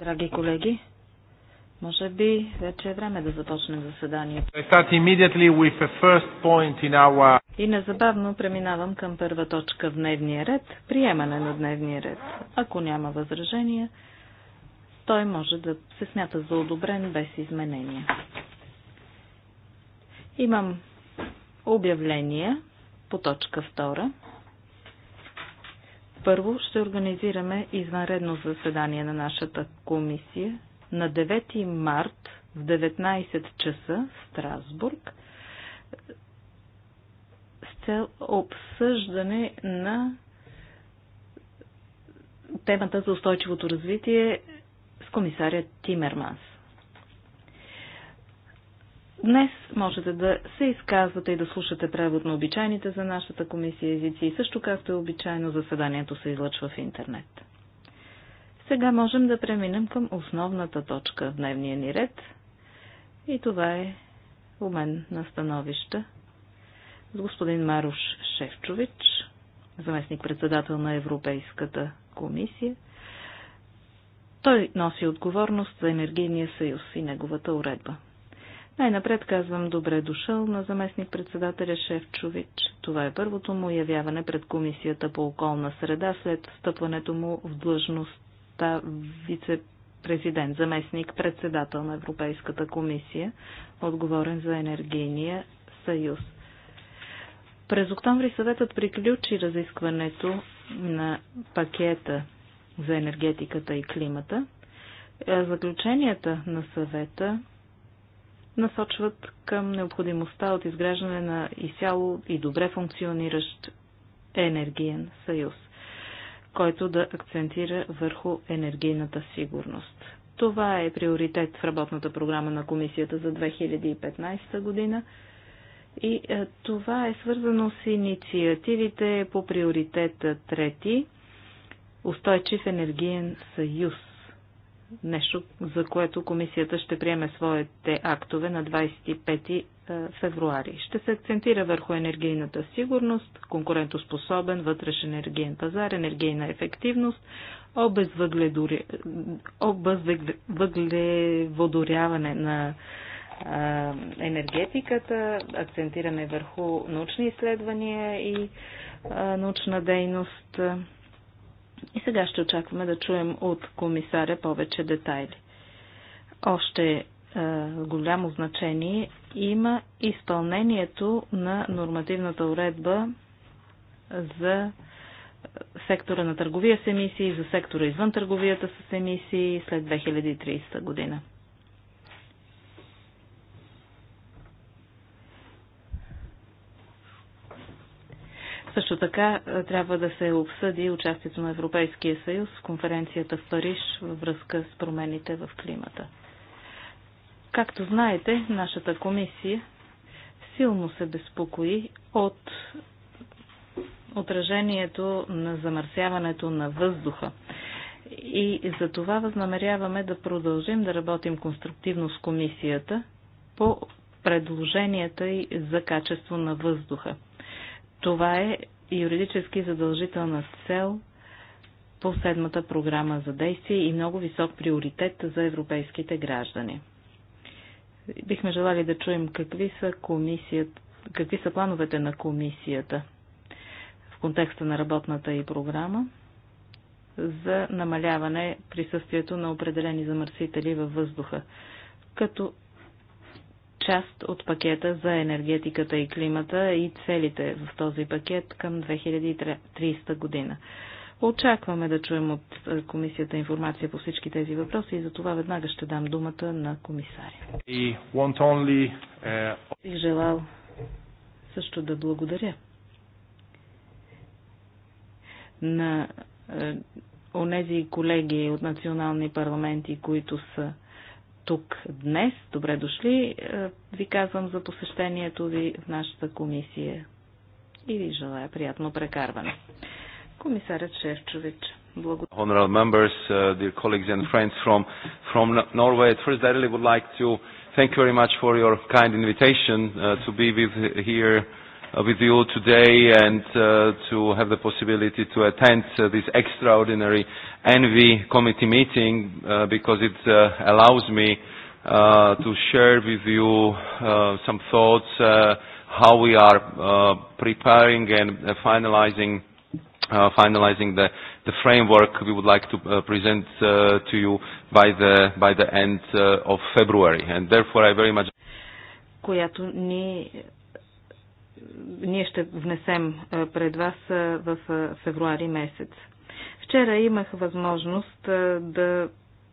Драги колеги, може би вече е време да започнем заседанието. И незабавно преминавам към първа точка в дневния ред, приемане на дневния ред. Ако няма възражения, той може да се смята за одобрен без изменения. Имам обявления по точка втора. Първо ще организираме извънредно заседание на нашата комисия на 9 март в 19 часа в Страсбург с цел обсъждане на темата за устойчивото развитие с комисаря Тимерманс. Днес можете да се изказвате и да слушате превод на обичайните за нашата комисия езици и също както е обичайно заседанието се излъчва в интернет. Сега можем да преминем към основната точка в дневния ни ред и това е мен на становища с господин Маруш Шевчович, заместник-председател на Европейската комисия. Той носи отговорност за енергийния съюз и неговата уредба. Най-напред казвам добре дошъл на заместник председателя Шевчович. Това е първото му явяване пред Комисията по околна среда след встъпването му в длъжността вице-президент, заместник председател на Европейската комисия, отговорен за енергийния съюз. През октомври съветът приключи разискването на пакета за енергетиката и климата. Заключенията на съвета насочват към необходимостта от изграждане на изцяло и добре функциониращ енергиен съюз, който да акцентира върху енергийната сигурност. Това е приоритет в работната програма на комисията за 2015 година. И е, това е свързано с инициативите по приоритет трети – устойчив енергиен съюз – нещо, за което комисията ще приеме своите актове на 25 е, февруари. Ще се акцентира върху енергийната сигурност, конкурентоспособен вътрешен енергиен пазар, енергийна ефективност, обезвъглеводоряване на енергетиката, акцентиране върху научни изследвания и научна дейност. И сега ще очакваме да чуем от комисаря повече детайли. Още е, голямо значение има изпълнението на нормативната уредба за е, сектора на търговия с емисии, за сектора извън търговията с емисии след 2030 година. Също така е, трябва да се обсъди участието на Европейския съюз в конференцията в Париж във връзка с промените в климата. Както знаете, нашата комисия силно се безпокои от отражението на замърсяването на въздуха. И за това възнамеряваме да продължим да работим конструктивно с комисията по предложенията и за качество на въздуха. Това е юридически задължителна цел по седмата програма за действие и много висок приоритет за европейските граждани. Бихме желали да чуем какви са, комисият, какви са плановете на комисията в контекста на работната и програма за намаляване присъствието на определени замърсители във въздуха, като част от пакета за енергетиката и климата и целите в този пакет към 2030 година. Очакваме да чуем от комисията информация по всички тези въпроси и за това веднага ще дам думата на комисаря. Е, Бих желал също да благодаря на е, онези колеги от национални парламенти, които са тук днес. Добре дошли. Ви казвам за посещението ви в нашата комисия и ви желая приятно прекарване. Комисарят Шефчович. Благодаря. Honorable members, uh, dear colleagues and friends from, from Norway, at first I really would like to thank you very much for your kind invitation uh, to be with here with you today and uh, to have the possibility to attend uh, this extraordinary Envy committee meeting uh, because it uh, allows me uh, to share with you uh, some thoughts uh, how we are uh, preparing and uh, finalizing uh, finalizing the, the framework we would like to uh, present uh, to you by the, by the end uh, of February. And therefore I very much която ни ние ще внесем пред вас в февруари месец. Вчера имах възможност да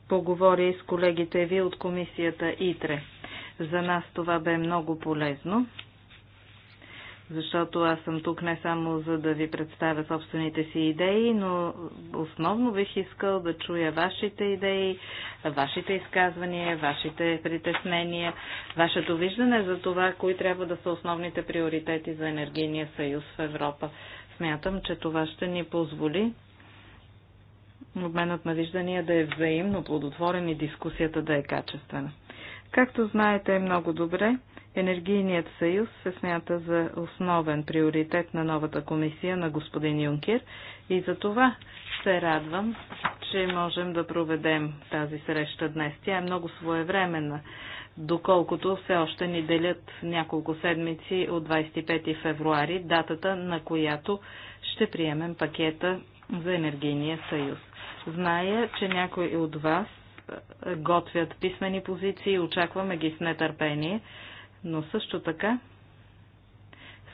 поговоря и с колегите ви от комисията ИТРЕ. За нас това бе много полезно защото аз съм тук не само за да ви представя собствените си идеи, но основно бих искал да чуя вашите идеи, вашите изказвания, вашите притеснения, вашето виждане за това, кои трябва да са основните приоритети за енергийния съюз в Европа. Смятам, че това ще ни позволи обменът на виждания да е взаимно плодотворен и дискусията да е качествена. Както знаете много добре, Енергийният съюз се смята за основен приоритет на новата комисия на господин Юнкер и за това се радвам, че можем да проведем тази среща днес. Тя е много своевременна, доколкото все още ни делят няколко седмици от 25 февруари, датата на която ще приемем пакета за енергийния съюз. Зная, че някои от вас е, готвят писмени позиции, очакваме ги с нетърпение, но също така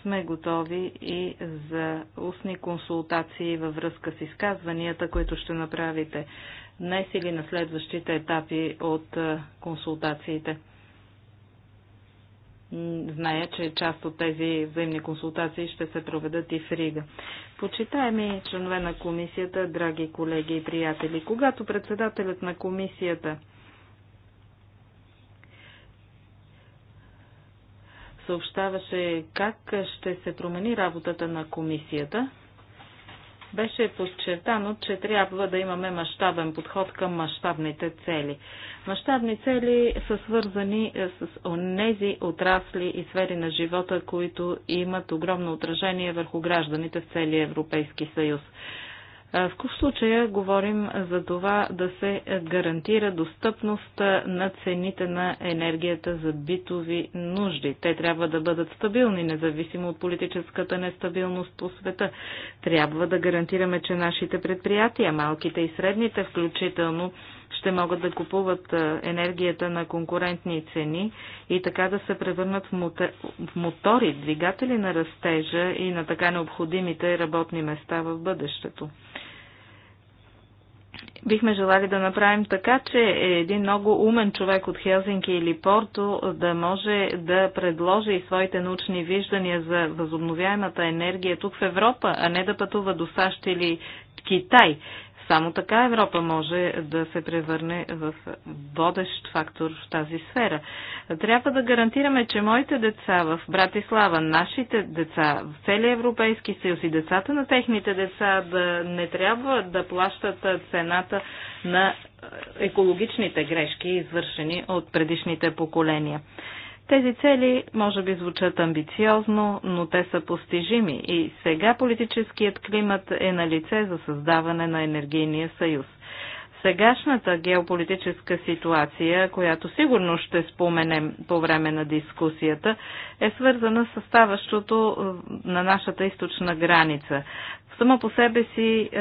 сме готови и за устни консултации във връзка с изказванията, които ще направите днес или на следващите етапи от е, консултациите. Зная, че част от тези взаимни консултации ще се проведат и в Рига. Почитаеми членове на комисията, драги колеги и приятели, когато председателят на комисията съобщаваше как ще се промени работата на комисията, беше подчертано, че трябва да имаме мащабен подход към мащабните цели. Мащабни цели са свързани е, с онези отрасли и сфери на живота, които имат огромно отражение върху гражданите в целия Европейски съюз. В случая говорим за това да се гарантира достъпност на цените на енергията за битови нужди. Те трябва да бъдат стабилни, независимо от политическата нестабилност по света. Трябва да гарантираме, че нашите предприятия, малките и средните включително, ще могат да купуват енергията на конкурентни цени и така да се превърнат в мотори, двигатели на растежа и на така необходимите работни места в бъдещето. Бихме желали да направим така, че един много умен човек от Хелзинки или Порто да може да предложи своите научни виждания за възобновяемата енергия тук в Европа, а не да пътува до САЩ или Китай. Само така Европа може да се превърне в водещ фактор в тази сфера. Трябва да гарантираме, че моите деца в Братислава, нашите деца в целия Европейски съюз и децата на техните деца да не трябва да плащат цената на екологичните грешки, извършени от предишните поколения. Тези цели може би звучат амбициозно, но те са постижими и сега политическият климат е на лице за създаване на енергийния съюз. Сегашната геополитическа ситуация, която сигурно ще споменем по време на дискусията, е свързана с ставащото е, на нашата източна граница. Само по себе си е,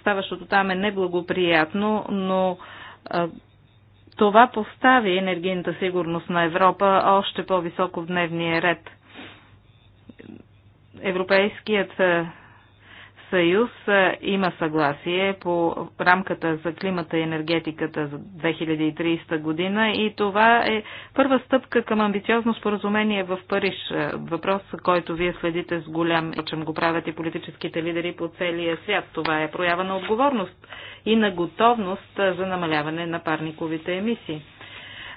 ставащото там е неблагоприятно, но е, това постави енергийната сигурност на Европа още по-високо в дневния ред. Европейският съюз има съгласие по рамката за климата и енергетиката за 2030 година и това е първа стъпка към амбициозно споразумение в Париж. Въпрос, който вие следите с голям, чем го правят и политическите лидери по целия свят. Това е проява на отговорност и на готовност за намаляване на парниковите емисии.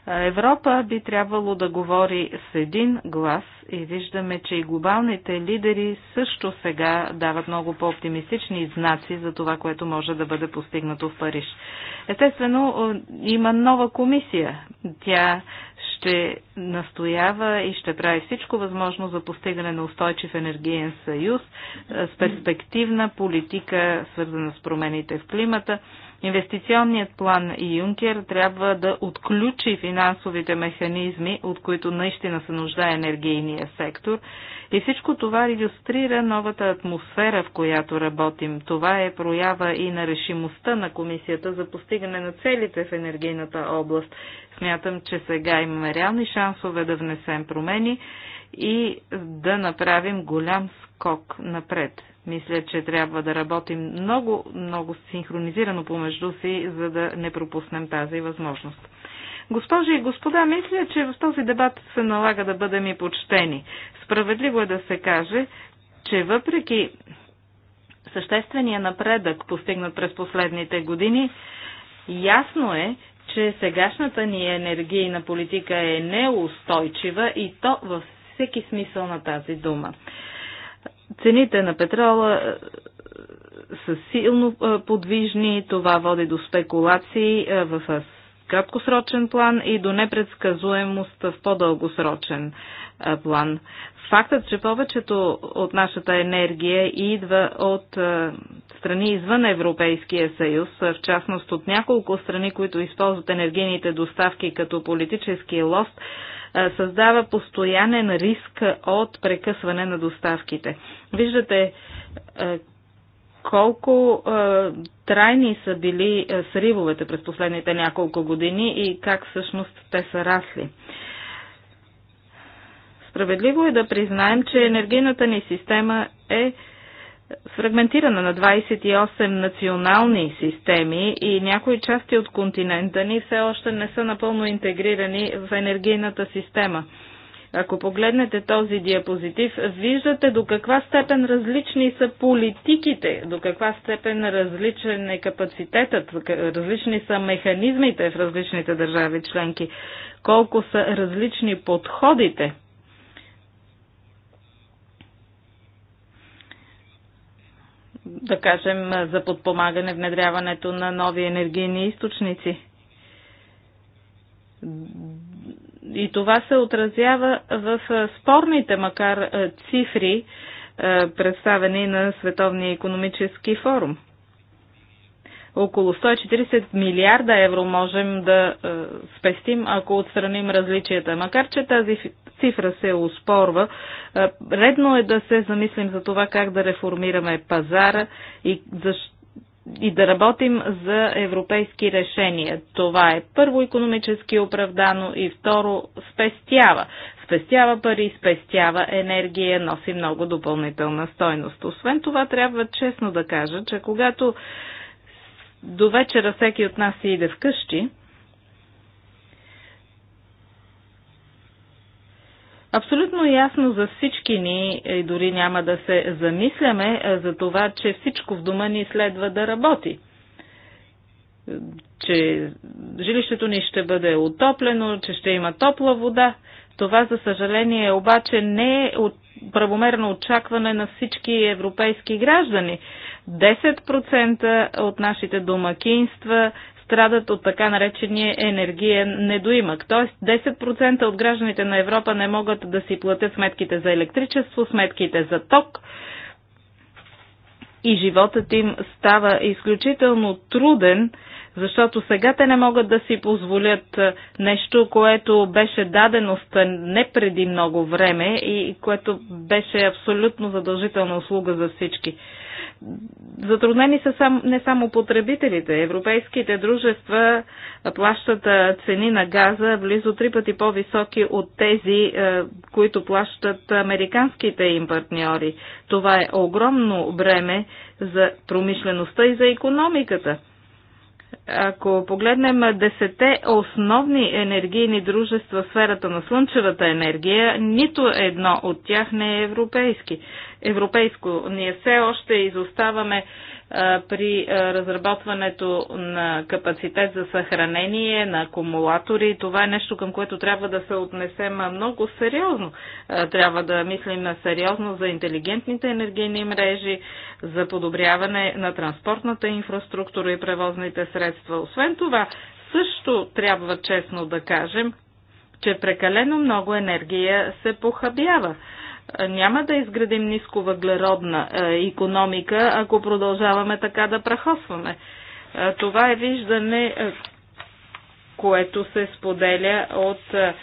Европа би трябвало да говори с един глас и виждаме, че и глобалните лидери също сега дават много по-оптимистични знаци за това, което може да бъде постигнато в Париж. Естествено, има нова комисия. Тя ще настоява и ще прави всичко възможно за постигане на устойчив енергиен съюз е, с перспективна политика, свързана с промените в климата Инвестиционният план и Юнкер трябва да отключи финансовите механизми, от които наистина се нуждае енергийния сектор. И всичко това иллюстрира новата атмосфера, в която работим. Това е проява и на решимостта на комисията за постигане на целите в енергийната област. Смятам, че сега имаме реални шансове да внесем промени и да направим голям скок напред. Мисля, че трябва да работим много, много синхронизирано помежду си, за да не пропуснем тази възможност. Госпожи и господа, мисля, че в този дебат се налага да бъдем и почтени. Справедливо е да се каже, че въпреки съществения напредък, постигнат през последните години, ясно е, че сегашната ни енергийна политика е неустойчива и то във всеки смисъл на тази дума. Цените на петрола е, са силно е, подвижни, това води до спекулации е, в краткосрочен план и до непредсказуемост в по-дългосрочен план. Фактът, че повечето от нашата енергия идва от страни извън Европейския съюз, в частност от няколко страни, които използват енергийните доставки като политически лост, създава постоянен риск от прекъсване на доставките. Виждате колко трайни са били сривовете през последните няколко години и как всъщност те са расли. Справедливо е да признаем, че енергийната ни система е фрагментирана на 28 национални системи и някои части от континента ни все още не са напълно интегрирани в енергийната система. Ако погледнете този диапозитив, виждате до каква степен различни са политиките, до каква степен различен е капацитетът, различни са механизмите в различните държави членки, колко са различни подходите – да кажем, за подпомагане внедряването на нови енергийни източници. И това се отразява в спорните, макар цифри, представени на Световния економически форум около 140 милиарда евро можем да е, спестим, ако отстраним различията. Макар, че тази цифра се успорва, е, редно е да се замислим за това как да реформираме пазара и за, и да работим за европейски решения. Това е първо економически оправдано и второ спестява. Спестява пари, спестява енергия, носи много допълнителна стойност. Освен това трябва честно да кажа, че когато до вечера всеки от нас си иде вкъщи, Абсолютно ясно за всички ни, е, и дори няма да се замисляме е, за това, че всичко в дома ни следва да работи. Че жилището ни ще бъде отоплено, че ще има топла вода. Това, за съжаление, обаче не е правомерно очакване на всички европейски граждани. 10% от нашите домакинства страдат от така наречения енергиен недоимък. Тоест 10% от гражданите на Европа не могат да си платят сметките за електричество, сметките за ток и животът им става изключително труден, защото сега те не могат да си позволят нещо, което беше даденост не преди много време и което беше абсолютно задължителна услуга за всички. Затруднени са сам, не само потребителите. Европейските дружества плащат цени на газа близо три пъти по-високи от тези, които плащат американските им партньори. Това е огромно бреме за промишлеността и за економиката. Ако погледнем десете основни енергийни дружества в сферата на слънчевата енергия, нито едно от тях не е европейски европейско. Ние все още изоставаме при разработването на капацитет за съхранение на акумулатори. Това е нещо, към което трябва да се отнесем много сериозно. Трябва да мислим сериозно за интелигентните енергийни мрежи, за подобряване на транспортната инфраструктура и превозните средства. Освен това, също трябва честно да кажем, че прекалено много енергия се похабява няма да изградим ниско въглеродна економика, ако продължаваме така да прахосваме. Е, това е виждане, е, което се споделя от е,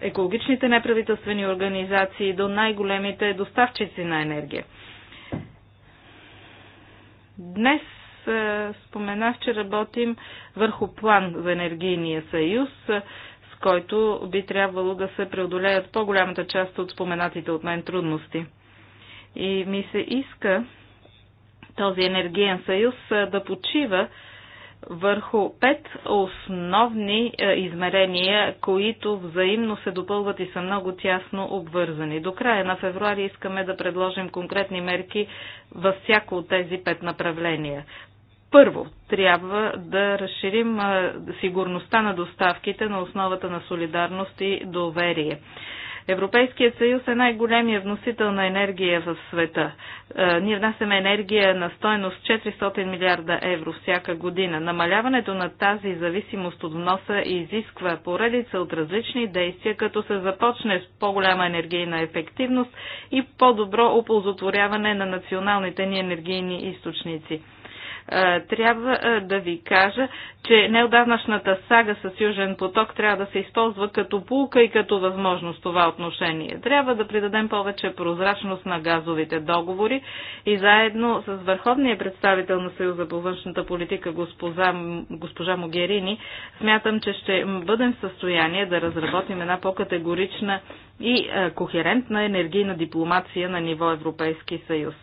екологичните неправителствени организации до най-големите доставчици на енергия. Днес споменах, че работим върху план за енергийния съюз който би трябвало да се преодолеят по-голямата част от споменатите от мен трудности. И ми се иска този енергиен съюз да почива върху пет основни измерения, които взаимно се допълват и са много тясно обвързани. До края на февруари искаме да предложим конкретни мерки във всяко от тези пет направления. Първо, трябва да разширим сигурността на доставките на основата на солидарност и доверие. Европейският съюз е най-големия вносител на енергия в света. Ние внасяме енергия на стоеност 400 милиарда евро всяка година. Намаляването на тази зависимост от вноса изисква поредица от различни действия, като се започне с по-голяма енергийна ефективност и по-добро оползотворяване на националните ни енергийни източници. Е, трябва е, да ви кажа, че неодавнашната сага с Южен поток трябва да се използва като пулка и като възможност това отношение. Трябва да придадем повече прозрачност на газовите договори и заедно с върховния представител на Съюза по външната политика госпожа, госпожа Могерини, смятам, че ще бъдем в състояние да разработим една по-категорична и е, кохерентна енергийна дипломация на ниво Европейски съюз.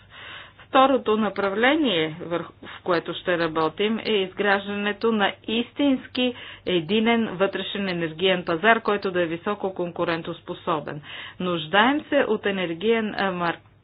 Второто направление, в което ще работим, е изграждането на истински единен вътрешен енергиен пазар, който да е високо конкурентоспособен. Нуждаем се от енергиен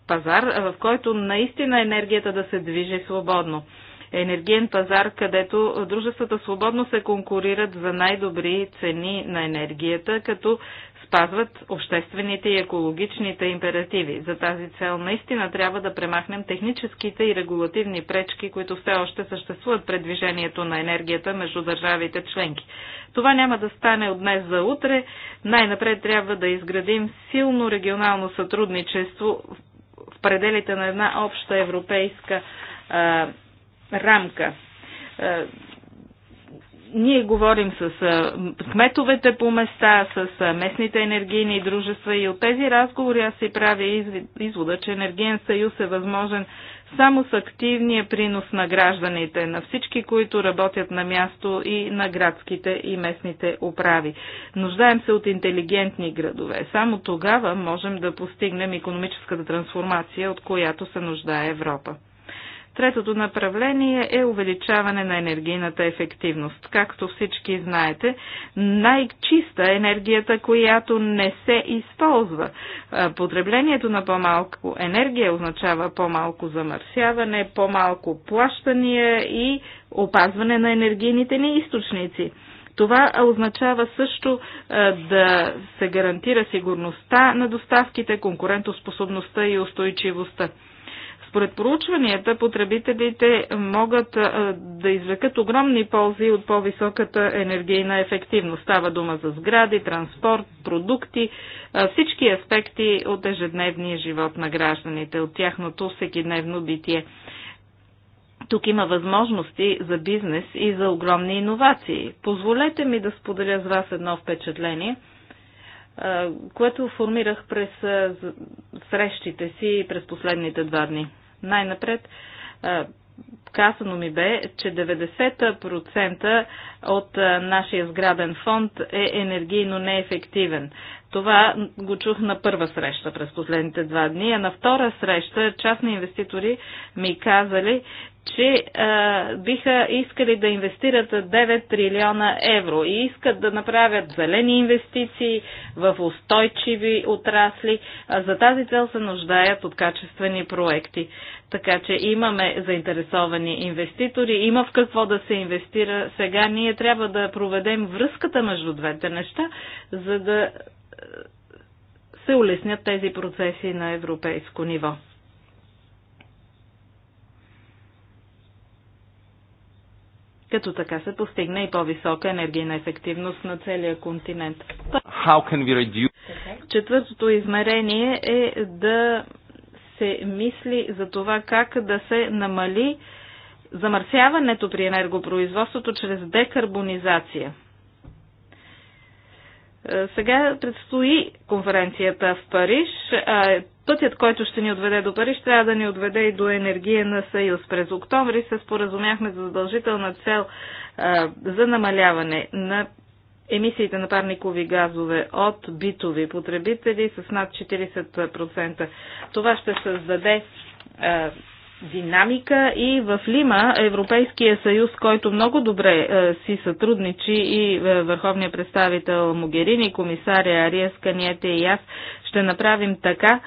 пазар, в който наистина енергията да се движи свободно енергиен пазар, където дружествата свободно се конкурират за най-добри цени на енергията, като спазват обществените и екологичните императиви. За тази цел наистина трябва да премахнем техническите и регулативни пречки, които все още съществуват пред движението на енергията между държавите членки. Това няма да стане от днес за утре. Най-напред трябва да изградим силно регионално сътрудничество в пределите на една обща европейска а, рамка ние говорим с кметовете по места, с местните енергийни дружества и от тези разговори аз си правя извода, че енергиен съюз е възможен само с активния принос на гражданите, на всички, които работят на място и на градските и местните управи. Нуждаем се от интелигентни градове. Само тогава можем да постигнем економическата трансформация, от която се нуждае Европа. Третото направление е увеличаване на енергийната ефективност. Както всички знаете, най-чиста е енергията, която не се използва. Потреблението на по-малко енергия означава по-малко замърсяване, по-малко плащания и опазване на енергийните ни източници. Това означава също да се гарантира сигурността на доставките, конкурентоспособността и устойчивостта. Според проучванията, потребителите могат да извлекат огромни ползи от по-високата енергийна ефективност. Става дума за сгради, транспорт, продукти, всички аспекти от ежедневния живот на гражданите, от тяхното всекидневно битие. Тук има възможности за бизнес и за огромни иновации. Позволете ми да споделя с вас едно впечатление – което формирах през срещите си през последните два дни. Най-напред, казано ми бе, че 90% от нашия сграден фонд е енергийно неефективен. Това го чух на първа среща през последните два дни, а на втора среща частни инвеститори ми казали, че а, биха искали да инвестират 9 трилиона евро и искат да направят зелени инвестиции в устойчиви отрасли. А за тази цел се нуждаят от качествени проекти. Така че имаме заинтересовани инвеститори, има в какво да се инвестира. Сега ние трябва да проведем връзката между двете неща, за да се улеснят тези процеси на европейско ниво. като така се постигне и по-висока енергийна ефективност на целия континент. Четвъртото измерение е да се мисли за това как да се намали замърсяването при енергопроизводството чрез декарбонизация – сега предстои конференцията в Париж. Пътят, който ще ни отведе до Париж, трябва да ни отведе и до енергия на съюз. През октомври се споразумяхме за задължителна цел за намаляване на емисиите на парникови газове от битови потребители с над 40%. Това ще създаде динамика и в Лима Европейския съюз, който много добре е, си сътрудничи и е, върховният представител Могерини, комисаря Ариес Каниете и аз ще направим така,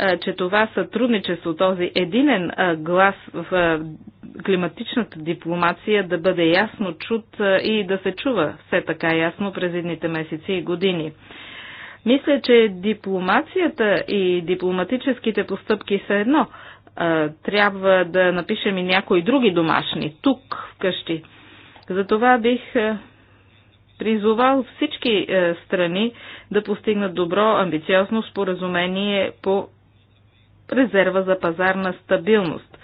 е, че това сътрудничество, този единен е, глас в е, климатичната дипломация да бъде ясно чут е, и да се чува все така ясно през едните месеци и години. Мисля, че дипломацията и дипломатическите постъпки са едно – трябва да напишем и някои други домашни, тук, вкъщи. Затова бих призовал всички страни да постигнат добро, амбициозно споразумение по резерва за пазарна стабилност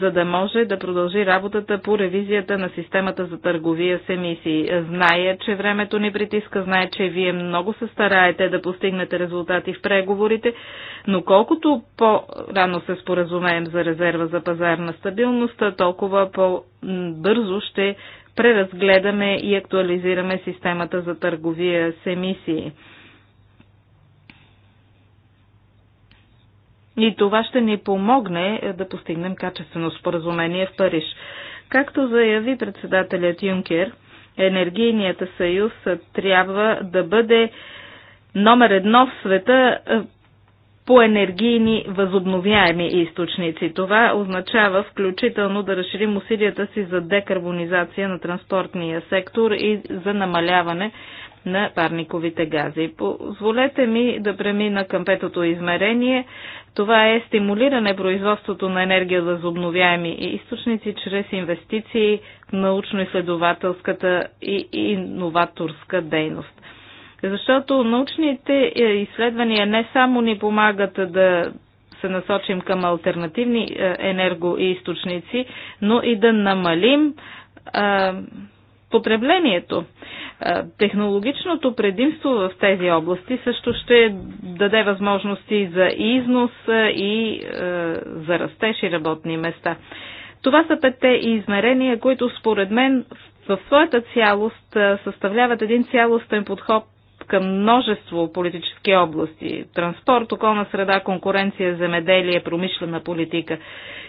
за да може да продължи работата по ревизията на системата за търговия с емисии. Зная, че времето ни притиска, знае, че вие много се стараете да постигнете резултати в преговорите, но колкото по-рано се споразумеем за резерва за пазарна стабилност, толкова по-бързо ще преразгледаме и актуализираме системата за търговия с емисии. И това ще ни помогне е, да постигнем качествено споразумение в Париж. Както заяви председателят Юнкер, енергийният съюз е, трябва да бъде номер едно в света е, по енергийни възобновяеми източници. Това означава включително да разширим усилията си за декарбонизация на транспортния сектор и за намаляване на парниковите гази. Позволете ми да премина към петото измерение това е стимулиране производството на енергия за възобновяеми източници чрез инвестиции в научно-изследователската и иноваторска дейност. Защото научните е, изследвания не само ни помагат да се насочим към альтернативни е, енергоисточници, но и да намалим потреблението. Технологичното предимство в тези области също ще даде възможности за износ и за растеж и работни места. Това са петте измерения, които според мен в своята цялост съставляват един цялостен подход към множество политически области – транспорт, околна среда, конкуренция, земеделие, промишлена политика.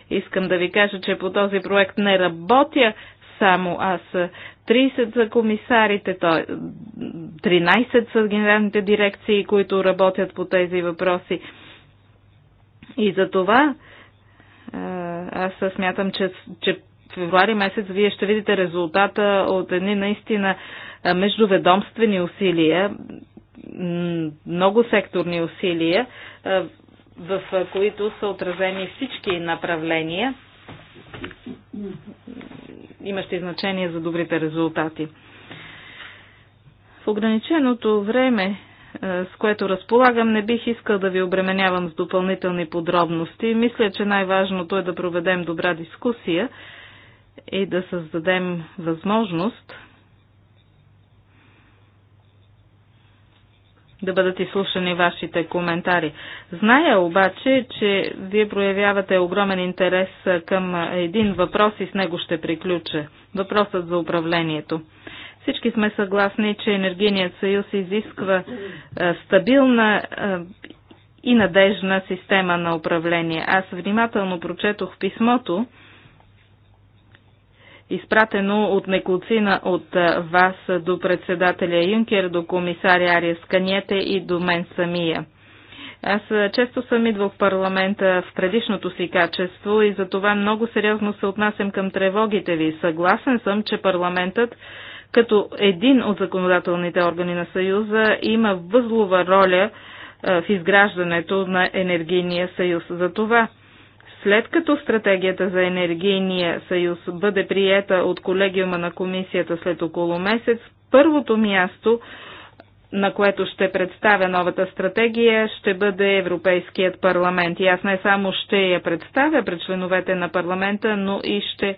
Искам да ви кажа, че по този проект не работя само аз. 30 за комисарите, 13 са генералните дирекции, които работят по тези въпроси. И за това аз смятам, че, че февруари месец вие ще видите резултата от едни наистина междуведомствени усилия, много секторни усилия, в които са отразени всички направления – имащи значение за добрите резултати. В ограниченото време, е, с което разполагам, не бих искал да ви обременявам с допълнителни подробности. Мисля, че най-важното е да проведем добра дискусия и да създадем възможност да бъдат изслушани вашите коментари. Зная обаче, че вие проявявате огромен интерес към един въпрос и с него ще приключа. Въпросът за управлението. Всички сме съгласни, че Енергийният съюз изисква стабилна и надежна система на управление. Аз внимателно прочетох писмото, изпратено от неколцина от вас до председателя Юнкер, до комисаря Ария Каниете и до мен самия. Аз често съм идвал в парламента в предишното си качество и за това много сериозно се отнасям към тревогите ви. Съгласен съм, че парламентът като един от законодателните органи на Съюза има възлова роля в изграждането на енергийния съюз. За това след като стратегията за енергийния съюз бъде приета от колегиума на комисията след около месец, първото място, на което ще представя новата стратегия, ще бъде Европейският парламент. И аз не само ще я представя пред членовете на парламента, но и ще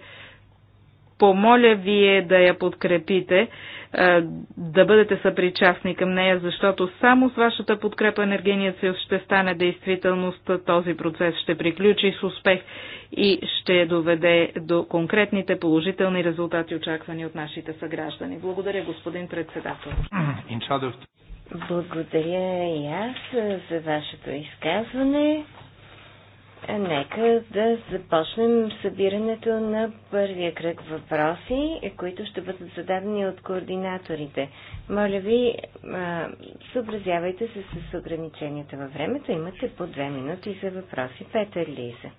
помоля вие да я подкрепите, е, да бъдете съпричастни към нея, защото само с вашата подкрепа енергийният съюз ще стане действителност. Този процес ще приключи с успех и ще доведе до конкретните положителни резултати, очаквани от нашите съграждани. Благодаря, господин председател. Благодаря и аз за вашето изказване. Нека да започнем събирането на първия кръг въпроси, които ще бъдат зададени от координаторите. Моля ви, съобразявайте се с ограниченията във времето. Имате по две минути за въпроси. Петър Лиза.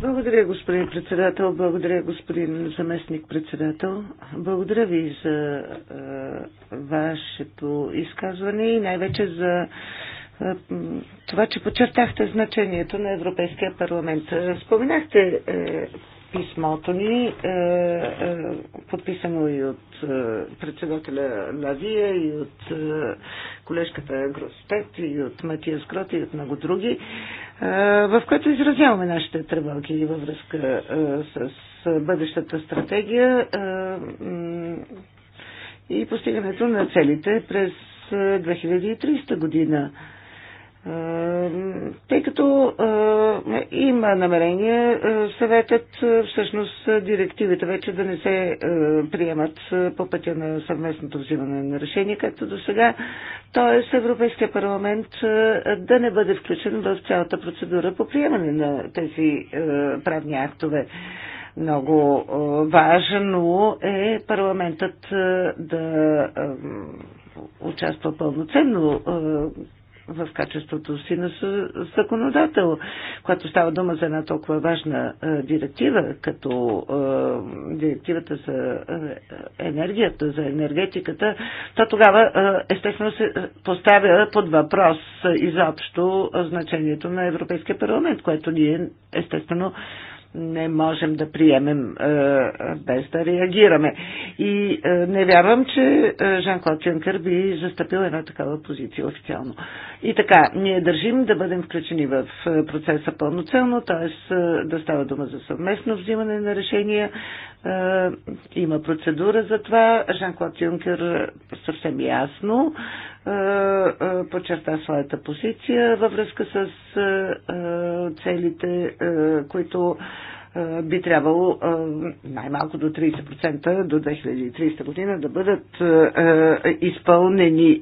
Благодаря, господин председател. Благодаря, господин заместник председател. Благодаря ви за е, вашето изказване и най-вече за това, че подчертахте значението на Европейския парламент. Споменахте е, писмото ни, е, е, подписано и от председателя Лавия, и от колежката Гростет, и от Матия Скрот, и от много други, в което изразяваме нашите тревоги във връзка с бъдещата стратегия и постигането на целите през 2030 година. Е, тъй като е, има намерение е, съветът, всъщност директивите вече да не се приемат по пътя на съвместното взимане на решение, както до сега, т.е. Европейския парламент да не бъде включен в цялата процедура по приемане на тези правни актове. Много важно е парламентът да участва пълноценно в качеството си на законодател, когато става дума за една толкова важна е, директива, като е, директивата за е, енергията, за енергетиката, то тогава естествено се поставя под въпрос изобщо значението на Европейския парламент, което ние естествено не можем да приемем е, без да реагираме. И е, не вярвам, че е, Жан-Клод Юнкер би застъпил една такава позиция официално. И така, ние държим да бъдем включени в процеса пълноценно, т.е. да става дума за съвместно взимане на решения е, има процедура за това. Жан-Клод Юнкер съвсем ясно е, е, подчерта своята позиция във връзка с целите, които би трябвало най-малко до 30% до 2030 година да бъдат изпълнени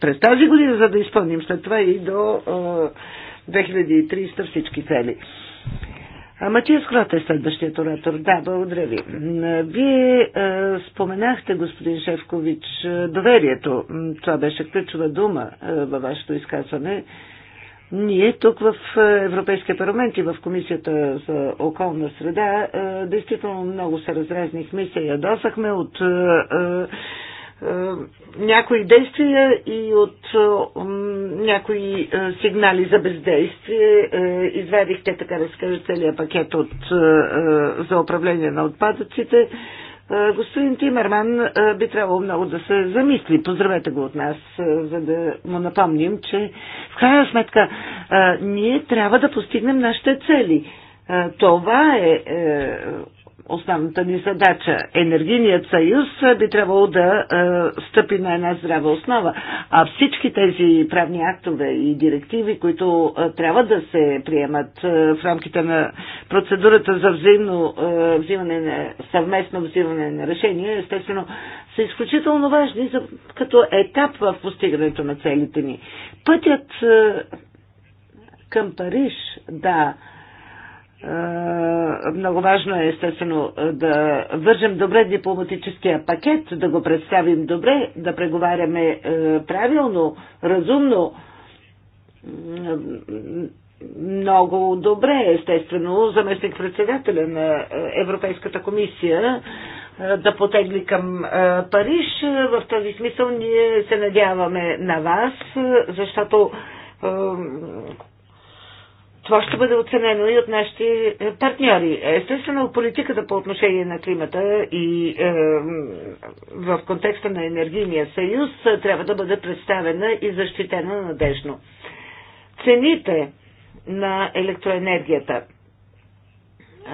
през тази година, за да изпълним след това и до 2030 всички цели. Матия Скрот е следващият оратор. Да, благодаря ви. Вие е, споменахте, господин Шевкович, доверието. Това беше ключова дума е, във вашето изказване. Ние тук в Европейския парламент и в Комисията за околна среда е, действително много се разразнихме, се ядосахме от е, е, някои действия и от е, някои е, сигнали за бездействие. Извадихте, така да скажа, целият пакет от, за управление на отпадъците. Господин Тимерман би трябвало много да се замисли. Поздравете го от нас, за да му напомним, че в крайна сметка ние трябва да постигнем нашите цели. Това е основната ни задача. Енергийният съюз би трябвало да стъпи на една здрава основа. А всички тези правни актове и директиви, които трябва да се приемат в рамките на процедурата за взаимно взимане на, съвместно взимане на решение, естествено са изключително важни за, като етап в постигането на целите ни. Пътят към Париж, да, много важно е естествено да вържем добре дипломатическия пакет, да го представим добре, да преговаряме е, правилно, разумно, много добре, естествено, заместник председателя на Европейската комисия е, да потегли към е, Париж. В този смисъл ние се надяваме на вас, защото това ще бъде оценено и от нашите е, партньори. Естествено, политиката по отношение на климата и е, в контекста на енергийния съюз е, трябва да бъде представена и защитена надежно. Цените на електроенергията. Е,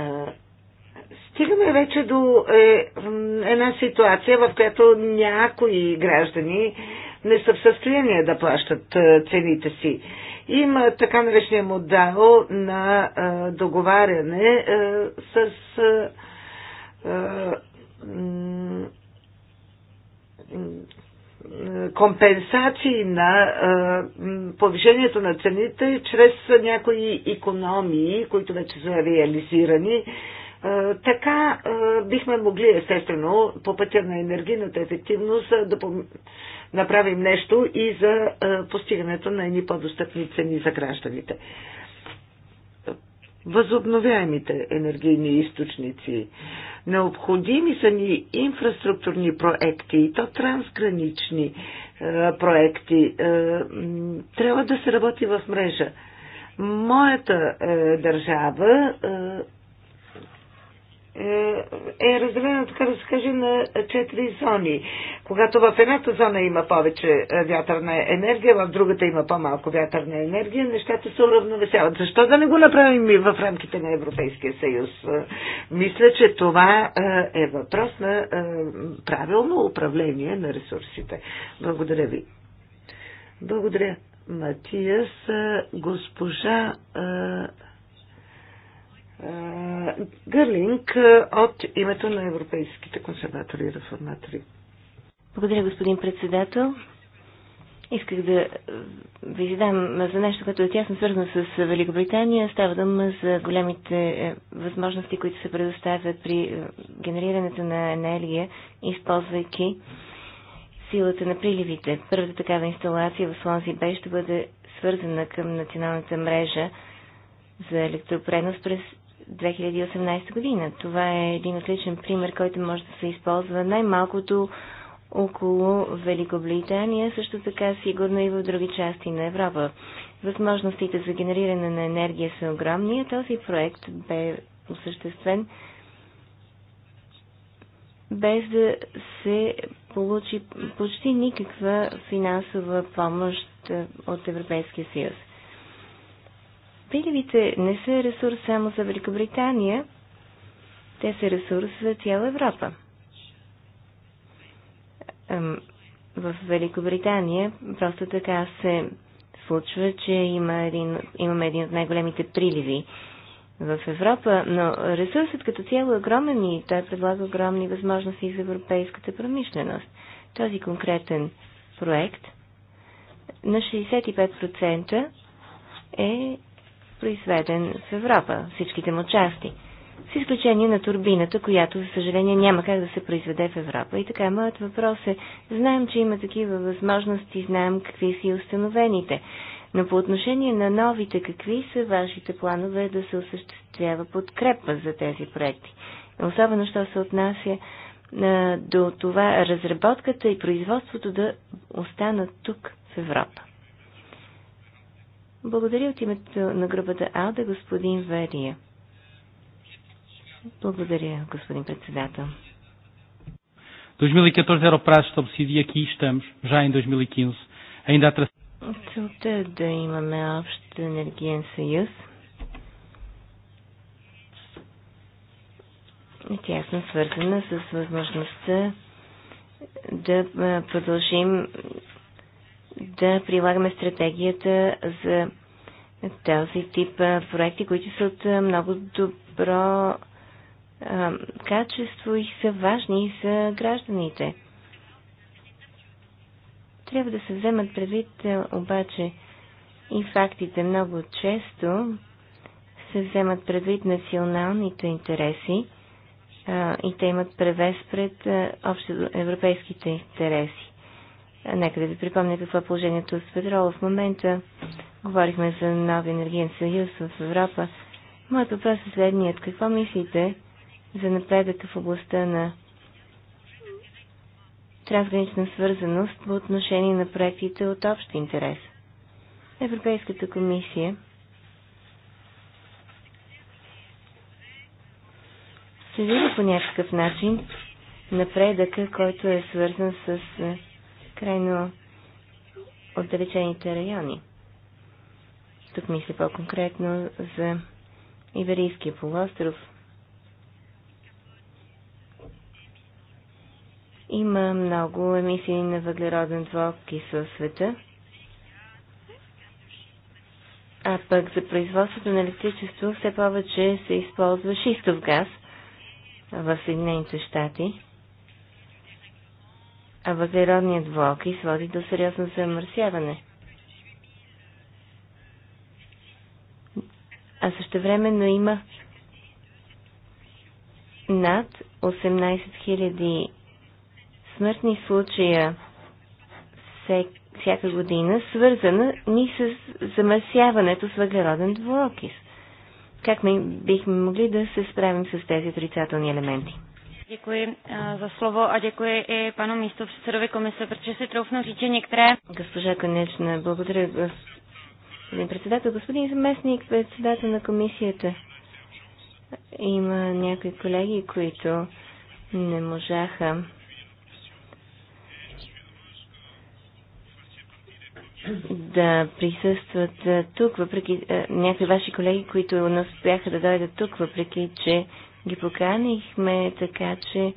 стигаме вече до е, една ситуация, в която някои граждани не са в състояние да плащат цените си има така наречения модел на договаряне с компенсации на повишението на цените чрез някои економии, които вече са реализирани е, така е, бихме могли, естествено, по пътя на енергийната ефективност е, да направим нещо и за постигането на едни по-достъпни цени за гражданите. Възобновяемите енергийни източници. Необходими са ни инфраструктурни проекти и то трансгранични проекти. трябва да се работи в мрежа. Моята държава е, е разделено, така да се каже, на четири зони. Когато в едната зона има повече е, вятърна енергия, в другата има по-малко вятърна енергия, нещата се уравновесяват. Защо да не го направим и в рамките на Европейския съюз? Е, мисля, че това е въпрос на правилно управление на ресурсите. Благодаря ви. Благодаря. Матиас, госпожа е, Гърлинг е, от името на европейските консерватори и реформатори. Благодаря, господин председател. Исках да ви задам за нещо, което е тясно свързано с Великобритания. Става дума за големите е, възможности, които се предоставят при генерирането на енергия, използвайки силата на приливите. Първата такава инсталация в Слонзи Бей ще бъде свързана към националната мрежа за електропренос през 2018 година. Това е един отличен пример, който може да се използва най-малкото около Великобритания, също така сигурно и в други части на Европа. Възможностите за генериране на енергия са огромни, а този проект бе осъществен без да се получи почти никаква финансова помощ от Европейския съюз. Приливите не са ресурс само за Великобритания, те са ресурс за цяла Европа. В Великобритания просто така се случва, че има един, имаме един от най-големите приливи в Европа, но ресурсът като цяло е огромен и той предлага огромни възможности за европейската промишленост. Този конкретен проект на 65% е произведен в Европа, всичките му части. С изключение на турбината, която, за съжаление, няма как да се произведе в Европа. И така, моят въпрос е, знаем, че има такива възможности, знаем какви са и установените. Но по отношение на новите, какви са вашите планове да се осъществява подкрепа за тези проекти? Особено, що се отнася до това разработката и производството да останат тук, в Европа. Благодаря от името на групата АЛДА, господин Верия. Благодаря, господин председател. 2014 era o prazo estabelecido e aqui estamos, já em 2015, ainda a traçar. Целта е да имаме общ енергиен съюз. Тясно свързана с възможността да продължим да прилагаме стратегията за този тип проекти, които са от много добро качество и са важни за гражданите. Трябва да се вземат предвид обаче и фактите. Много често се вземат предвид националните интереси и те имат превес пред общо европейските интереси. Нека да ви припомня какво е положението с петрола. В момента говорихме за нови енергиен съюз в Европа. Моят въпрос е следният. Какво мислите за напредъка в областта на трансгранична свързаност по отношение на проектите от общ интерес? Европейската комисия се види по някакъв начин напредъка, който е свързан с крайно отдалечените райони. Тук мисля по-конкретно за Иверийския полуостров. Има много емисии на въглероден двуокис в света. А пък за производството на електричество все повече се използва шистов газ в Съединените щати а въглеродният двуокис води до сериозно замърсяване. А също времено има над 18 000 смъртни случая всяка година, свързана ни с замърсяването с въглероден двуокис. Как ми бихме могли да се справим с тези отрицателни елементи? Děkuji eh, za slovo a děkuji i panu místo předsedovi komise, protože si troufnu říct, že některé... Госпожа Конечна, благодаря господин председател. Господин заместник председател на комисията, има някои колеги, които не можаха да присъстват е, тук, въпреки е, някои ваши колеги, които не успяха да дойдат тук, въпреки че ги поканихме, така че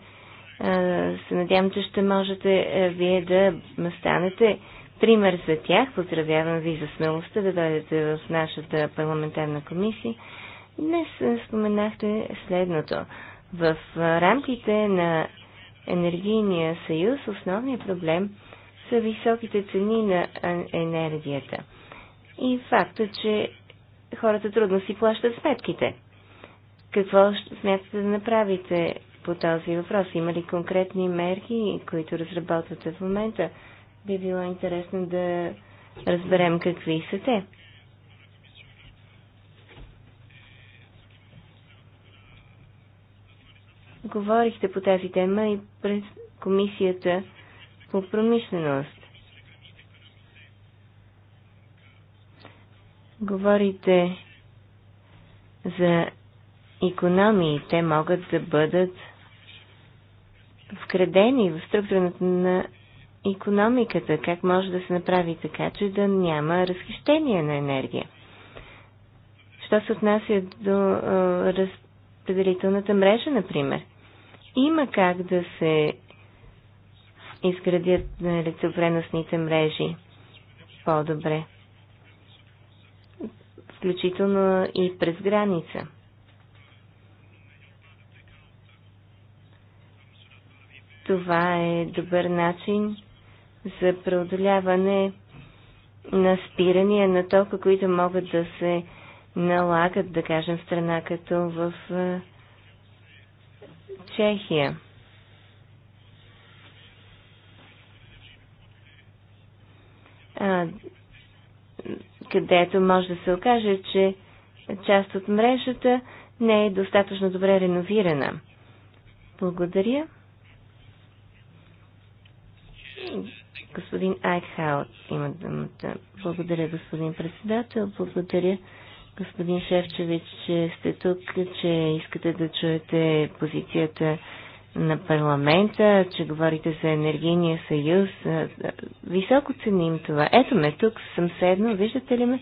се надявам, че ще можете вие да станете пример за тях. Поздравявам ви за смелостта да дойдете в нашата парламентарна комисия. Днес споменахте следното. В рамките на енергийния съюз основният проблем са високите цени на енергията. И факта, че хората трудно си плащат сметките. Какво смятате да направите по този въпрос? Има ли конкретни мерки, които разработвате в момента? Би било интересно да разберем какви са те. Говорихте по тази тема и през Комисията по промишленост. Говорите за Економиите могат да бъдат вкрадени в структурата на економиката. Как може да се направи така, че да няма разхищение на енергия? Що се отнася до е, разпределителната мрежа, например? Има как да се изградят електропреносните мрежи по-добре, включително и през граница. Това е добър начин за преодоляване на спирания на тока, които могат да се налагат, да кажем, в страна като в Чехия. А, където може да се окаже, че част от мрежата не е достатъчно добре реновирана. Благодаря. Господин Айкхаут има думата. Благодаря, господин председател. Благодаря, господин Шевчевич, че сте тук, че искате да чуете позицията на парламента, че говорите за енергийния съюз. Високо ценим това. Ето ме тук, съм седно, виждате ли ме?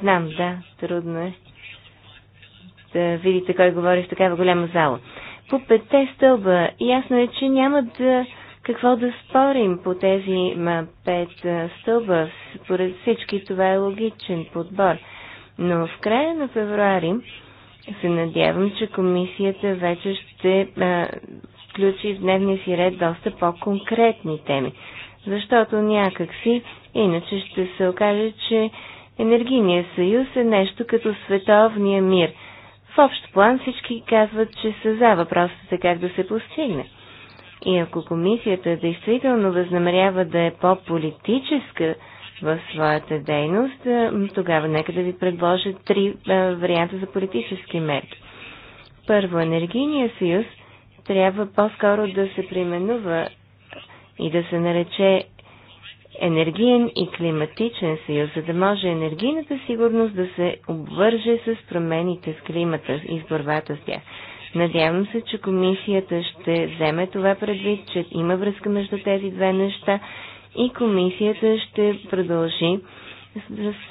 Знам, да, трудно е да видите кой говори в такава голяма зала. По петте стълба ясно е, че няма да какво да спорим по тези пет стълба? Според всички това е логичен подбор. Но в края на февруари се надявам, че комисията вече ще а, включи в дневния си ред доста по-конкретни теми. Защото някакси, иначе ще се окаже, че енергийният съюз е нещо като световния мир. В общ план всички казват, че са за въпросите как да се постигне. И ако комисията действително възнамерява да е по-политическа в своята дейност, тогава нека да ви предложа три варианта за политически мерки. Първо, енергийният съюз трябва по-скоро да се применува и да се нарече енергиен и климатичен съюз, за да може енергийната сигурност да се обвърже с промените в климата и с борбата с тях. Надявам се, че комисията ще вземе това предвид, че има връзка между тези две неща и комисията ще продължи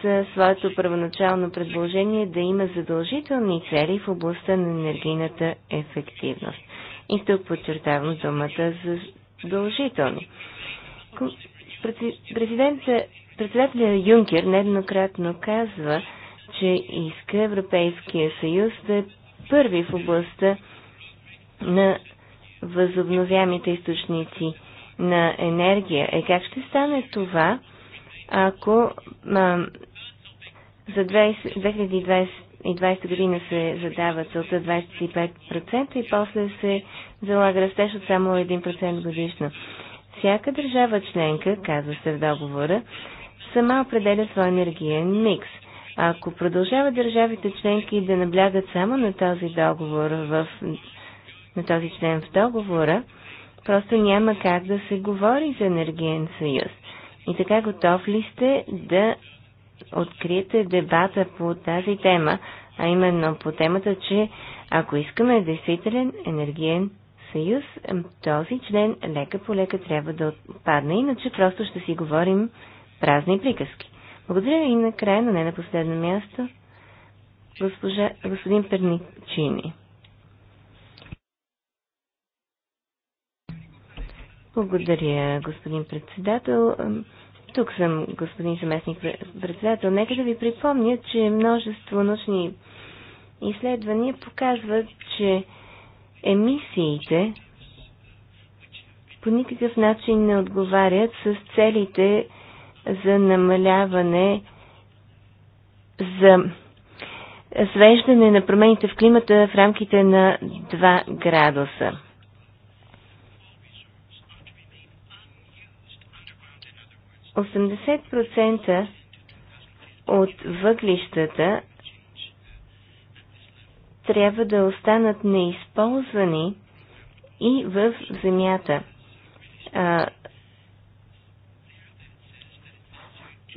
с своето първоначално предложение да има задължителни цели в областта на енергийната ефективност. И тук подчертавам думата за задължителни. Председателя Юнкер нееднократно казва, че иска Европейския съюз да е първи в областта на възобновяемите източници на енергия. Е как ще стане това, ако а, за 2020, 2020 година се задава целта 25% и после се залага растеж от само 1% годишно? Всяка държава членка, казва се в договора, сама определя своя енергиен микс – ако продължават държавите членки да наблягат само на този договор в на този член в договора, просто няма как да се говори за енергиен съюз. И така готов ли сте да откриете дебата по тази тема, а именно по темата, че ако искаме действителен енергиен съюз, този член лека по лека трябва да отпадне, иначе просто ще си говорим празни приказки. Благодаря и накрая, но не на последно място, госпожа, господин Перничини. Благодаря, господин председател. Тук съм, господин заместник председател. Нека да ви припомня, че множество научни изследвания показват, че емисиите по никакъв начин не отговарят с целите за намаляване, за свеждане на промените в климата в рамките на 2 градуса. от въглищата трябва да останат неизползвани и в земята.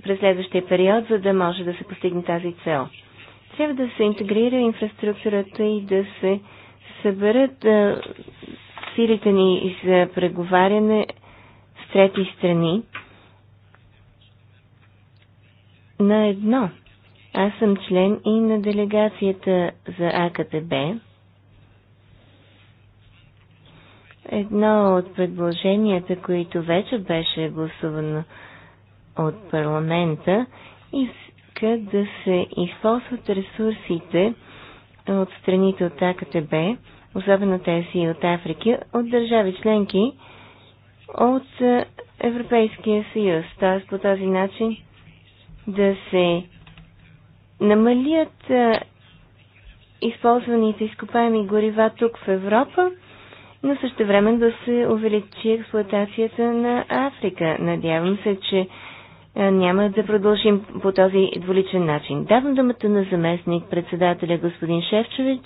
през следващия период, за да може да се постигне тази цел. Трябва да се интегрира инфраструктурата и да се съберат а, силите ни за преговаряне с трети страни на едно. Аз съм член и на делегацията за АКТБ. Едно от предложенията, които вече беше гласувано от парламента иска да се използват ресурсите от страните от АКТБ, особено тези от Африка, от държави членки от е, Европейския съюз. Т.е. по този начин да се намалят е, използваните изкопаеми горива тук в Европа, но също време да се увеличи експлуатацията на Африка. Надявам се, че е, няма да продължим по този дволичен начин. Давам думата на заместник председателя господин Шевчевич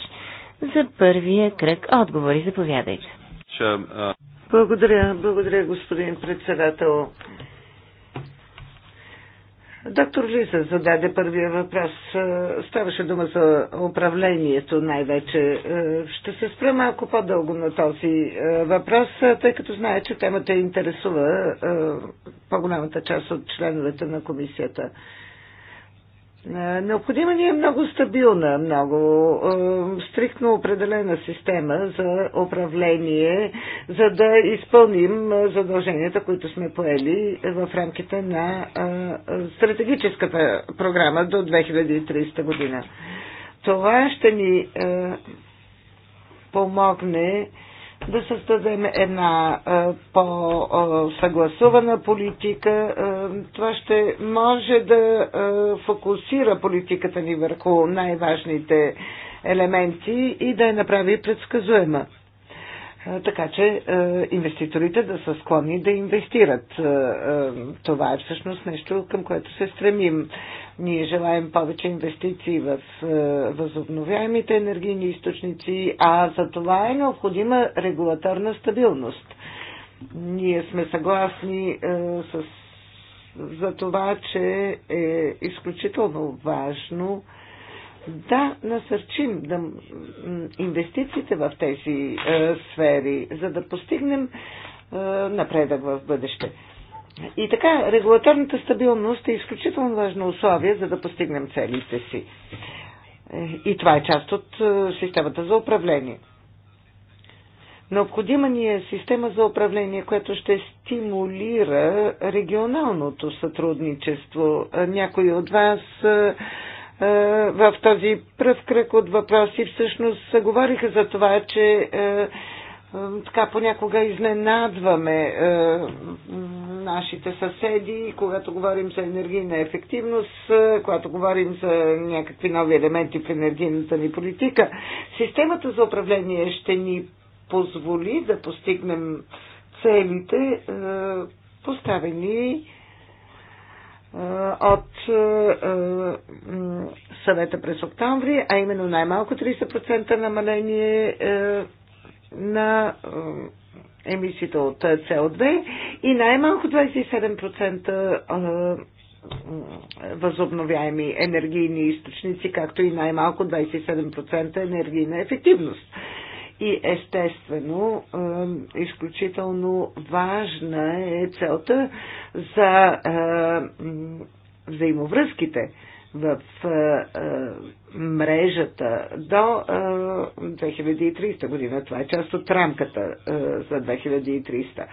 за първия кръг отговори. Заповядайте. Благодаря, благодаря господин председател. Доктор Лиза зададе първия въпрос. Е, ставаше дума за управлението най-вече. Е, ще се спра малко по-дълго на този е, въпрос, тъй като знае, че темата интересува по-голямата част от членовете на комисията. Е, необходима ни е много стабилна, много е, стриктно определена система за управление, за да изпълним е, задълженията, които сме поели в рамките на е, стратегическата програма до 2030 година. Това ще ни е, помогне е, да създадем една по-съгласувана политика. Това ще може да фокусира политиката ни върху най-важните елементи и да я направи предсказуема. Е, така че е, инвеститорите да са склонни да инвестират. Е, е, това е всъщност нещо, към което се стремим. Ние желаем повече инвестиции в е, възобновяемите енергийни източници, а за това е необходима регулаторна стабилност. Ние сме съгласни е, с, за това, че е изключително важно е, да насърчим да, инвестициите в тези е, сфери, за да постигнем е, напредък в бъдеще. И така, регулаторната стабилност е изключително важно условие, за да постигнем целите си. Е, и това е част от е, системата за управление. Необходима ни е система за управление, която ще стимулира регионалното сътрудничество. Е, някои от вас в този пръв кръг от въпроси всъщност говориха за това, че така понякога изненадваме нашите съседи, когато говорим за енергийна ефективност, когато говорим за някакви нови елементи в енергийната ни политика. Системата за управление ще ни позволи да постигнем целите, поставени от съвета през октомври, а именно най-малко 30% намаление на емисиите от со 2 и най-малко 27% възобновяеми енергийни източници, както и най-малко 27% енергийна ефективност. И естествено, изключително важна е целта за взаимовръзките в мрежата до 2030 година. Това е част от рамката за 2300.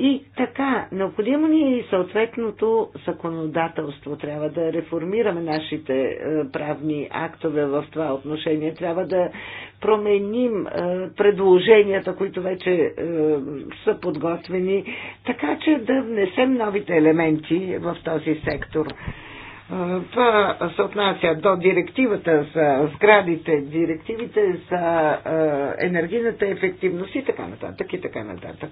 И така, необходимо ни е и съответното законодателство. Трябва да реформираме нашите е, правни актове в това отношение. Трябва да променим е, предложенията, които вече е, са подготвени, така че да внесем новите елементи в този сектор. Това се отнася до директивата за сградите, директивите за енергийната ефективност и така нататък и така нататък.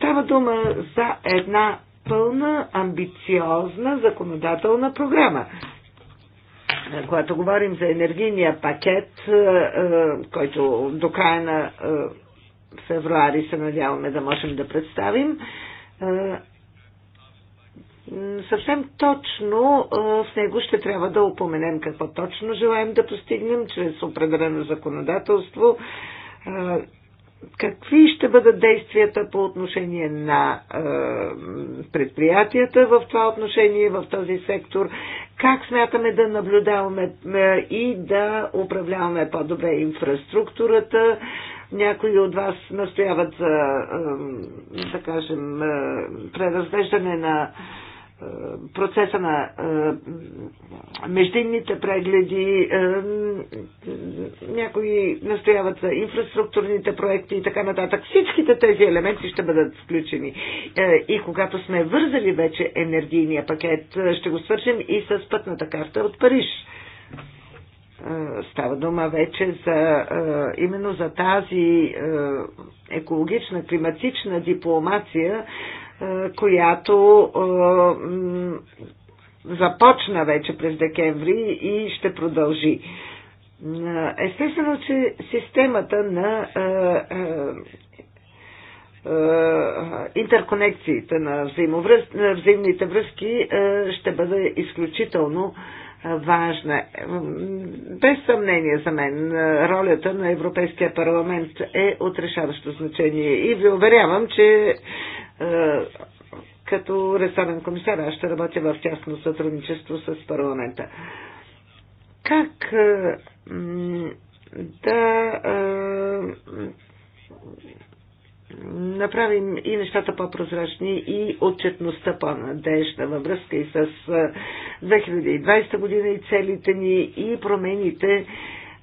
Става дума за една пълна, амбициозна законодателна програма. Когато говорим за енергийния пакет, е, е, който до края на е, февруари се надяваме да можем да представим, съвсем точно в него ще трябва да упоменем какво точно желаем да постигнем чрез определено законодателство, какви ще бъдат действията по отношение на е, предприятията в това отношение, в този сектор, как смятаме да наблюдаваме е, и да управляваме по-добре инфраструктурата. Някои от вас настояват за, е, да кажем, е, преразглеждане на е, е, процеса на е, междинните прегледи, е, някои настояват за инфраструктурните проекти и така нататък. Всичките тези елементи ще бъдат включени. И когато сме вързали вече енергийния пакет, ще го свържим и с пътната карта от Париж става дума вече за, именно за тази екологична, климатична дипломация, е, която е, започна вече през декември и ще продължи. Е, естествено, че системата на интерконекциите на, взаимовръз... на взаимните връзки ще бъде изключително важна. Без съмнение за мен ролята на Европейския парламент е от решаващо значение и ви уверявам, че е, като ресторен комисар аз ще работя в тясно сътрудничество с парламента. Как е, да е, направим и нещата по-прозрачни и отчетността по-надежда във връзка и с 2020 година и целите ни и промените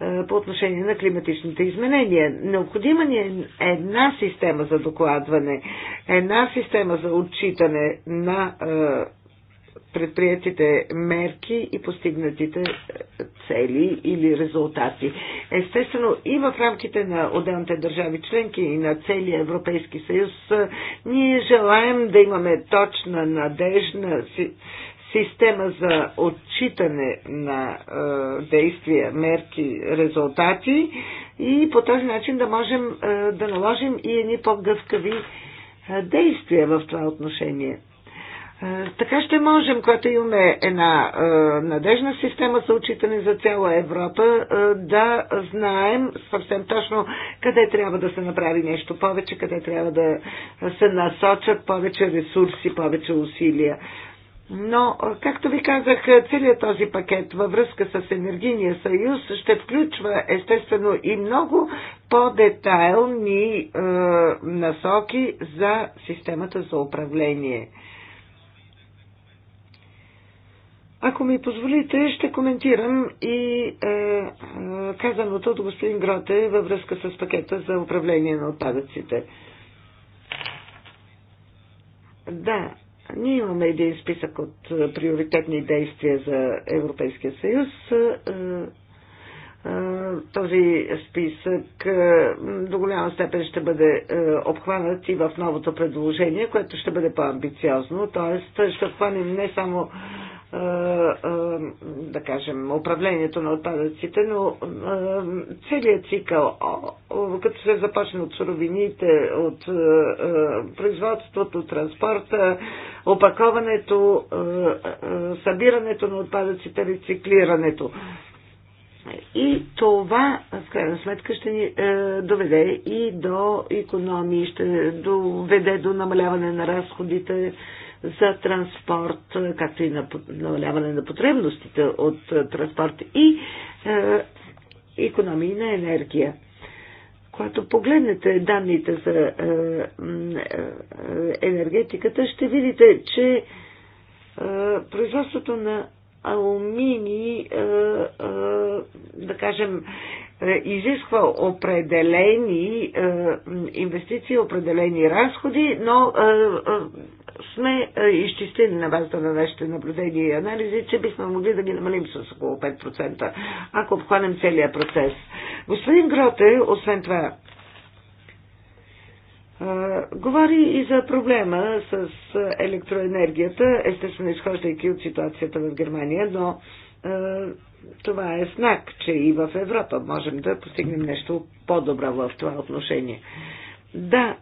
е, по отношение на климатичните изменения. Необходима ни е една система за докладване, една система за отчитане на е, предприятите мерки и постигнатите е, цели или резултати. Естествено и в рамките на отделните държави членки и на целия Европейски съюз ние желаем да имаме точна, надежна система за отчитане на е, действия, мерки, резултати и по този начин да можем е, да наложим и едни по-гъвкави е, действия в това отношение. Така ще можем, когато имаме една е, надежна система за отчитане за цяла Европа, е, да знаем съвсем точно къде трябва да се направи нещо повече, къде трябва да се насочат повече ресурси, повече усилия. Но, както ви казах, целият този пакет във връзка с Енергийния съюз ще включва естествено и много по-детайлни е, насоки за системата за управление. Ако ми позволите, ще коментирам и е, е, казаното от господин Гроте във връзка с пакета за управление на отпадъците. Да, ние имаме един списък от е, приоритетни действия за Европейския съюз. Е, е, този списък до голяма степен ще бъде обхванат и в новото предложение, което ще бъде по-амбициозно, Тоест, ще обхванем не само да кажем, управлението на отпадъците, но целият цикъл, като се започне от суровините, от производството, транспорта, опаковането, събирането на отпадъците, рециклирането. И това, в крайна сметка, ще ни е, доведе и до економии, ще доведе до намаляване на разходите, за транспорт, е, както и на намаляване на потребностите от е, транспорт и е, економии на енергия. Когато погледнете данните за е, е, енергетиката, ще видите, че е, производството на алуминий, е, е, да кажем, е, изисква определени инвестиции, определени разходи, но сме е, изчистили на базата на нашите наблюдения и анализи, че бихме могли да ги намалим с около 5%, ако обхванем целият процес. Господин Гроте, освен това, е, говори и за проблема с електроенергията, естествено изхождайки от ситуацията в Германия, но е, това е знак, че и в Европа можем да постигнем нещо по-добро в това отношение. Да,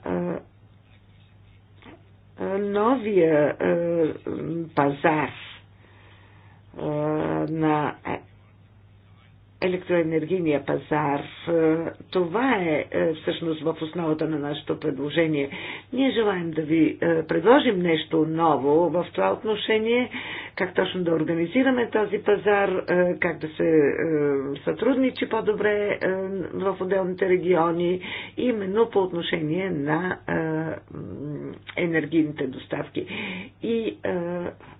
новия е, пазар е, на електроенергийния пазар. Е, това е, е всъщност в основата на нашето предложение. Ние желаем да ви е, предложим нещо ново в това отношение, как точно да организираме този пазар, как да се сътрудничи по-добре в отделните региони, именно по отношение на енергийните доставки и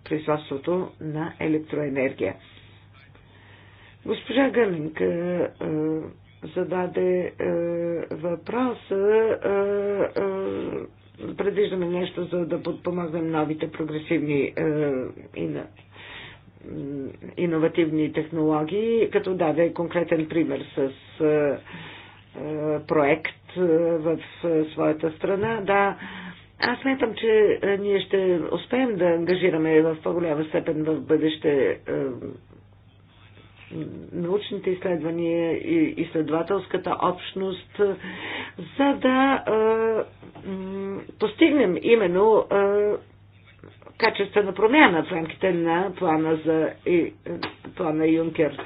производството на електроенергия. Госпожа а, е, е, зададе е, въпроса. Предвиждаме нещо, за да подпомогнем новите прогресивни и на иновативни технологии, като даде конкретен пример с проект в своята страна. Да, аз сметам, че ние ще успеем да ангажираме в по-голяма степен в бъдеще научните изследвания и изследователската общност, за да постигнем именно качествена промяна в рамките на плана, за, плана Юнкер.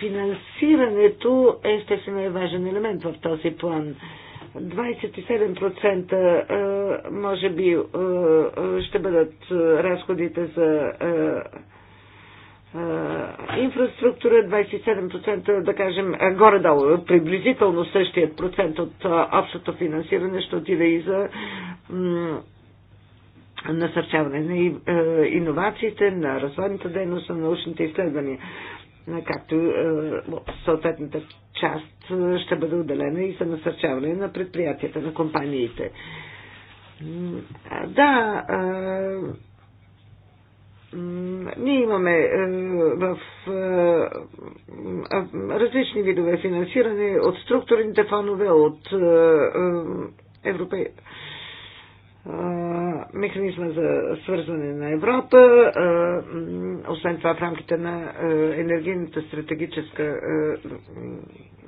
Финансирането е естествено е важен елемент в този план. 27% може би ще бъдат разходите за е, инфраструктура 27%, да кажем, е, горе-долу, приблизително същият процент от е, общото финансиране ще отиде и за насърчаване на иновациите, на развойната дейност, на научните изследвания, както съответната част ще бъде отделена и за насърчаване на предприятията, на компаниите. Да, ние имаме е, в е, различни видове финансиране от структурните фонове, от е, европей... механизма за свързване на Европа, освен това в рамките на енергийната стратегическа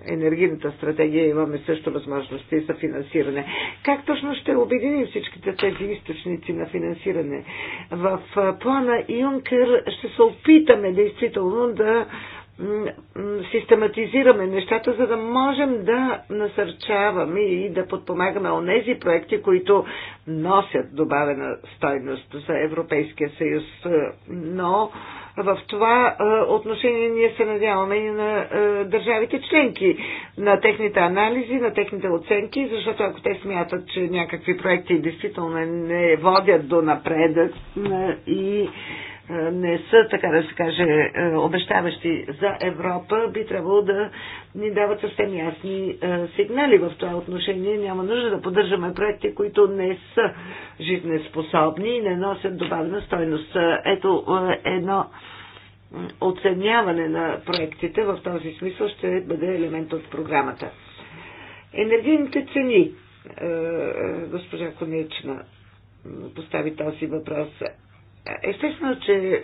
енергийната стратегия имаме също възможности за финансиране. Как точно ще обединим всичките тези източници на финансиране? В плана Юнкер ще се опитаме действително да систематизираме нещата, за да можем да насърчаваме и да подпомагаме онези проекти, които носят добавена стойност за Европейския съюз. Но в това е, отношение ние се надяваме и на е, държавите членки, на техните анализи, на техните оценки, защото ако те смятат, че някакви проекти действително не водят до напредък е, и не са, така да се каже, е, обещаващи за Европа, би трябвало да ни дават съвсем ясни е, сигнали в това отношение. Няма нужда да поддържаме проекти, които не са жизнеспособни и не носят добавена стойност. Ето е, едно оценяване на проектите в този смисъл ще бъде елемент от програмата. Енергийните цени. Госпожа Конечна постави този въпрос. Естествено, че е,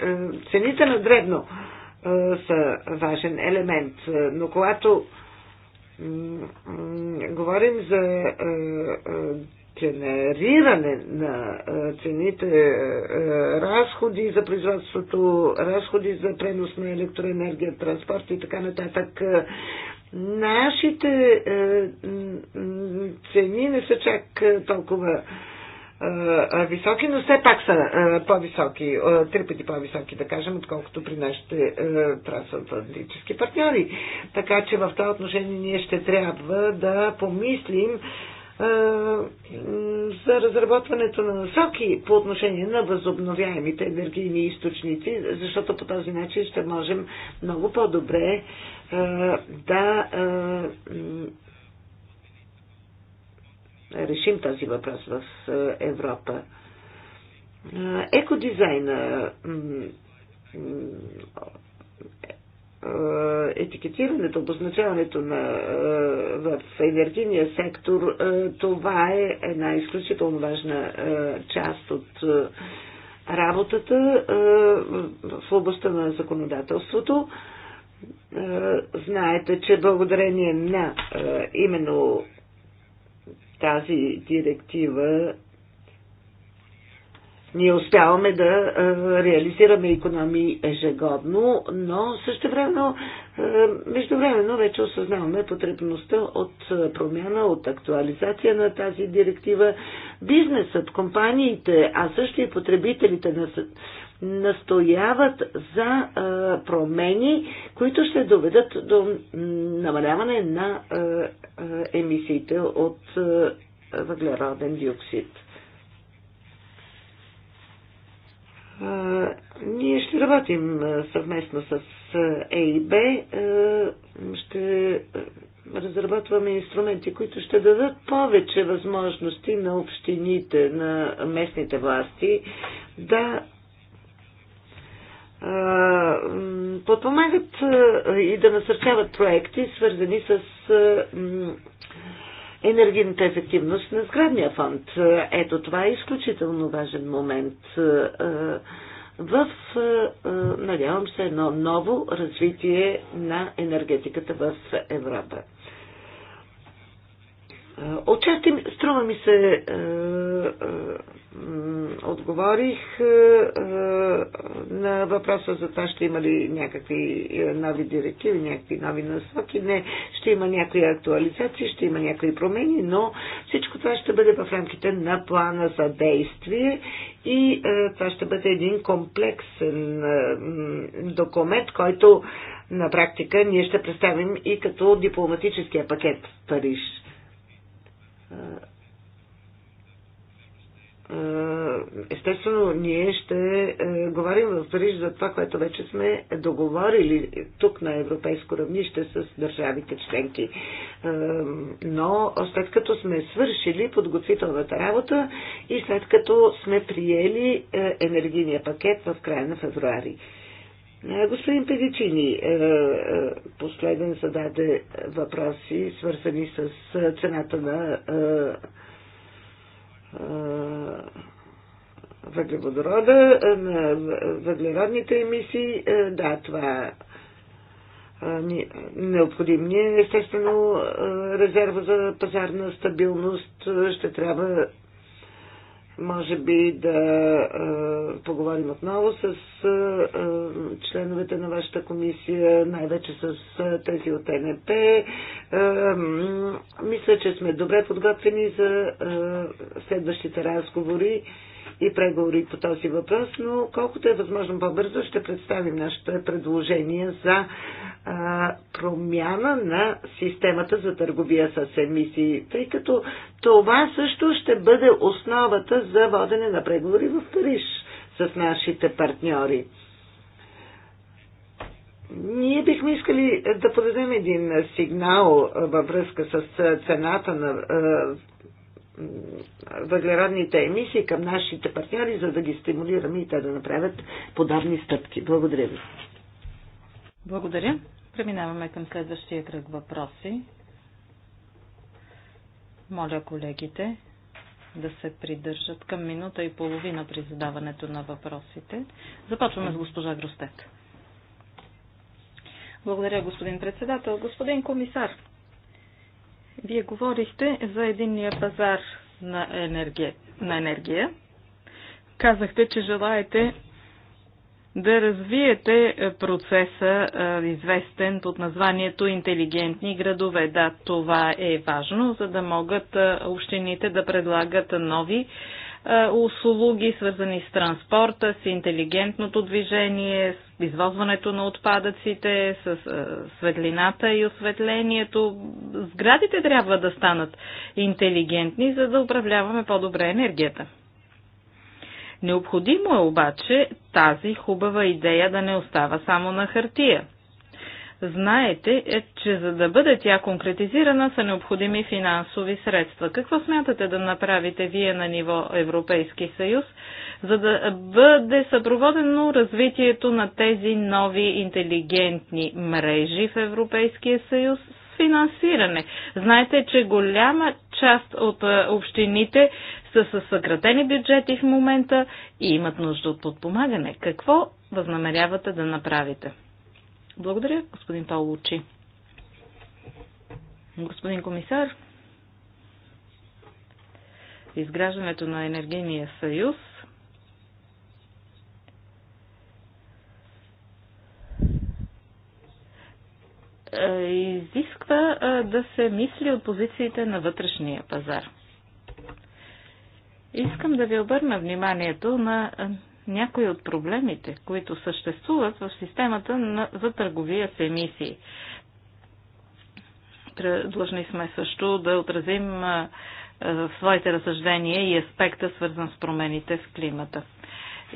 цените на дребно е, са важен елемент, е, но когато говорим за генериране на цените, разходи за производството, разходи за пренос на електроенергия, транспорт и така нататък, нашите цени не са чак толкова високи, но все пак са по-високи, три пъти по-високи, да кажем, отколкото при нашите трансатлантически партньори. Така че в това отношение ние ще трябва да помислим за разработването на насоки по отношение на възобновяемите енергийни източници, защото по този начин ще можем много по-добре да решим този въпрос в е, Европа. Е, екодизайна, е, етикетирането, обозначаването на, в енергийния сектор, това е една изключително важна част от работата в областта на законодателството. Знаете, че благодарение на именно тази директива ние успяваме да реализираме економии ежегодно, но същевременно, междувременно вече осъзнаваме потребността от промяна, от актуализация на тази директива. Бизнесът, компаниите, а също и потребителите на настояват за промени, които ще доведат до намаляване на емисиите от въглероден диоксид. Ние ще работим съвместно с ЕИБ, ще разработваме инструменти, които ще дадат повече възможности на общините, на местните власти да подпомагат и да насърчават проекти, свързани с енергийната ефективност на сградния фонд. Ето това е изключително важен момент е, е, в, е, надявам се, едно ново развитие на енергетиката в Европа. Е, Отчасти струва ми се е, е, отговорих е, е, на въпроса за това, ще има ли някакви е, нови директиви, някакви нови насоки. Не, ще има някои актуализации, ще има някои промени, но всичко това ще бъде в рамките на плана за действие и това ще бъде един комплексен документ, който на практика ние ще представим и като дипломатическия пакет в Париж е, естествено, ние ще е, говорим в Париж за това, което вече сме договорили тук на европейско равнище с държавите членки. Е, но след като сме свършили подготвителната работа и след като сме приели енергийния пакет в края на февруари. Е, господин Педичини е, е, последен зададе въпроси, свързани с цената на въглеводорода, на въглеродните емисии. Да, това необходим ни е естествено резерва за пазарна стабилност. Ще трябва може би да а, поговорим отново с а, членовете на вашата комисия, най-вече с а, тези от НП. мисля, че сме добре подготвени за а, следващите разговори и преговори по този въпрос, но колкото е възможно по-бързо ще представим нашето предложение за а, промяна на системата за търговия с емисии, тъй като това също ще бъде основата за водене на преговори в Париж с нашите партньори. Ние бихме искали да подадем един сигнал във връзка с цената на въглеродните емисии към нашите партньори, за да ги стимулираме и те да направят подобни стъпки. Благодаря ви. Благодаря. Преминаваме към следващия кръг въпроси. Моля колегите да се придържат към минута и половина при задаването на въпросите. Започваме с госпожа Гростет. Благодаря, господин председател. Господин комисар, вие говорихте за единния пазар на енергия. На енергия. Казахте, че желаете да развиете е, процеса, е, известен под названието интелигентни градове. Да, това е важно, за да могат е, общините да предлагат нови е, услуги, свързани с транспорта, с интелигентното движение, с извозването на отпадъците, с е, светлината и осветлението. Сградите трябва да станат интелигентни, за да управляваме по-добре енергията. Необходимо е обаче тази хубава идея да не остава само на хартия – Знаете, е, че за да бъде тя конкретизирана са необходими финансови средства. Какво смятате да направите вие на ниво Европейски съюз, за да бъде съпроводено развитието на тези нови интелигентни мрежи в Европейския съюз с финансиране? Знаете, че голяма част от е, общините са със съкратени бюджети в момента и имат нужда от подпомагане. Какво възнамерявате да направите? Благодаря, господин Паулучи. Господин комисар, изграждането на енергийния съюз е, изисква е, да се мисли от позициите на вътрешния пазар. Искам да ви обърна вниманието на е, някои от проблемите, които съществуват в системата на, за търговия с емисии. Длъжни сме също да отразим в своите разсъждения и аспекта, свързан с промените в климата.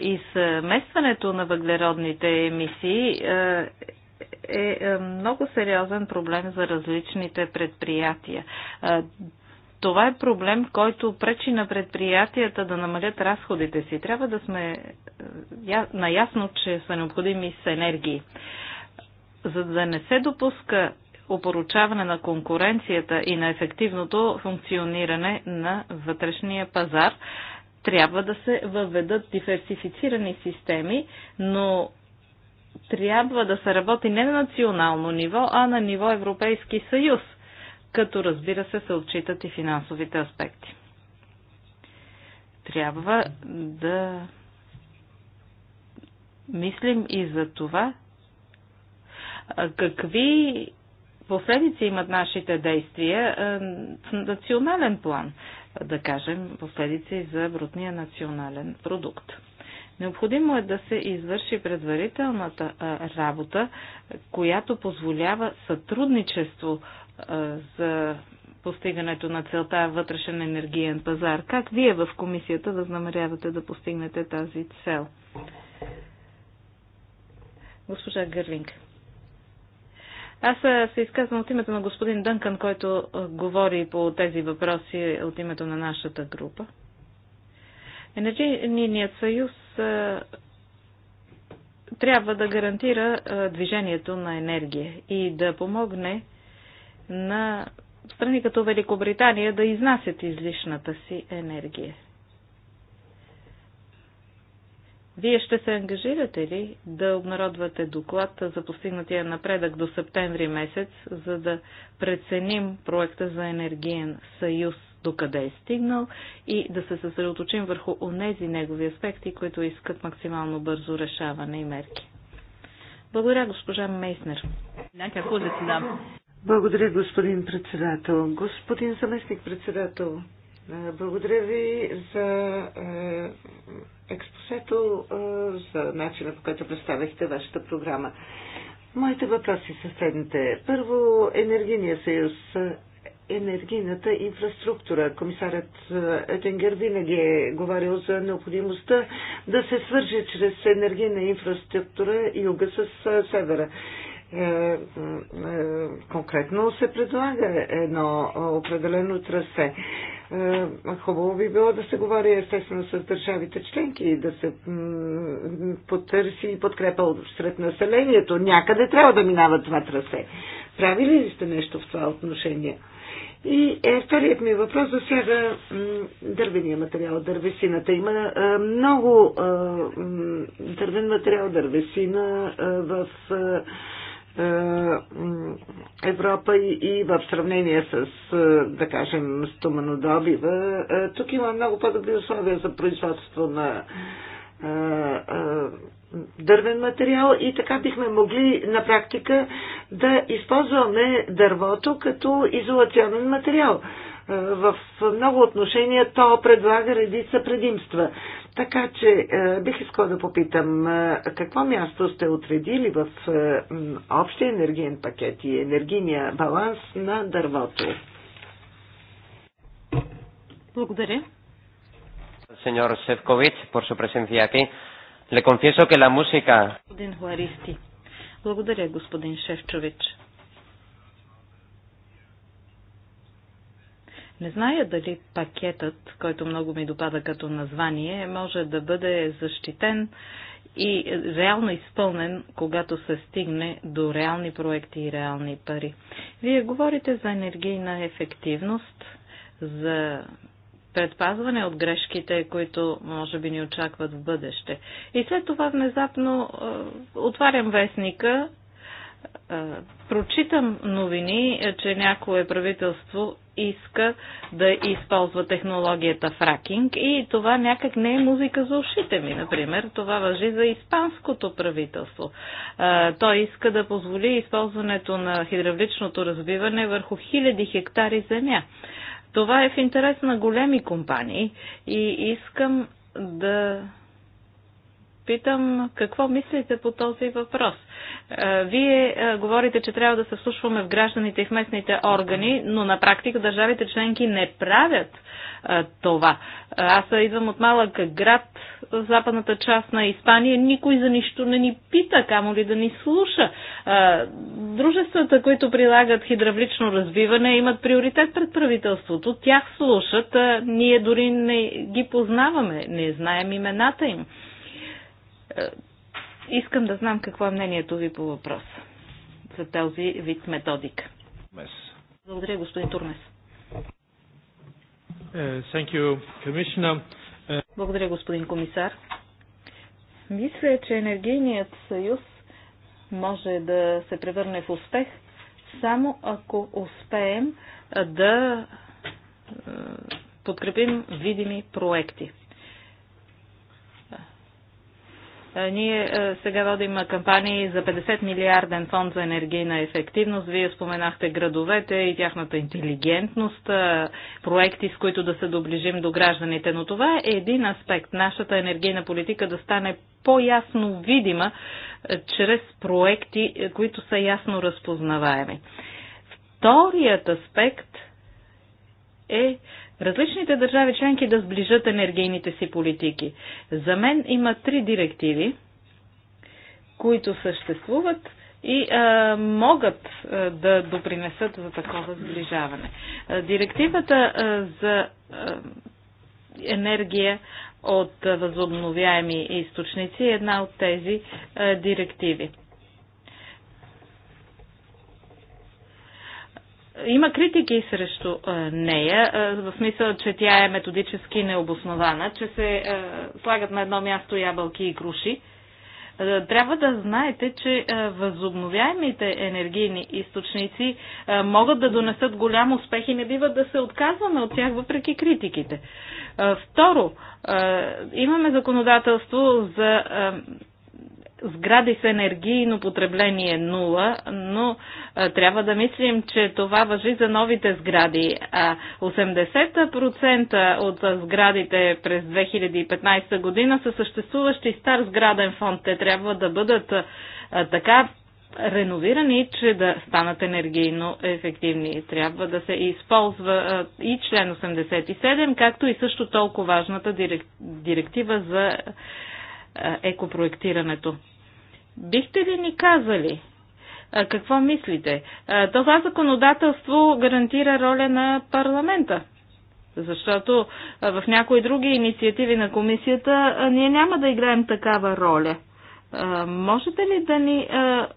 И съместването на въглеродните емисии е, е, е много сериозен проблем за различните предприятия. Това е проблем, който пречи на предприятията да намалят разходите си. Трябва да сме е, наясно, че са необходими с енергии. За да не се допуска опоручаване на конкуренцията и на ефективното функциониране на вътрешния пазар, трябва да се въведат диверсифицирани системи, но трябва да се работи не на национално ниво, а на ниво Европейски съюз – като разбира се се отчитат и финансовите аспекти. Трябва да мислим и за това, какви последици имат нашите действия в национален план, да кажем, последици за брутния национален продукт. Необходимо е да се извърши предварителната работа, която позволява сътрудничество за постигането на целта вътрешен енергиен пазар. Как вие в комисията възнамерявате да постигнете тази цел? Госпожа Гърлинг. Аз се изказвам от името на господин Дънкан, който говори по тези въпроси от името на нашата група. Енергийният съюз трябва да гарантира движението на енергия и да помогне на страни като Великобритания да изнасят излишната си енергия. Вие ще се ангажирате ли да обнародвате доклад за постигнатия напредък до септември месец, за да преценим проекта за енергиен съюз докъде е стигнал и да се съсредоточим върху онези негови аспекти, които искат максимално бързо решаване и мерки? Благодаря, госпожа Мейснер. Благодаря, господин председател. Господин заместник председател, е, благодаря ви за е, експосето, е, за начина по който представихте вашата програма. Моите въпроси са следните. Първо, енергийния съюз, енергийната инфраструктура. Комисарят Етенгер винаги е говорил за необходимостта да се свържи чрез енергийна инфраструктура юга с севера. Е, е, конкретно се предлага едно определено трасе. Е, хубаво би било да се говори естествено с държавите членки и да се потърси и подкрепа сред населението. Някъде трябва да минава това трасе. Правили ли сте нещо в това отношение? И е, вторият ми въпрос засяга дървения материал, дървесината. Има е, много е, дървен материал, дървесина е, в е, е, Европа и в сравнение с, е, да кажем, стоманодобива, е, тук има много по-добри условия за производство на дървен материал и така бихме могли на практика да използваме дървото като изолационен материал е, в много отношения то предлага редица предимства. Така че е, бих искала да попитам е, какво място сте отредили в общия енергиен пакет и енергийния баланс на дървото? Благодаря. Señor Sefcovic, por su presencia aquí. Le confieso que la música... Господин Хуаристи. Благодаря, господин Шефчович. Не зная дали пакетът, който много ми допада като название, може да бъде защитен и реално изпълнен, когато се стигне до реални проекти и реални пари. Вие говорите за енергийна ефективност, за предпазване от грешките, които може би ни очакват в бъдеще. И след това внезапно е, отварям вестника е, прочитам новини, е, че някое правителство иска да използва технологията фракинг и това някак не е музика за ушите ми, например. Това въжи за испанското правителство. Е, той иска да позволи използването на хидравличното разбиване върху хиляди хектари земя. Това е в интерес на големи компании и искам да питам какво мислите по този въпрос. Е, вие е, говорите, че трябва да се вслушваме в гражданите и в местните органи, но на практика държавите членки не правят е, това. Аз идвам от малък град в западната част на Испания. Никой за нищо не ни пита, камо ли да ни слуша. Дружествата, които прилагат хидравлично развиване, имат приоритет пред правителството. Тях слушат. Ние дори не ги познаваме, не знаем имената им. Е, искам да знам какво е мнението ви по въпрос за този вид методика. Yes. Благодаря, господин Турмес. Е, you, е, Благодаря, господин комисар. Мисля, че енергийният съюз може да се превърне в успех, само ако успеем да подкрепим видими проекти. Е, ние е, сега водим кампании за 50 милиарден фонд за енергийна ефективност. Вие споменахте градовете и тяхната интелигентност, е, проекти, с които да се доближим до гражданите. Но това е един аспект. Нашата енергийна политика да стане по-ясно видима чрез проекти, които са ясно разпознаваеми. Вторият аспект е различните държави членки да сближат енергийните си политики. За мен има три директиви, които съществуват и а, могат а, да допринесат за такова сближаване. А, директивата а, за а, енергия от възобновяеми източници е една от тези а, директиви. Има критики срещу е, нея, е, в смисъл, че тя е методически необоснована, че се е, слагат на едно място ябълки и круши. Трябва да знаете, че възобновяемите енергийни източници могат да донесат голям успех и не бива да се отказваме от тях, въпреки критиките. Второ, имаме законодателство за сгради с енергийно потребление е нула, но а, трябва да мислим, че това въжи за новите сгради. А 80% от сградите през 2015 година са съществуващи стар сграден фонд. Те трябва да бъдат а, така реновирани, че да станат енергийно ефективни. Трябва да се използва и член 87, както и също толкова важната директива за екопроектирането. Бихте ли ни казали а, какво мислите? А, това законодателство гарантира роля на парламента. Защото а, в някои други инициативи на комисията а, ние няма да играем такава роля. А, можете ли да ни а,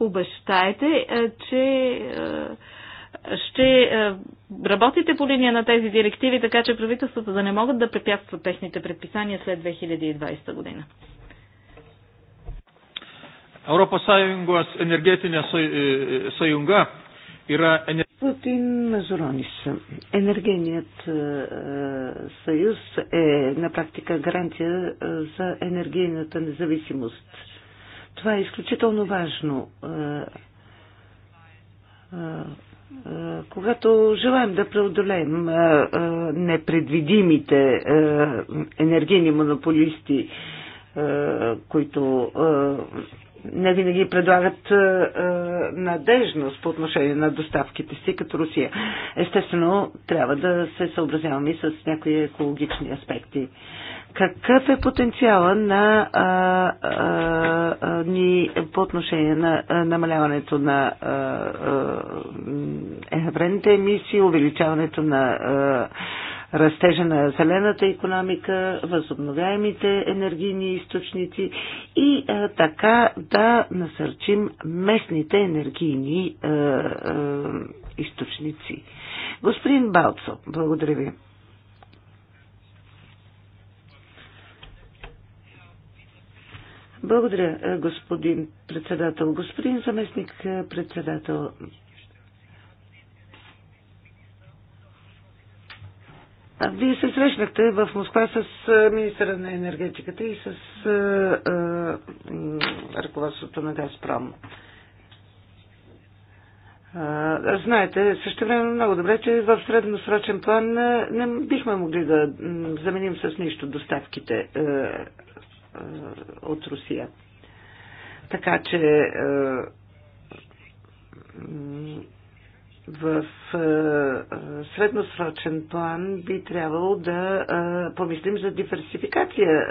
обещаете, а, че а, ще а, работите по линия на тези директиви, така че правителствата да не могат да препятстват техните предписания след 2020 година? Sąjungos energetinė e, e, sąjunga yra. Господин Мазуронис, енергийният съюз е на практика гаранция за енергийната независимост. Това е изключително важно. Когато желаем да преодолеем непредвидимите енергийни монополисти, които не винаги предлагат е, е, надежност по отношение на доставките си като Русия. Естествено, трябва да се съобразяваме и с някои екологични аспекти. Какъв е потенциала на а, а, а, ни по отношение на а, намаляването на а, а, е, вредните емисии, увеличаването на а, растежа на зелената економика, възобновяемите енергийни източници и а, така да насърчим местните енергийни а, а, източници. Господин Балцо, благодаря ви. Благодаря, господин председател. Господин заместник председател, Вие се срещнахте в Москва с министъра на енергетиката и с ръководството на Газпром. Знаете, също време много добре, че в средносрочен план не бихме могли да заменим с нищо доставките от Русия. Така че в е, е, средносрочен план би трябвало да е, помислим за диверсификация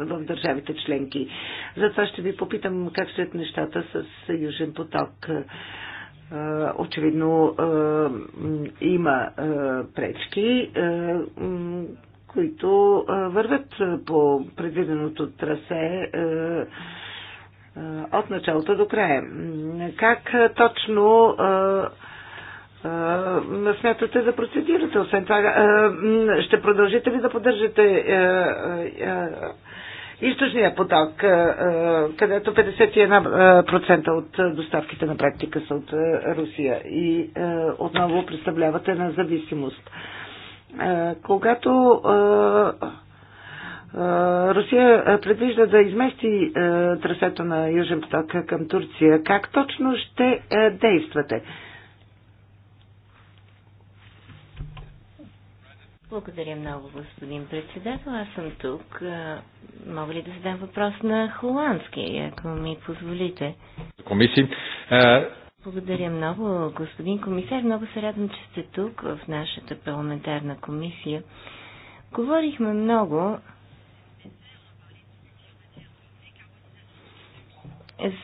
в държавите членки. Затова ще ви попитам как след нещата с Южен поток. Очевидно има пречки, които вървят по предвиденото трасе от началото до края. Как точно смятате да процедирате? Освен това, ще продължите ли да поддържате е, е, е, източния поток, където 51% от доставките на практика са от Русия и отново представлявате на зависимост. Когато Русия предвижда да измести трасето на Южен поток към Турция, как точно ще действате? Благодаря много, господин председател. Аз съм тук. Мога ли да задам въпрос на холандски, ако ми позволите? Комисии. Благодаря много, господин комисар. Много се радвам, че сте тук в нашата парламентарна комисия. Говорихме много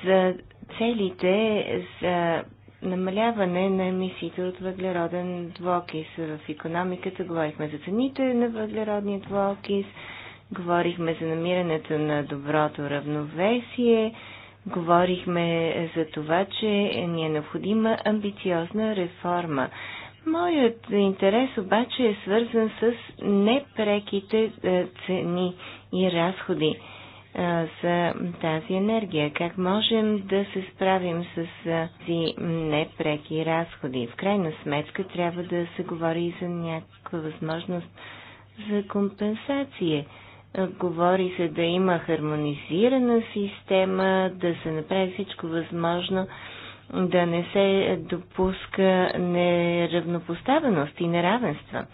за целите за намаляване на емисиите от въглероден двокис в економиката. Говорихме за цените на въглеродния двокис, говорихме за намирането на доброто равновесие, говорихме за това, че ни е необходима амбициозна реформа. Моят интерес обаче е свързан с непреките е, цени и разходи за тази енергия? Как можем да се справим с тези непреки разходи? В крайна сметка трябва да се говори и за някаква възможност за компенсация. Говори се да има хармонизирана система, да се направи всичко възможно, да не се допуска неравнопоставеност и неравенства.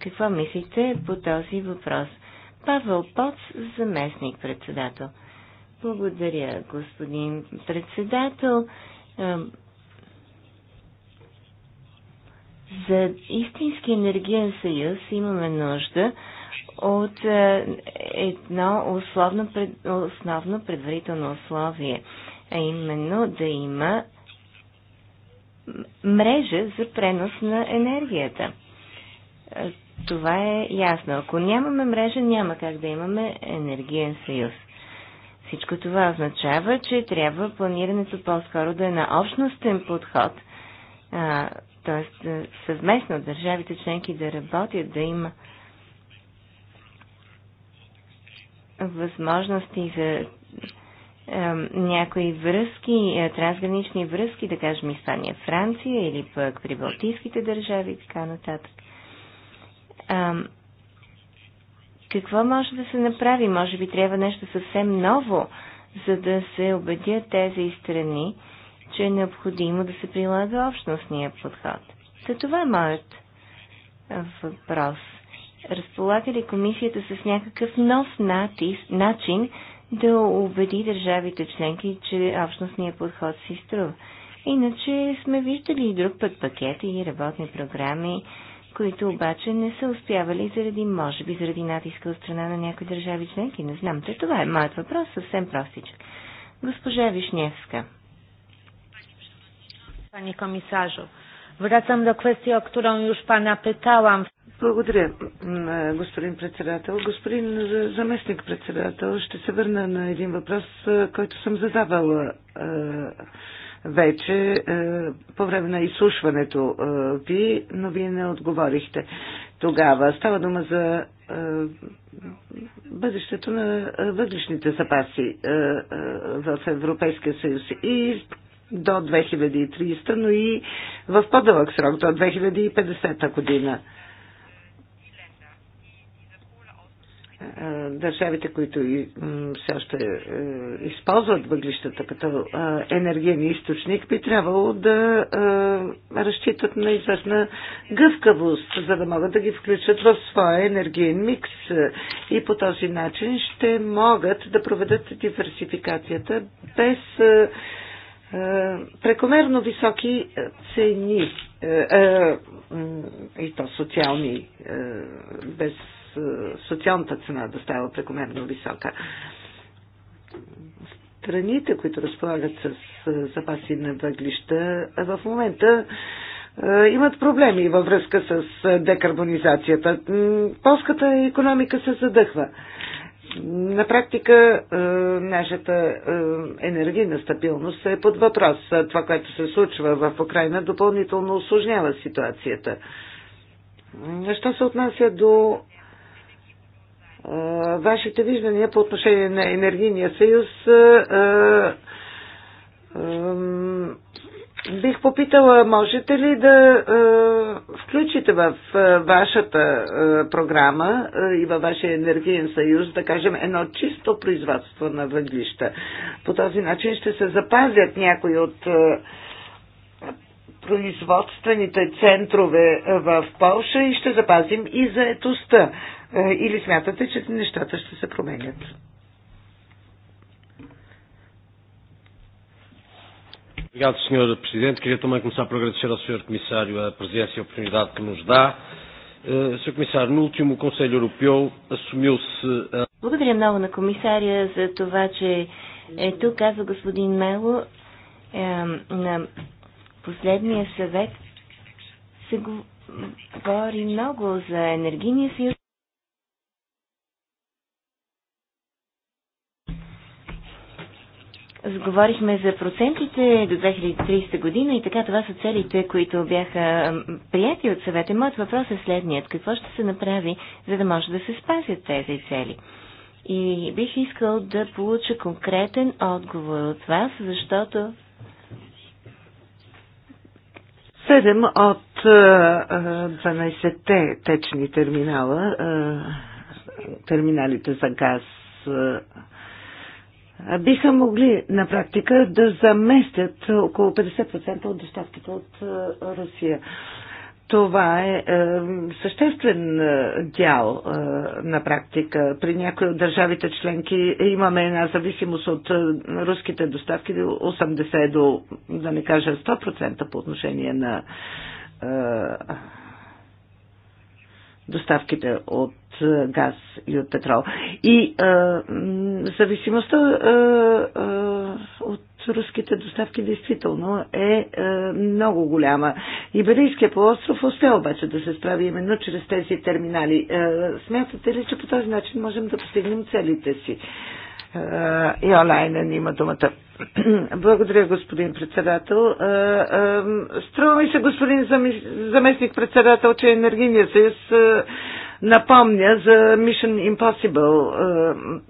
Какво мислите по този въпрос? Павел Поц, заместник-председател. Благодаря, господин председател. За истински енергиен съюз имаме нужда от едно условно, основно предварително условие, а именно да има мрежа за пренос на енергията. Това е ясно. Ако нямаме мрежа, няма как да имаме енергиен съюз. Всичко това означава, че трябва планирането по-скоро да е на общностен подход, т.е. съвместно държавите членки да работят, да има възможности за е, някои връзки, е, трансгранични връзки, да кажем Испания, Франция или пък при Балтийските държави и така нататък. А, какво може да се направи? Може би трябва нещо съвсем ново, за да се убедят тези страни, че е необходимо да се прилага общностния подход. За това е моят въпрос. Разполага ли комисията с някакъв нов натис, начин да убеди държавите членки, че общностният подход си струва? Иначе сме виждали и друг път пакети и работни програми, които обаче не са успявали заради, може би, заради натиска от страна на някои държави членки. Не знам. че това е моят въпрос, съвсем простичък. Госпожа Вишневска. Пани комисажо, вратам до квестия, която уж пана питалам. Благодаря, е, господин председател. Господин заместник председател, ще се върна на един въпрос, е, който съм задавала е, вече е, по време на изслушването е, ви, но вие не отговорихте тогава. Става дума за е, бъдещето на въглишните запаси в Европейския съюз и до 2030, но и в по-дълъг срок, до 2050 година. Е, държавите, които все още е, използват въглищата като е, енергиен източник, би трябвало да разчитат на известна гъвкавост, за да могат да ги включат в своя енергиен микс. И по този начин ще могат да проведат диверсификацията без прекомерно високи цени и то социални, без социалната цена да става прекомерно висока. Страните, които разполагат с запаси на въглища, в момента е, имат проблеми във връзка с е, декарбонизацията. Полската економика се задъхва. На практика е, нашата енергийна стабилност е под въпрос. Това, което се случва в Украина, допълнително осложнява ситуацията. Що се отнася до е, вашите виждания по отношение на енергийния съюз. Е, е, бих попитала, можете ли да включите в вашата програма и във вашия енергиен съюз, да кажем, едно чисто производство на въглища. По този начин ще се запазят някои от производствените центрове в Польша и ще запазим и заетостта или смятате, че нещата ще се променят? Obrigado, Sr. Presidente. Queria também começar por agradecer ao Sr. Comissário a presença e a oportunidade que nos dá. Sr. Comissário, no último Conselho Europeu assumiu-se. A... Благодаря много на комисаря за това, че е тук, казва господин Мело, е, на последния съвет се говори много за енергийния съюз. Говорихме за процентите до 2030 година и така това са целите, които бяха прияти от съвета. Моят въпрос е следният. Какво ще се направи, за да може да се спазят тези цели? И бих искал да получа конкретен отговор от вас, защото... Седем от 12-те е, е, течни терминала, е, терминалите за газ биха могли на практика да заместят около 50% от доставките от е, Русия. Това е, е съществен е, дял е, на практика. При някои от държавите членки имаме една зависимост от е, руските доставки до 80 до, да не кажа 100% по отношение на е, доставките от е, газ и от петрол. И а, е, зависимостта а, е, а, от руските доставки действително е а, много голяма. Иберийския полуостров успя обаче да се справи именно чрез тези терминали. А, смятате ли, че по този начин можем да постигнем целите си? Йолайнен има думата. Благодаря, господин председател. Струва ми се, господин заместник председател, че енергийният съюз напомня за Mission Impossible.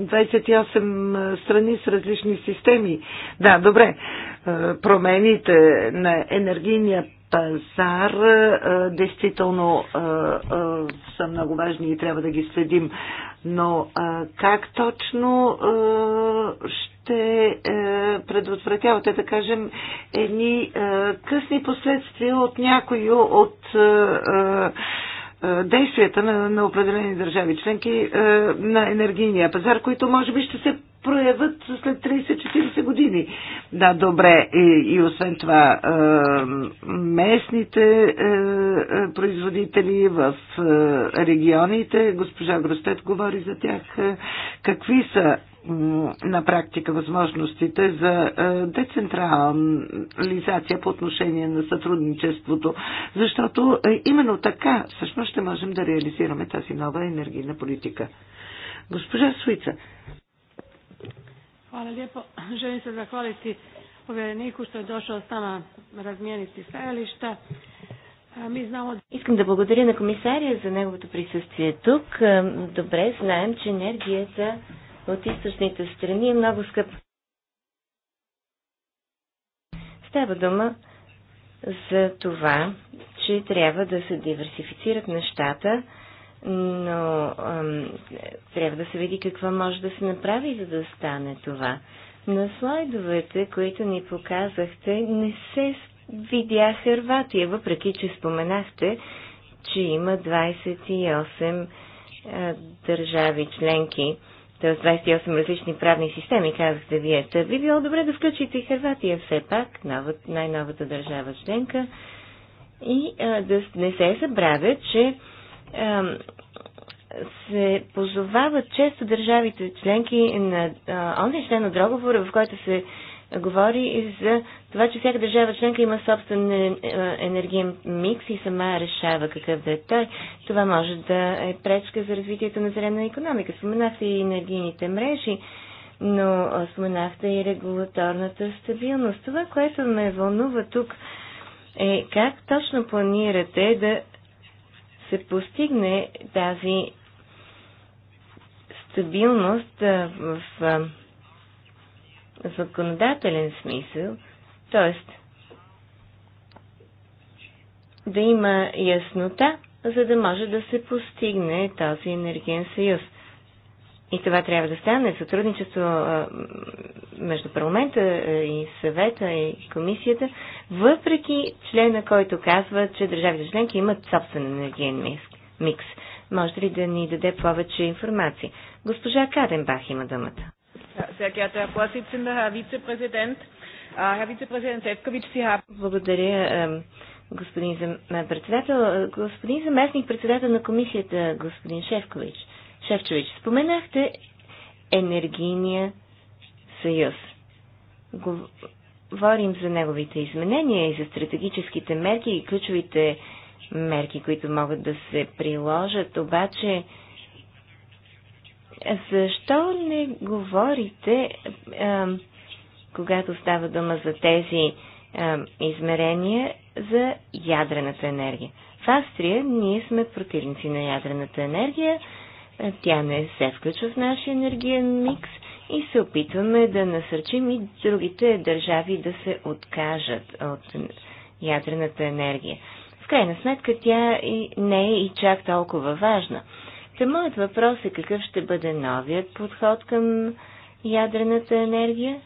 28 е, е, страни с различни системи. Да, добре. Е, промените на енергийния пазар действително са много важни и трябва да ги следим. Но как точно ще предотвратявате, да кажем, едни късни последствия от някои от е, действията на, на определени държави членки е, на енергийния пазар, които може би ще се проявят след 30-40 години. Да, добре. И, и освен това, е, местните е, е, производители в е, регионите, госпожа Гростет говори за тях, е, какви са на практика възможностите за децентрализация по отношение на сътрудничеството, защото именно така всъщност ще можем да реализираме тази нова енергийна политика. Госпожа Суица. Hvala lijepo. Želim se zahvaliti povjereniku što je došao s nama razmijeniti stajališta. Искам да благодаря на комисария за неговото присъствие тук. Добре знаем, че енергията от източните страни е много скъпо. Става дума за това, че трябва да се диверсифицират нещата, но ам, трябва да се види какво може да се направи, за да стане това. На слайдовете, които ни показахте, не се видя Хърватия, въпреки че споменахте, че има 28 а, държави членки т.е. 28 различни правни системи, казахте вие. Та би било добре да включите и все пак, най-новата държава членка, и а, да не се забравя, че а, се позовават често държавите членки на онзи член от договора, в който се говори и за това, че всяка държава членка има собствен е, енергиен микс и сама решава какъв да е той. Това може да е пречка за развитието на зелена економика. Споменахте и енергийните мрежи, но споменахте и регулаторната стабилност. Това, което ме вълнува тук е как точно планирате да се постигне тази стабилност в законодателен смисъл, т.е. да има яснота, за да може да се постигне този енергиен съюз. И това трябва да стане сътрудничество между парламента и съвета и комисията, въпреки члена, който казва, че държавите членки имат собствен енергиен микс. Може ли да ни даде повече информация? Госпожа Каденбах има думата. Sehr geehrter Herr Vorsitzender, Herr Vizepräsident, äh, Herr Vizepräsident Sefcovic, Sie haben... Благодаря, господин председател. Е, господин заместник председател на комисията, господин Шефкович, Шефчович, споменахте енергийния съюз. Говорим за неговите изменения и за стратегическите мерки и ключовите мерки, които могат да се приложат, обаче защо не говорите, а, когато става дума за тези а, измерения, за ядрената енергия? В Австрия ние сме противници на ядрената енергия. Тя не се включва в нашия енергиен микс и се опитваме да насърчим и другите държави да се откажат от ядрената енергия. В крайна сметка тя не е и чак толкова важна. Та моят въпрос е какъв ще бъде новият подход към ядрената енергия,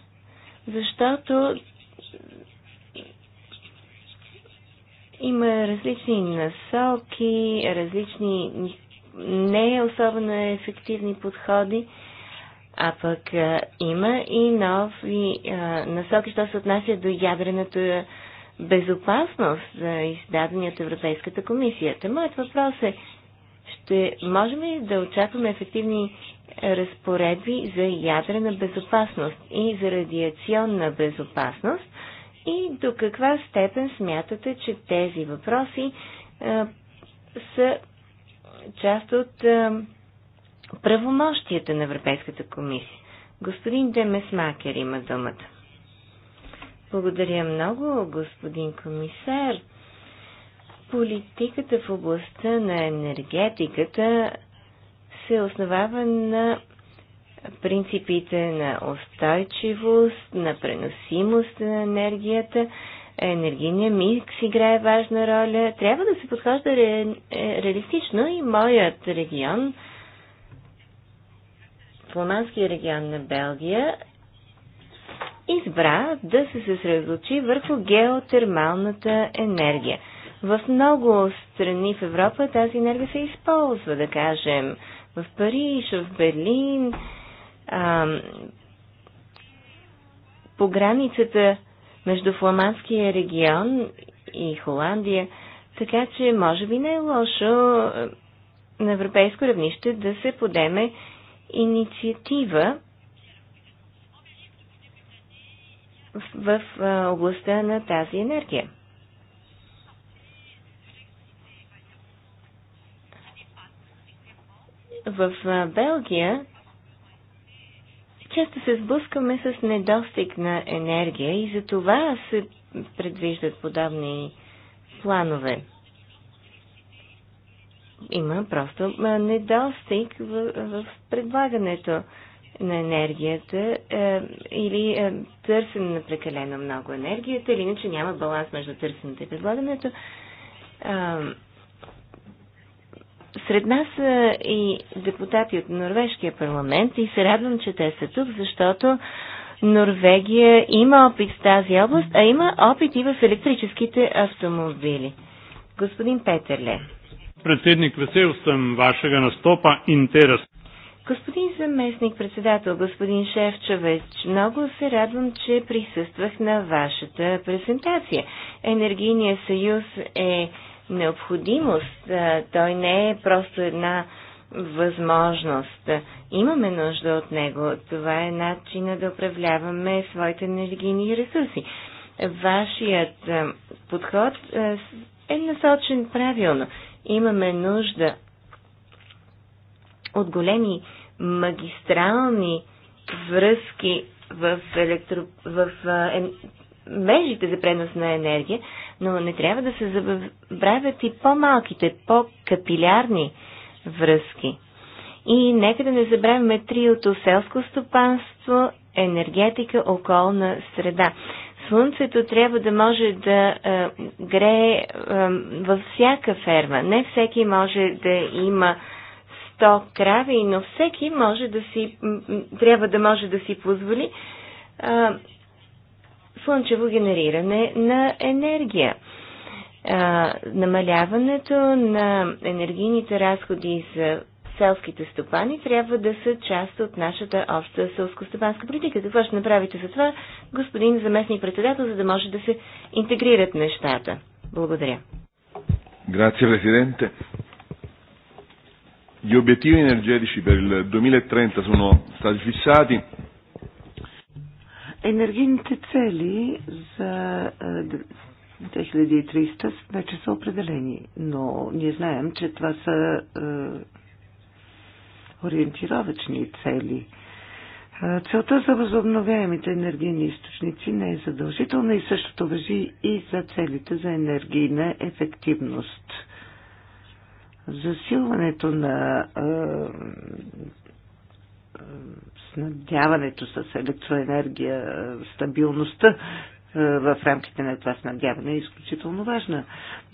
защото има различни насоки, различни не особено ефективни подходи, а пък а, има и нови а, насоки, що се отнася до ядрената безопасност, за издадени от Европейската комисия. моят въпрос е, ще можем ли да очакваме ефективни разпоредби за ядрена безопасност и за радиационна безопасност и до каква степен смятате, че тези въпроси а, са част от а, правомощията на Европейската комисия. Господин Демесмакер има думата. Благодаря много, господин комисар. Политиката в областта на енергетиката се основава на принципите на устойчивост, на преносимост на енергията, енергийния микс играе важна роля. Трябва да се подхожда ре, е, реалистично и моят регион, фламандския регион на Белгия, избра да се съсредоточи върху геотермалната енергия – в много страни в Европа тази енергия се използва, да кажем, в Париж, в Берлин, а, по границата между фламандския регион и Холандия, така че може би не е лошо на европейско равнище да се подеме инициатива в, в, в областта на тази енергия. в Белгия често се сблъскваме с недостиг на енергия и за това се предвиждат подобни планове. Има просто недостиг в, в предлагането на енергията е, или е, търсене на прекалено много енергията, или иначе няма баланс между търсенето и предлагането. Е, сред нас са и депутати от Норвежкия парламент и се радвам, че те са тук, защото Норвегия има опит в тази област, а има опит и в електрическите автомобили. Господин Петерле. Председник, весел съм вашега настопа интерес. Господин заместник председател, господин Шефчович, много се радвам, че присъствах на вашата презентация. Енергийният съюз е необходимост. Той не е просто една възможност. Имаме нужда от него. Това е начина да управляваме своите енергийни ресурси. Вашият подход е насочен правилно. Имаме нужда от големи магистрални връзки в, електро... в мрежите за пренос на енергия, но не трябва да се забравят и по-малките, по-капилярни връзки. И нека да не забравяме триото селско стопанство, енергетика, околна среда. Слънцето трябва да може да е, грее е, във всяка ферма. Не всеки може да има 100 крави, но всеки може да си, трябва да може да си позволи е, слънчево генериране на енергия. А, намаляването на енергийните разходи за селските стопани трябва да са част от нашата обща селско-стопанска политика. Какво ще направите за това, господин заместник председател, за да може да се интегрират нещата? Благодаря. Grazie Presidente. Gli obiettivi energetici per il 2030 sono stati fissati Енергийните цели за 2300 вече са определени, но ние знаем, че това са ориентировачни цели. Целта за възобновяемите енергийни източници не е задължителна и същото въжи и за целите за енергийна ефективност. Засилването на е, снабдяването с електроенергия, е, стабилността е, в рамките на това снабдяване е изключително важна.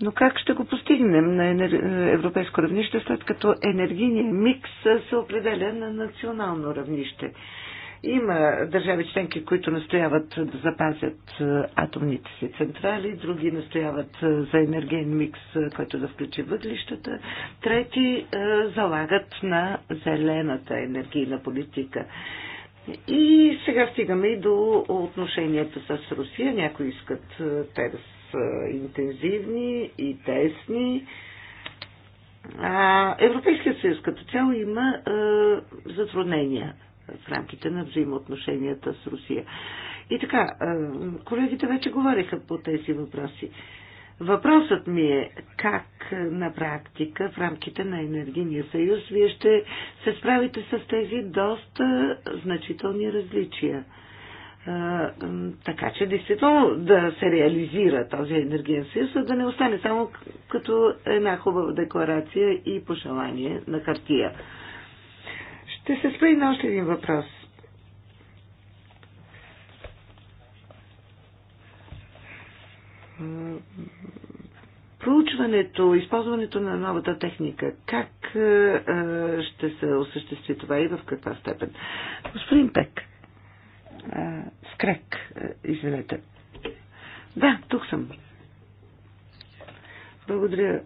Но как ще го постигнем на енер... европейско равнище, след като енергийният микс се определя на национално равнище? Има държави членки, които настояват да запазят е, атомните си централи, други настояват е, за енергиен микс, е, който да включи въглищата, трети залагат на зелената енергийна политика. И сега стигаме и до отношенията с Русия. Някои искат те да са интензивни и тесни. А Европейският съюз като цяло има е, затруднения в рамките на взаимоотношенията с Русия. И така, колегите вече говориха по тези въпроси. Въпросът ми е как на практика в рамките на Енергийния съюз вие ще се справите с тези доста значителни различия. Така че действително да се реализира този енергиен съюз, да не остане само като една хубава декларация и пожелание на хартия. Ще се спра и на още един въпрос. Проучването, използването на новата техника, как е, е, ще се осъществи това и в каква степен? Господин Пек, е, Скрек, извинете. Да, тук съм. Благодаря,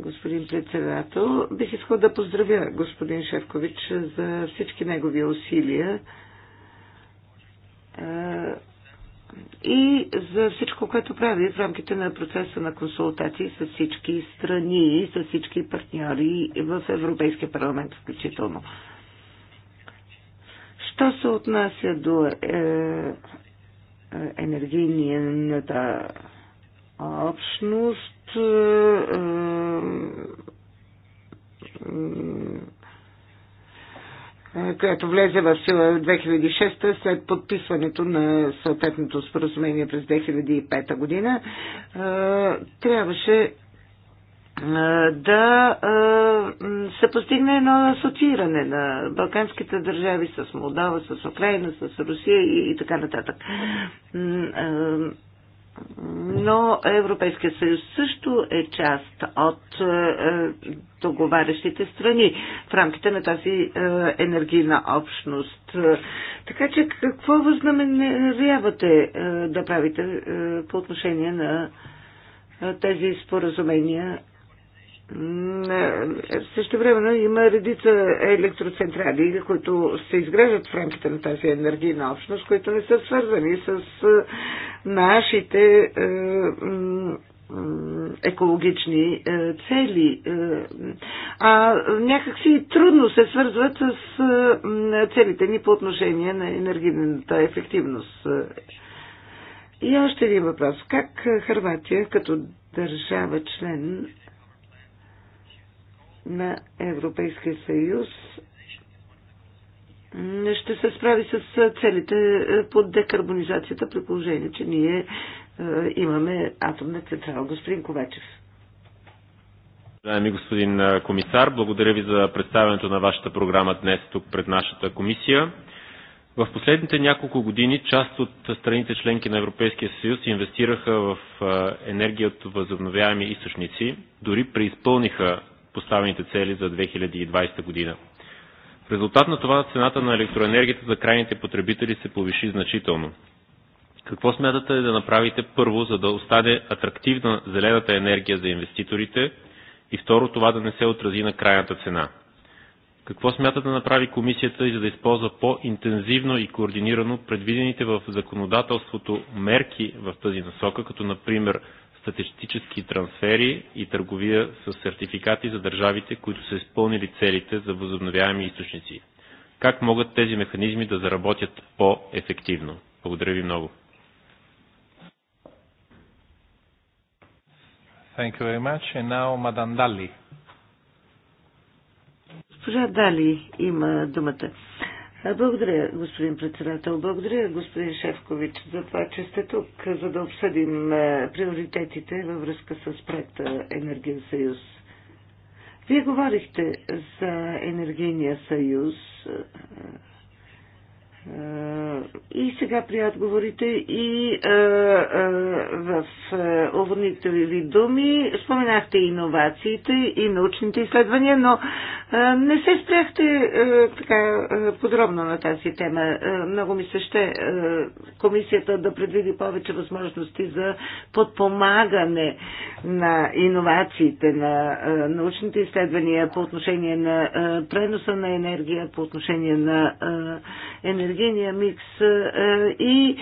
господин председател. Бих искал да поздравя господин Шевкович за всички негови усилия и за всичко, което прави в рамките на процеса на консултации с всички страни, с всички партньори в Европейския парламент включително. Що се отнася до е, е енергийната общност е, е, е, която влезе в сила в 2006 след подписването на съответното споразумение през 2005 година, трябваше да се постигне едно асоцииране на балканските държави с Молдава, с Украина, с Русия и така нататък но Европейския съюз също е част от е, договарящите страни в рамките на тази е, енергийна общност. Така че какво възнамерявате е, да правите по отношение на тези споразумения също време има редица електроцентрали, които се изграждат в рамките на тази енергийна общност, които не са свързани с нашите екологични цели, а някакси трудно се свързват с целите ни по отношение на енергийната ефективност. И още един въпрос. Как Харватия като държава член на Европейския съюз ще се справи с целите по декарбонизацията, при положение, че ние имаме атомна централа. Господин Ковачев. Уважаеми господин комисар, благодаря ви за представянето на вашата програма днес тук пред нашата комисия. В последните няколко години част от страните членки на Европейския съюз инвестираха в енергия от възобновяеми източници, дори преизпълниха поставените цели за 2020 година. В резултат на това цената на електроенергията за крайните потребители се повиши значително. Какво смятате да направите първо, за да остане атрактивна зелената енергия за инвеститорите и второ това да не се отрази на крайната цена? Какво смята да направи комисията и за да използва по-интензивно и координирано предвидените в законодателството мерки в тази насока, като например статистически трансфери и търговия с сертификати за държавите, които са изпълнили целите за възобновяеми източници. Как могат тези механизми да заработят по-ефективно? Благодаря ви много. Thank you very much. And now, Madame Dali. Госпожа Дали има думата. Благодаря, господин председател. Благодаря, господин Шефкович, за това, че сте тук, за да обсъдим приоритетите във връзка с проекта Енергиен съюз. Вие говорихте за Енергийния съюз и сега при отговорите и а, а, в уводните ви думи споменахте иновациите и научните изследвания, но а, не се спряхте а, така а, подробно на тази тема. А, много ми се ще а, комисията да предвиди повече възможности за подпомагане на иновациите, на а, научните изследвания по отношение на а, преноса на енергия, по отношение на а, енергийния микс е, и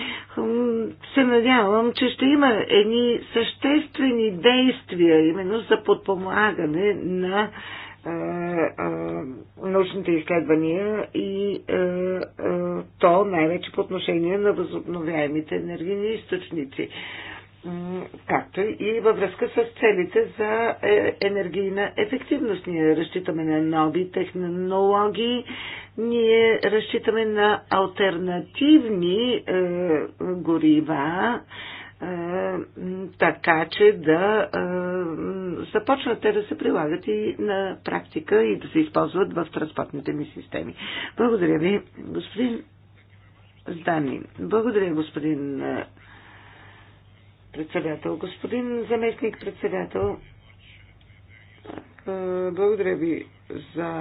се надявам, че ще има едни съществени действия именно за подпомагане на е, е, научните изследвания и то най-вече по отношение на възобновяемите енергийни източници както и във връзка с целите за е, енергийна ефективност. Ние разчитаме на нови технологии, ние разчитаме на альтернативни е, горива, е, така че да е, започнат те да се прилагат и на практика и да се използват в транспортните ми системи. Благодаря ви, господин Здани. Благодаря, господин е, председател. Господин заместник председател, благодаря ви за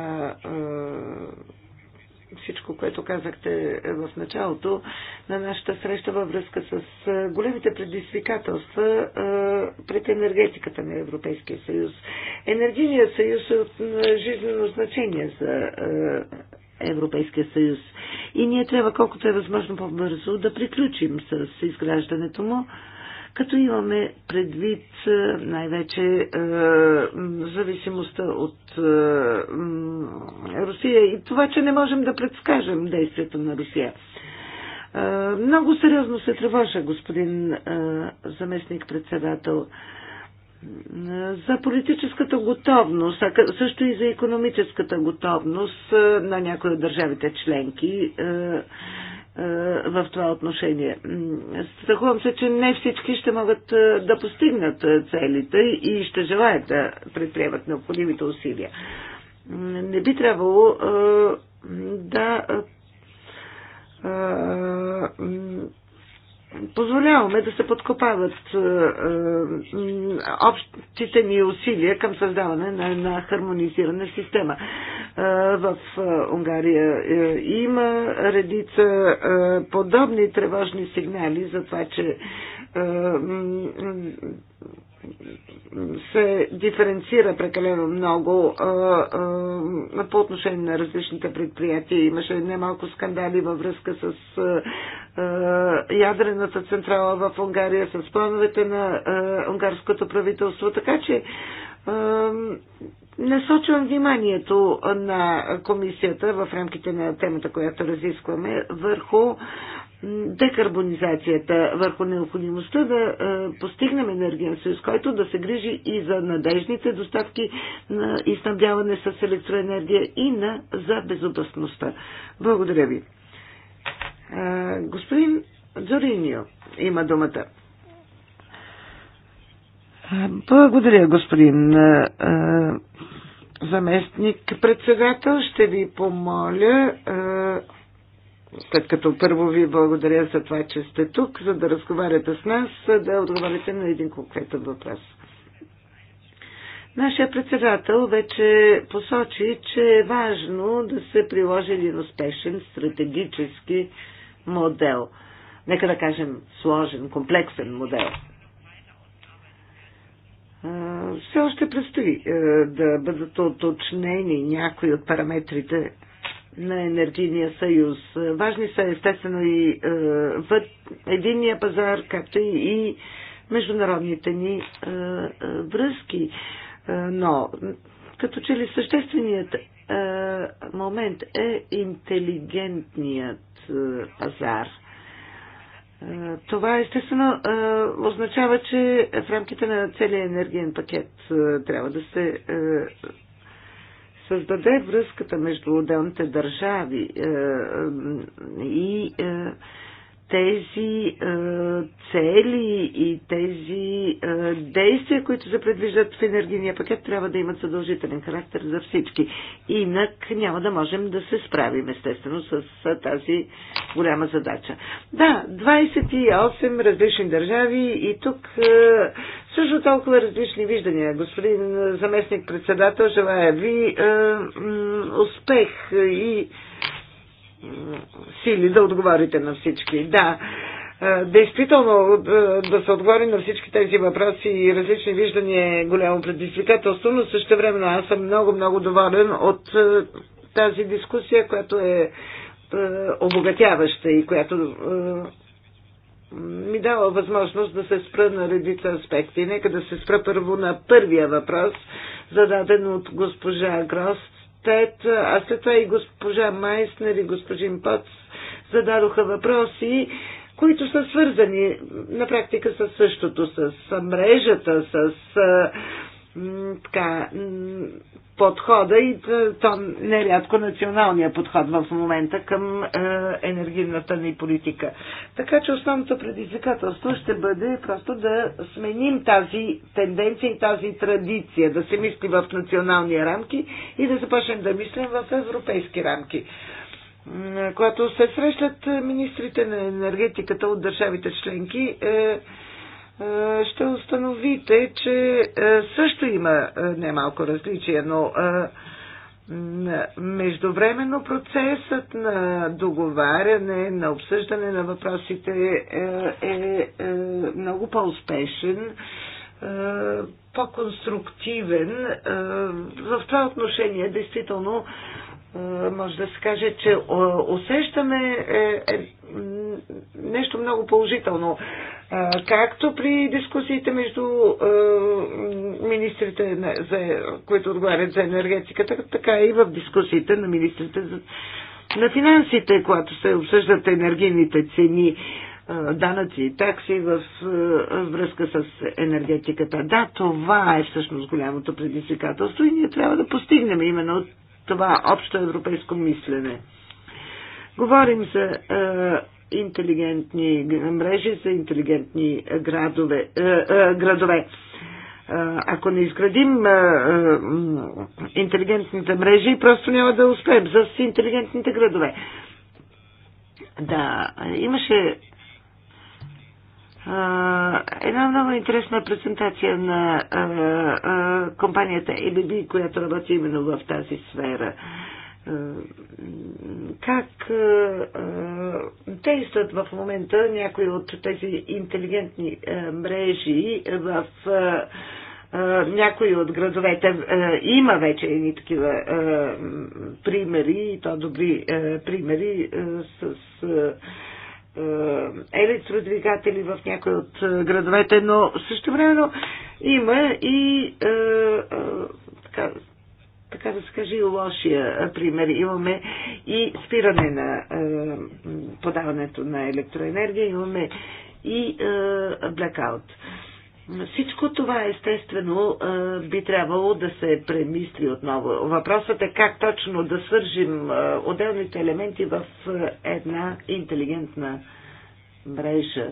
всичко, което казахте в началото на нашата среща във връзка с големите предизвикателства пред енергетиката на Европейския съюз. Енергийният съюз е от жизнено значение за Европейския съюз. И ние трябва колкото е възможно по-бързо да приключим с изграждането му като имаме предвид е, най-вече е, зависимостта от е, Русия и това, че не можем да предскажем действията на Русия. Много сериозно се тревожа, господин заместник-председател за политическата готовност, а също и за економическата готовност на някои от държавите членки е, в това отношение. Страхувам се, че не всички ще могат е, да постигнат е, целите и ще желаят да предприемат необходимите усилия. Не би трябвало да позволяваме да се подкопават е, е, общите ни усилия към създаване на една хармонизирана система. Е, в Унгария има редица подобни тревожни сигнали за това, че се диференцира прекалено много а, а, по отношение на различните предприятия. Имаше немалко скандали във връзка с а, а, ядрената централа в Унгария, с плановете на а, унгарското правителство. Така че а, насочвам вниманието на комисията в рамките на темата, която разискваме, върху а, декарбонизацията, върху необходимостта да е, постигнем енергиен съюз, който да се грижи и за надежните доставки на и снабдяване с електроенергия и на, за безопасността. Благодаря ви. Е, господин Дзориньо има думата. Е, благодаря, господин заместник председател. Ще ви помоля след като първо ви благодаря за това, че сте тук, за да разговаряте с нас, да отговорите на един конкретен въпрос. Нашия председател вече посочи, че е важно да се приложи един успешен стратегически модел. Нека да кажем сложен, комплексен модел. Все още предстои е, да бъдат уточнени някои от параметрите на енергийния съюз. Важни са естествено и е, въд, единния пазар, както и международните ни е, е, връзки. Но като че ли същественият момент е интелигентният пазар. Това естествено означава, че в рамките на целия енергиен пакет трябва да се създаде връзката между отделните държави е, е, и е, тези е, цели и тези е, действия, които се предвиждат в енергийния пакет, трябва да имат задължителен характер за всички. Инак няма да можем да се справим, естествено, с тази голяма задача. Да, 28 различни държави и тук е, също толкова различни виждания. Господин заместник-председател, желая ви е, успех и сили да отговорите на всички. Да, действително да се отговори на всички тези въпроси и различни виждания е голямо предизвикателство, но също времено аз съм много-много доволен от тази дискусия, която е обогатяваща и която ми дава възможност да се спра на редица аспекти. Нека да се спра първо на първия въпрос, зададен от госпожа Грост Гростет, а след това и госпожа Майснер и господин Пац зададоха въпроси, които са свързани на практика с същото, с мрежата, с така, подхода и е, то нерядко националния подход в момента към е, енергийната ни политика. Така че основното предизвикателство ще бъде просто да сменим тази тенденция и тази традиция, да се мисли в национални рамки и да започнем да мислим в европейски рамки. Е, когато се срещат е, министрите на енергетиката от държавите членки, е, е, ще установите, че е, също има е, немалко различия, но междувременно процесът на договаряне, на обсъждане на въпросите е много по-успешен, по-конструктивен. В това отношение, действително, е, може да се каже, че е, усещаме е, нещо много положително. Както при дискусиите между министрите, които отговарят за енергетиката, така и в дискусиите на министрите на финансите, когато се обсъждат енергийните цени, данъци и такси в връзка с енергетиката. Да, това е всъщност голямото предизвикателство и ние трябва да постигнем именно това общо европейско мислене. Говорим за е, интелигентни мрежи, за интелигентни градове. Е, е, градове. Е, ако не изградим е, е, интелигентните мрежи, просто няма да успеем за интелигентните градове. Да, имаше една много интересна презентация на а, а, компанията ABB, която работи именно в тази сфера. А, как а, действат в момента някои от тези интелигентни а, мрежи в а, някои от градовете има вече едни такива примери, и то добри примери с е, електродвигатели в някои от е, градовете, но също времено има и е, е, така, така да се каже и лошия пример. Имаме и спиране на е, подаването на електроенергия, имаме и е, blackout. Е, всичко това естествено би трябвало да се премисли отново. Въпросът е как точно да свържим отделните елементи в една интелигентна мрежа.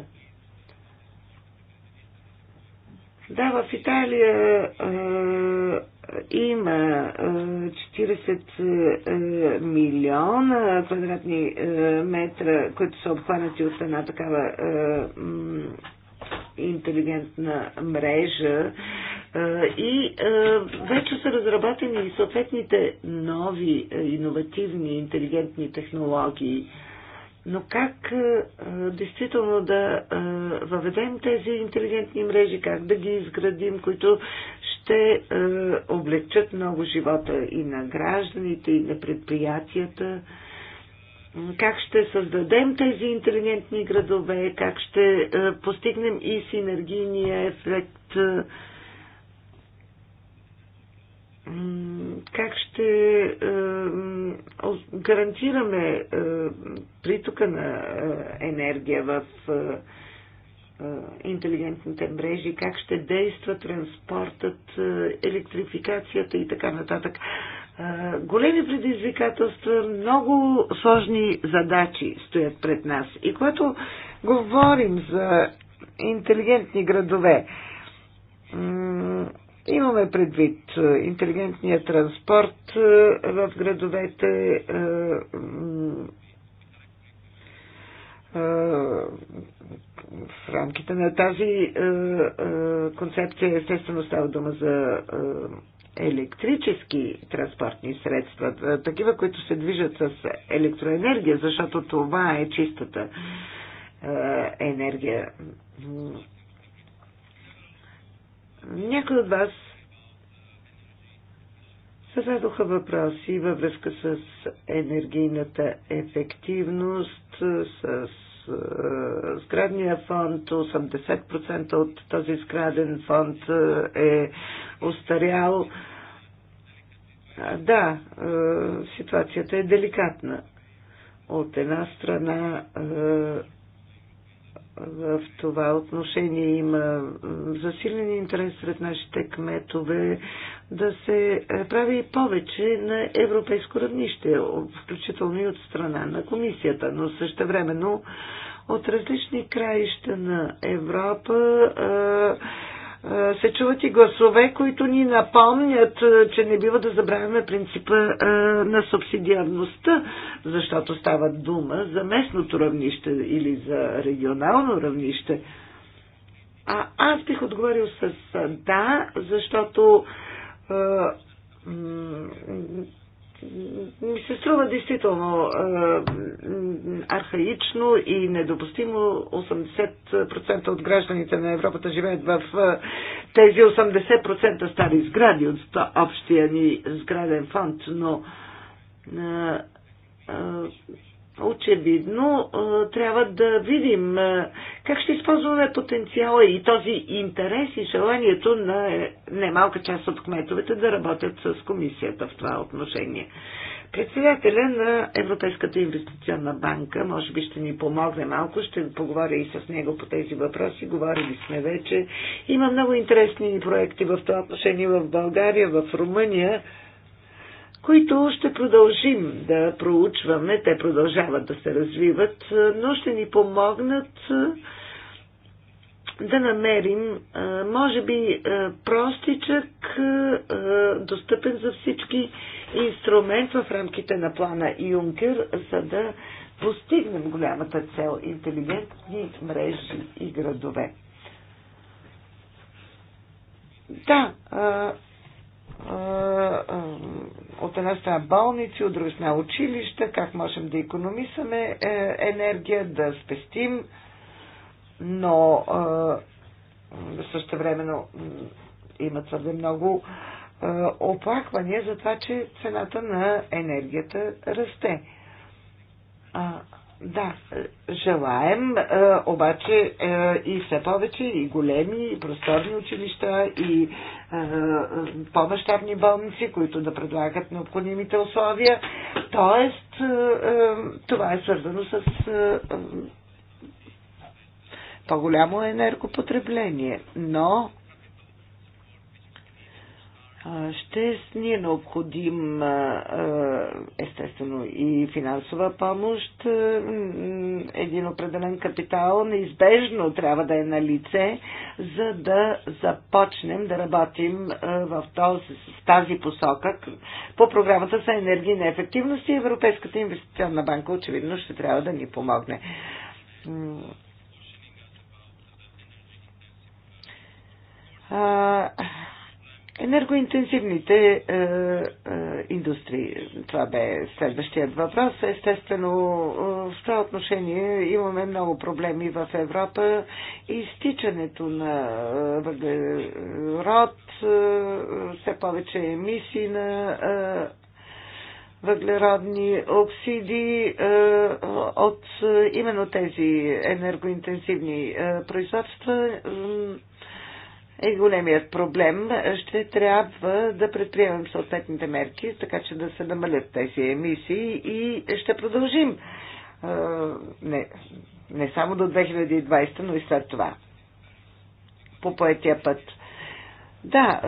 Да, в Италия е, има е, 40 е, милиона квадратни е, метра, които са обхванати от една такава е, интелигентна мрежа и вече са разработени и съответните нови, иновативни, интелигентни технологии. Но как действително да въведем тези интелигентни мрежи, как да ги изградим, които ще облегчат много живота и на гражданите, и на предприятията? как ще създадем тези интелигентни градове, как ще е, постигнем и синергийния ефект, е, как ще е, гарантираме притока на енергия в интелигентните мрежи, как ще действа транспортът, електрификацията и така нататък. Е, големи предизвикателства, много сложни задачи стоят пред нас. И когато говорим за интелигентни градове, имаме предвид е, интелигентния транспорт е, в градовете, в рамките на тази концепция естествено става дума за електрически транспортни средства, такива, които се движат с електроенергия, защото това е чистата е, енергия. Някои от вас създадоха въпроси във връзка с енергийната ефективност, с сградния фонд, 80% от този сграден фонд е, е устарял. Да, е, ситуацията е деликатна. От една страна е, в това отношение има засилен интерес сред нашите кметове да се прави повече на европейско равнище, включително и от страна на комисията, но също времено от различни краища на Европа е, се чуват и гласове, които ни напомнят, е, че не бива да забравяме принципа е, на субсидиарността, защото става дума за местното равнище или за регионално равнище. А аз бих отговорил с да, защото ми се струва действително е, архаично и недопустимо 80% от гражданите на Европата живеят в е, тези 80% стари сгради от общия ни сграден фонд, но е, очевидно трябва да видим как ще използваме потенциала и този интерес и желанието на немалка част от кметовете да работят с комисията в това отношение. Председателя на Европейската инвестиционна банка може би ще ни помогне малко, ще поговоря и с него по тези въпроси, говорили сме вече. Има много интересни проекти в това отношение в България, в Румъния които ще продължим да проучваме. Те продължават да се развиват, но ще ни помогнат да намерим, може би, простичък, достъпен за всички инструмент в рамките на плана Юнкер, за да постигнем голямата цел интелигентни мрежи и градове. Да, от една страна болници, от друга страна училища, как можем да економисаме е, енергия, да спестим, но също времено има твърде много оплаквания за това, че цената на енергията расте. А, да, желаем е, обаче е, и все повече и големи, и просторни училища, и е, по-масштабни болници, които да предлагат необходимите условия. Тоест, това е свързано с по-голямо енергопотребление. Но ще ни е необходим естествено и финансова помощ, един определен капитал неизбежно трябва да е на лице, за да започнем да работим в този, с тази посока по програмата за енергийна ефективност и Европейската инвестиционна банка очевидно ще трябва да ни помогне. А, Енергоинтензивните е, е, индустрии. Това бе следващият въпрос. Естествено, е, в това отношение имаме много проблеми в Европа. Изтичането на е, въглерод, е, все повече емисии на е, въглеродни оксиди е, от е, именно тези енергоинтензивни е, производства. Е, е големият проблем. Ще трябва да предприемем съответните мерки, така че да се намалят тези емисии и ще продължим. Не, не само до 2020, но и след това. По поетия път. Да,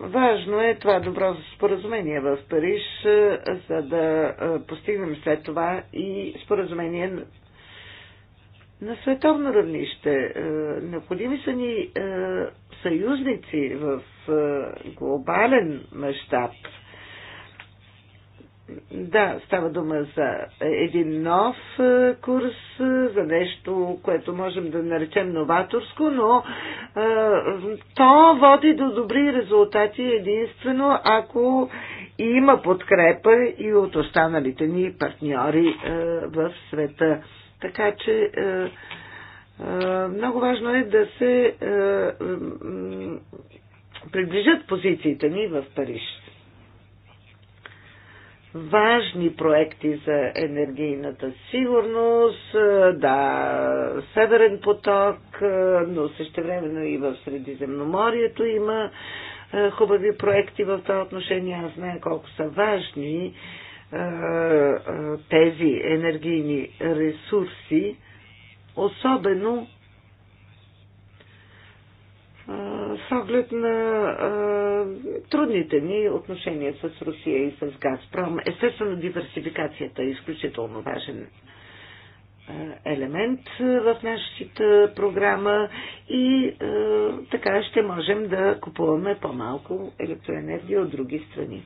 важно е това добро споразумение в Париж, за да постигнем след това и споразумение на световно равнище. Е, необходими са ни е, съюзници в е, глобален мащаб. Да, става дума за един нов курс, за нещо, което можем да наречем новаторско, но е, то води до добри резултати единствено, ако има подкрепа и от останалите ни партньори е, в света. Така че е, е, много важно е да се е, приближат позициите ни в Париж. Важни проекти за енергийната сигурност, да, Северен поток, но същевременно и в Средиземноморието има хубави проекти в това отношение. Аз знае колко са важни тези енергийни ресурси, особено с оглед на трудните ни отношения с Русия и с Газпром. Естествено, диверсификацията е изключително важен елемент в нашата програма и така ще можем да купуваме по-малко електроенергия от други страни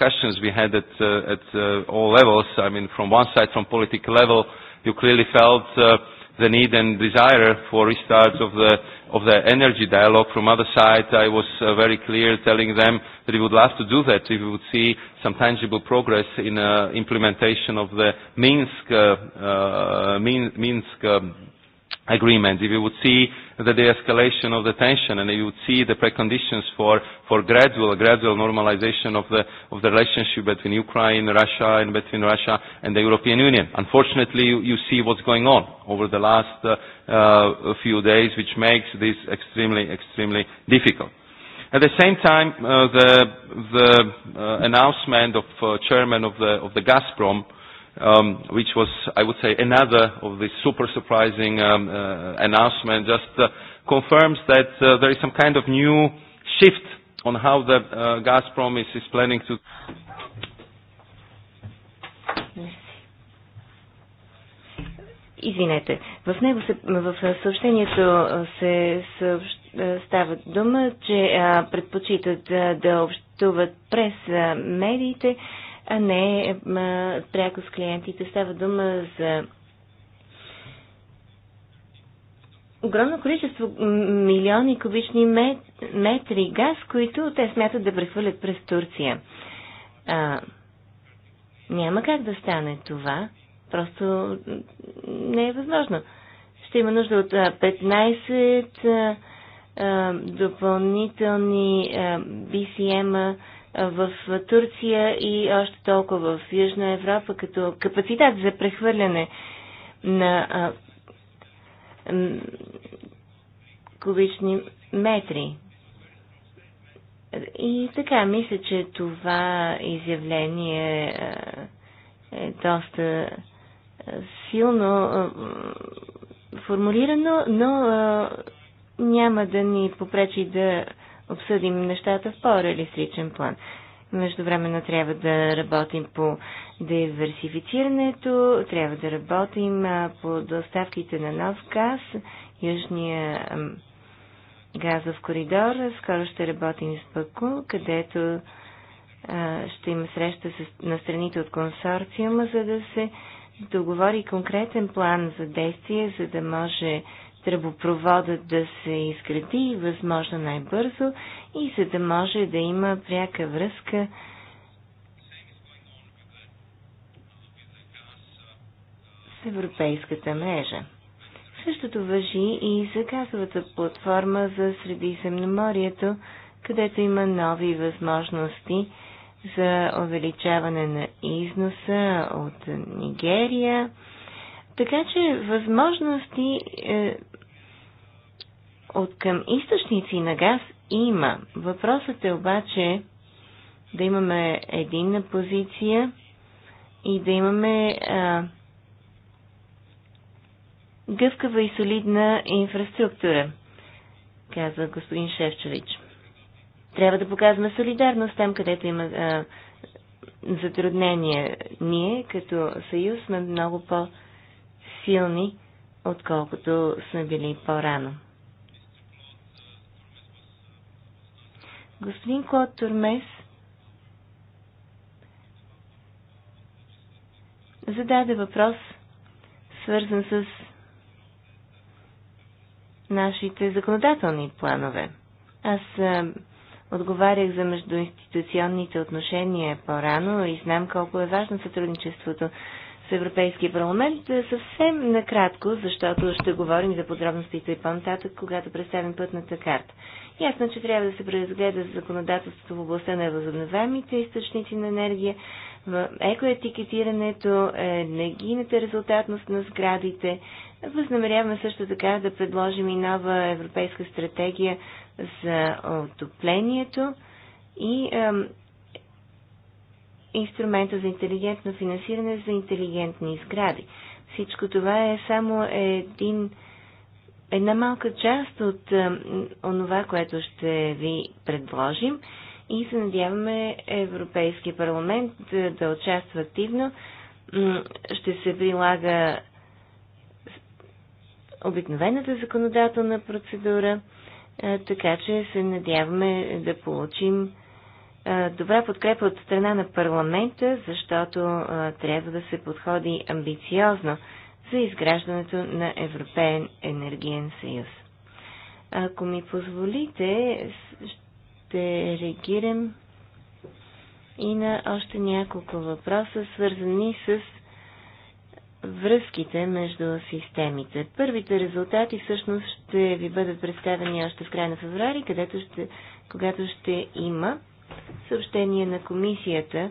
discussions we had at, uh, at uh, all levels. I mean, from one side, from political level, you clearly felt uh, the need and desire for restart of the, of the energy dialogue. From other side, I was uh, very clear telling them that we would love to do that if we would see some tangible progress in uh, implementation of the Minsk, uh, uh, Minsk um, agreement, if you would see the de-escalation of the tension and you would see the preconditions for, for gradual, gradual normalization of the, of the relationship between Ukraine, Russia, and between Russia and the European Union. Unfortunately, you, you see what's going on over the last uh, uh, few days, which makes this extremely, extremely difficult. At the same time, uh, the, the uh, announcement of uh, chairman of the, of the Gazprom uh, um, which was, I would say, another of the super surprising um, uh, announcement, just uh, confirms that uh, there is some kind of new shift on how the uh, Gazprom is, is planning to. Извинете, в него се, в съобщението се става дума, че предпочитат да, общуват през медиите, а не пряко с клиентите. Става дума за огромно количество, милиони кубични мет, метри газ, които те смятат да прехвърлят през Турция. А, няма как да стане това. Просто не е възможно. Ще има нужда от 15 а, допълнителни а, в Турция и още толкова в Южна Европа, като капацитет за прехвърляне на кубични метри. И така, мисля, че това изявление е доста силно формулирано, но няма да ни попречи да обсъдим нещата в по-реалистичен план. Междувременно трябва да работим по диверсифицирането, трябва да работим по доставките на нов газ, Южния газов коридор. Скоро ще работим с Баку, където ще има среща на страните от консорциума, за да се договори конкретен план за действие, за да може тръбопроводът да се изгради възможно най-бързо и за да може да има пряка връзка с европейската мрежа. Същото въжи и за газовата платформа за Средиземноморието, където има нови възможности за увеличаване на износа от Нигерия. Така че възможности е, от към източници на газ има. Въпросът е обаче да имаме единна позиция и да имаме а, гъвкава и солидна инфраструктура, казва господин Шевчевич. Трябва да показваме солидарност там, където има а, затруднения. Ние, като съюз, сме много по-силни, отколкото сме били по-рано. Господин Клод Турмес зададе въпрос, свързан с нашите законодателни планове. Аз а, отговарях за междуинституционните отношения по-рано и знам колко е важно сътрудничеството в Европейския парламент. Е, съвсем накратко, защото ще говорим за подробностите и по-нататък, когато представим пътната карта. Ясно, че трябва да се преразгледа законодателството в областта на възобновяемите източници на енергия, екоетикетирането, енергийната резултатност на сградите. Възнамеряваме също така да предложим и нова европейска стратегия за отоплението и инструмента за интелигентно финансиране за интелигентни сгради. Всичко това е само един, една малка част от онова, което ще ви предложим и се надяваме Европейския парламент да, да участва активно. Ще се прилага обикновената законодателна процедура, така че се надяваме да получим е, добра подкрепа от страна на парламента, защото е, трябва да се подходи амбициозно за изграждането на Европейен енергиен съюз. Ако ми позволите, ще реагирам и на още няколко въпроса, свързани с връзките между системите. Първите резултати всъщност ще ви бъдат представени още в края на феврари, където ще, когато ще има съобщение на комисията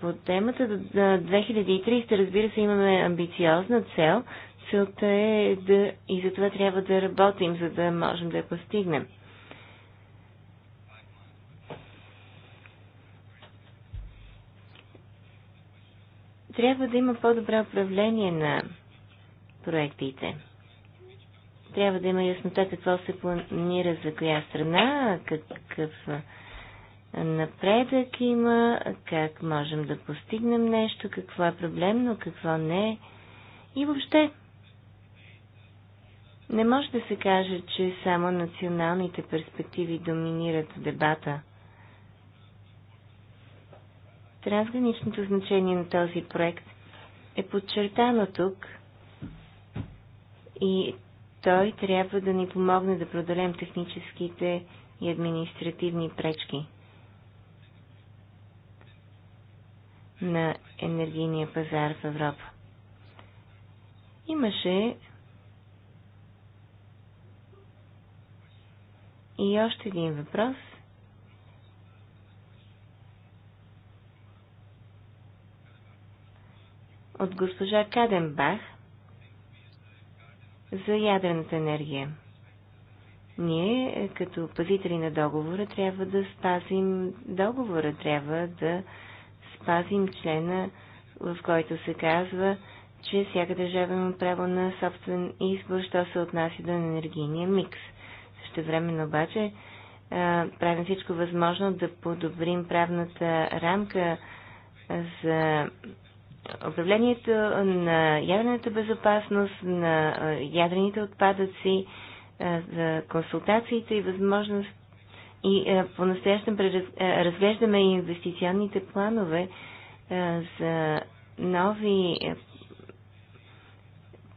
по темата. До 2030, разбира се, имаме амбициозна цел. Целта е да и за това трябва да работим, за да можем да я постигнем. Трябва да има по-добро управление на проектите. Трябва да има яснота какво се планира за коя страна, какъв напредък има, как можем да постигнем нещо, какво е проблемно, какво не е. И въобще, не може да се каже, че само националните перспективи доминират дебата. Трансграничното значение на този проект е подчертано тук и той трябва да ни помогне да продолем техническите и административни пречки. на енергийния пазар в Европа. Имаше и още един въпрос. От госпожа Каденбах за ядрената енергия. Ние, като пазители на договора, трябва да спазим договора, трябва да спазим члена, в който се казва, че всяка държава има право на собствен избор, що се отнася до енергийния микс. Също времено обаче правим всичко възможно да подобрим правната рамка за управлението на ядрената безопасност, на ядрените отпадъци, за консултациите и възможност и е, по-настоящем е, разглеждаме инвестиционните планове е, за нови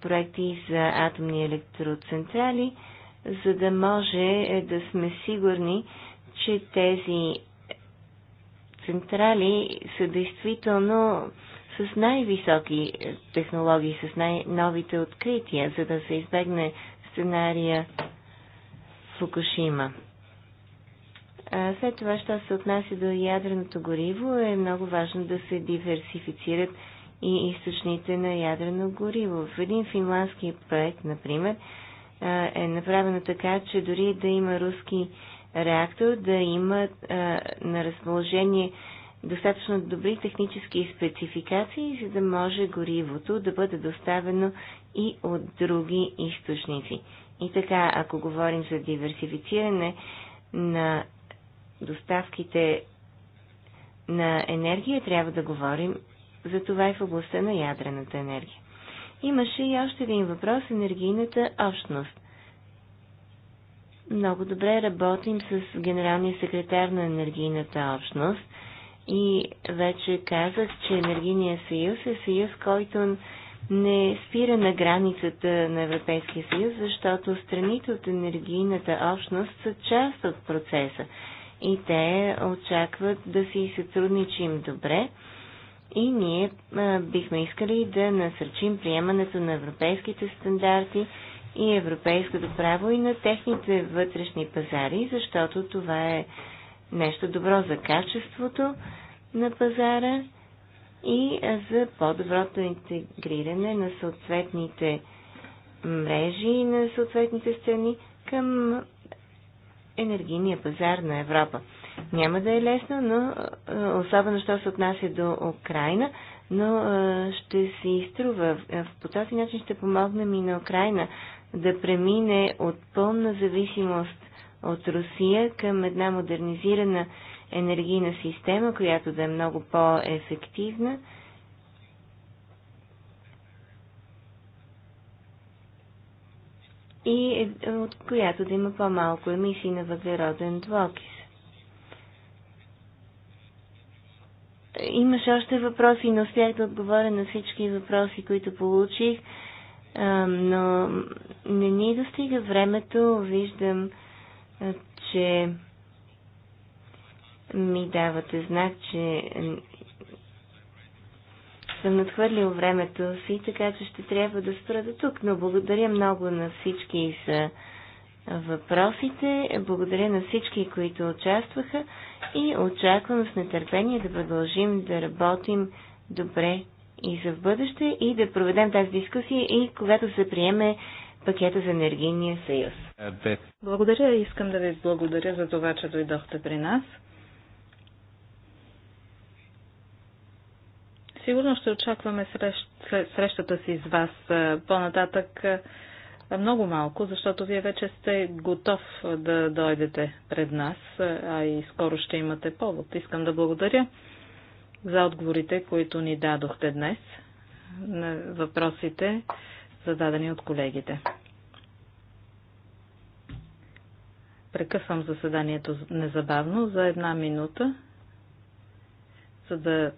проекти за атомни електроцентрали, за да може да сме сигурни, че тези централи са действително с най-високи технологии, с най-новите открития, за да се избегне сценария Фукушима след това, що се отнася до ядреното гориво, е много важно да се диверсифицират и източните на ядрено гориво. В един финландски проект, например, е направено така, че дори да има руски реактор, да има на разположение достатъчно добри технически спецификации, за да може горивото да бъде доставено и от други източници. И така, ако говорим за диверсифициране на доставките на енергия, трябва да говорим за това и в областта на ядрената енергия. Имаше и още един въпрос – енергийната общност. Много добре работим с генералния секретар на енергийната общност и вече казах, че енергийният съюз е съюз, който не спира на границата на Европейския съюз, защото страните от енергийната общност са част от процеса и те очакват да си сътрудничим добре. И ние бихме искали да насърчим приемането на европейските стандарти и европейското право и на техните вътрешни пазари, защото това е нещо добро за качеството на пазара и за по-доброто интегриране на съответните мрежи и на съответните страни към енергийния пазар на Европа. Няма да е лесно, но особено що се отнася до Украина, но ще се изтрува. По този начин ще помогнем и на Украина да премине от пълна зависимост от Русия към една модернизирана енергийна система, която да е много по-ефективна и е, от която да има по-малко емисии на въглероден двокис. Имаш още въпроси, но след да отговоря на всички въпроси, които получих, но не ни достига времето. Виждам, че ми давате знак, че съм надхвърлил времето си, така че ще трябва да спра до тук. Но благодаря много на всички за въпросите. Благодаря на всички, които участваха и очаквам с нетърпение да продължим да работим добре и за в бъдеще и да проведем тази дискусия и когато се приеме пакета за енергийния съюз. Благодаря. и Искам да ви благодаря за това, че дойдохте при нас. Сигурно ще очакваме срещ, срещата си с вас по-нататък много малко, защото вие вече сте готов да дойдете пред нас, а и скоро ще имате повод. Искам да благодаря за отговорите, които ни дадохте днес на въпросите, зададени от колегите. Прекъсвам заседанието незабавно за една минута, за да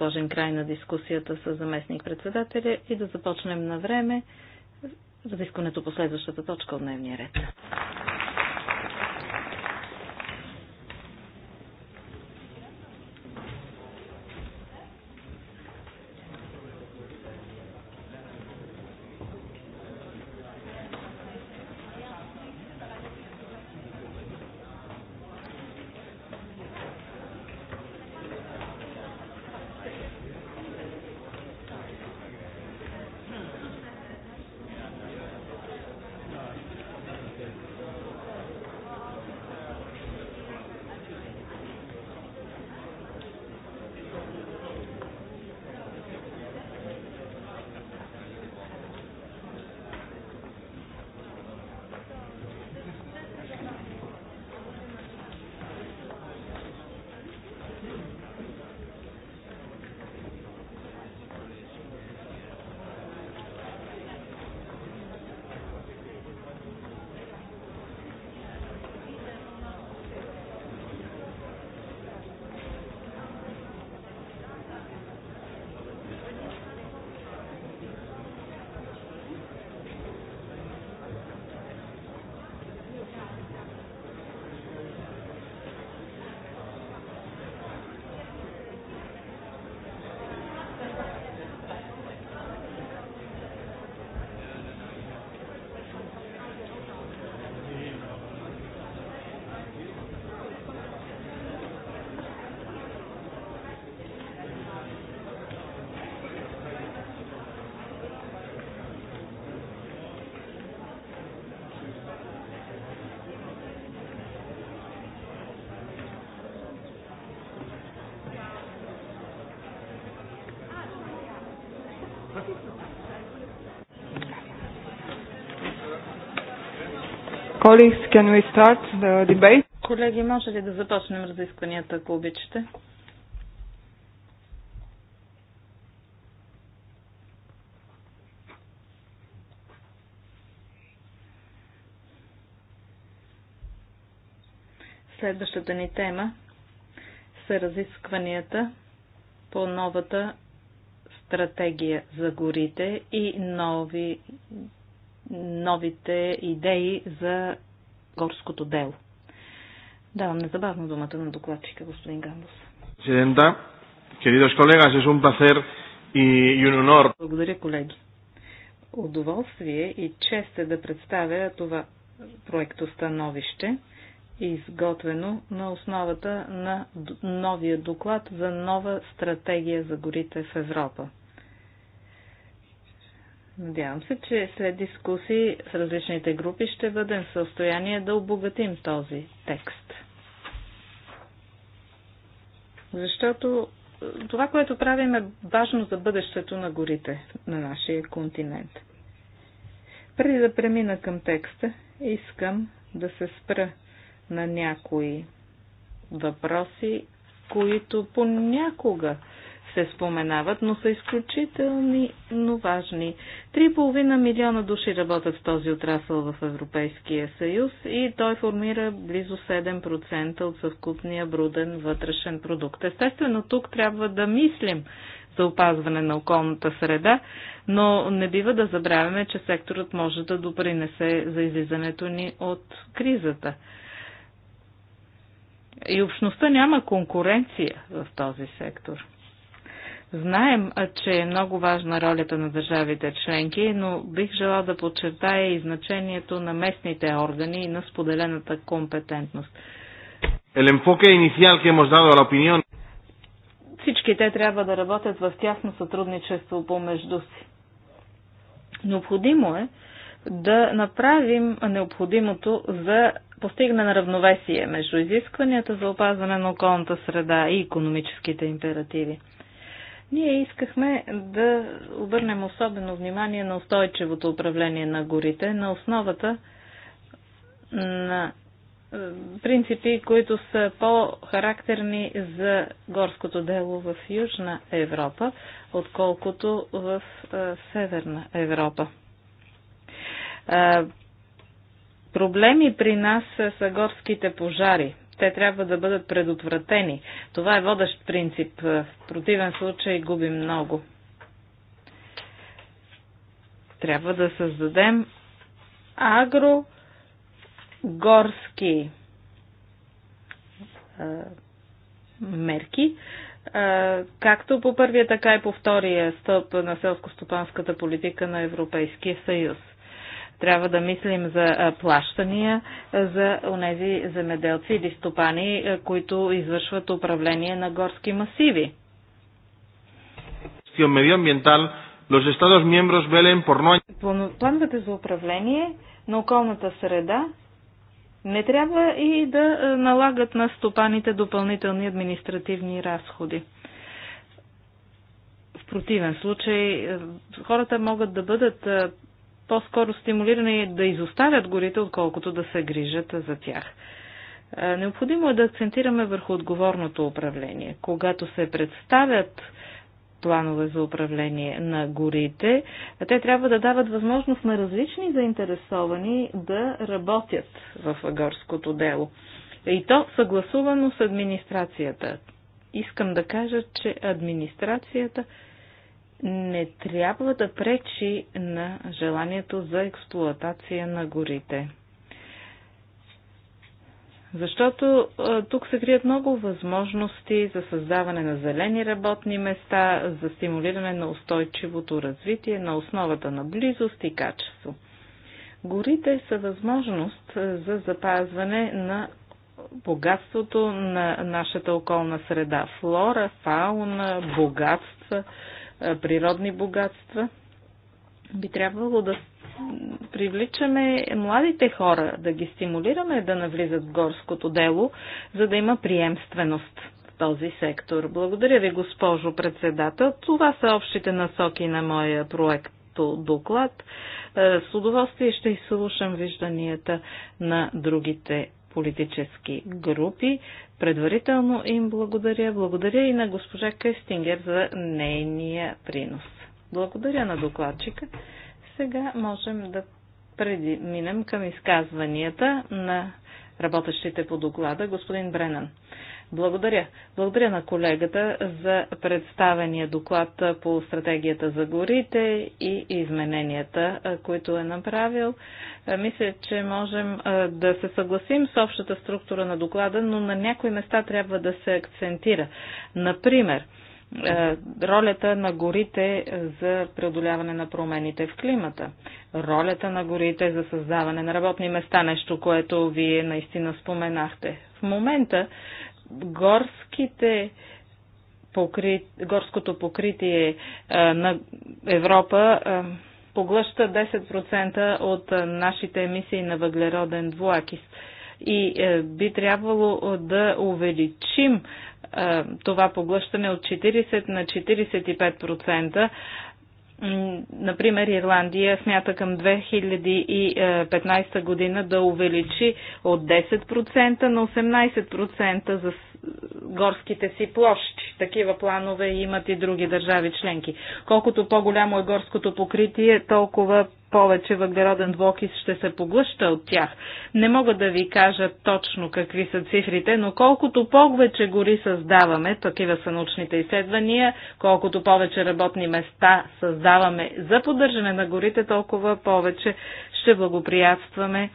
сложим край на дискусията с заместник-председателя и да започнем на време разискването по следващата точка от дневния ред. Colleagues, can we start the debate? Колеги, може ли да започнем разискванията, ако обичате? Следващата ни тема са разискванията по новата стратегия за горите и нови новите идеи за горското дело. Давам незабавно думата на докладчика, господин Гамбус. Президента, queridos colegas, es un placer и un honor. Благодаря, колеги. Удоволствие и чест е да представя това проекто становище, изготвено на основата на новия доклад за нова стратегия за горите в Европа. Надявам се, че след дискусии с различните групи ще бъдем в състояние да обогатим този текст. Защото това, което правим е важно за бъдещето на горите на нашия континент. Преди да премина към текста, искам да се спра на някои въпроси, които понякога се споменават, но са изключителни, но важни. 3,5 милиона души работят в този отрасъл в Европейския съюз и той формира близо 7% от съвкупния бруден вътрешен продукт. Естествено, тук трябва да мислим за опазване на околната среда, но не бива да забравяме, че секторът може да допринесе за излизането ни от кризата. И общността няма конкуренция в този сектор. Знаем, че е много важна ролята на държавите членки, но бих желал да подчертая и значението на местните органи и на споделената компетентност. El enfoque inicial que hemos dado a la opinión всички те трябва да работят в тясно сътрудничество помежду си. Необходимо е да направим необходимото за постигане на равновесие между изискванията за опазване на околната среда и економическите императиви. Ние искахме да обърнем особено внимание на устойчивото управление на горите на основата на е, принципи, които са по-характерни за горското дело в Южна Европа, отколкото в е, Северна Европа. Е, проблеми при нас са горските пожари те трябва да бъдат предотвратени. Това е водещ принцип. В противен случай губим много. Трябва да създадем агрогорски мерки, както по първия, така и по втория стълб на селско-стопанската политика на Европейския съюз. Трябва да мислим за плащания за онези земеделци или стопани, които извършват управление на горски масиви. Плановете за управление на околната среда не трябва и да налагат на стопаните допълнителни административни разходи. В противен случай хората могат да бъдат по-скоро стимулирани е да изоставят горите, отколкото да се грижат за тях. Необходимо е да акцентираме върху отговорното управление. Когато се представят планове за управление на горите, те трябва да дават възможност на различни заинтересовани да работят в горското дело. И то съгласувано с администрацията. Искам да кажа, че администрацията не трябва да пречи на желанието за експлуатация на горите. Защото тук се крият много възможности за създаване на зелени работни места, за стимулиране на устойчивото развитие на основата на близост и качество. Горите са възможност за запазване на богатството на нашата околна среда. Флора, фауна, богатства, е, природни богатства. Би трябвало да привличаме младите хора, да ги стимулираме да навлизат в горското дело, за да има приемственост в този сектор. Благодаря ви, госпожо председател. Това са общите насоки на моя проект доклад. Е, с удоволствие ще изслушам вижданията на другите политически групи. Предварително им благодаря. Благодаря и на госпожа Кестингер за нейния принос. Благодаря на докладчика. Сега можем да преминем към изказванията на работещите по доклада, господин Бренан. Благодаря. Благодаря на колегата за представения доклад по стратегията за горите и измененията, които е направил. Мисля, че можем да се съгласим с общата структура на доклада, но на някои места трябва да се акцентира. Например, ролята на горите за преодоляване на промените в климата, ролята на горите за създаване на работни места, нещо, което вие наистина споменахте. В момента горските покрит, горското покритие а, на Европа а, поглъща 10% от а, нашите емисии на въглероден двуакис. И а, би трябвало да увеличим а, това поглъщане от 40 на 45%, Например, Ирландия смята към 2015 година да увеличи от 10% на 18% за горските си площи. Такива планове имат и други държави членки. Колкото по-голямо е горското покритие, толкова повече въглероден двокис ще се поглъща от тях. Не мога да ви кажа точно какви са цифрите, но колкото повече гори създаваме, такива са научните изследвания, колкото повече работни места създаваме за поддържане на горите, толкова повече ще благоприятстваме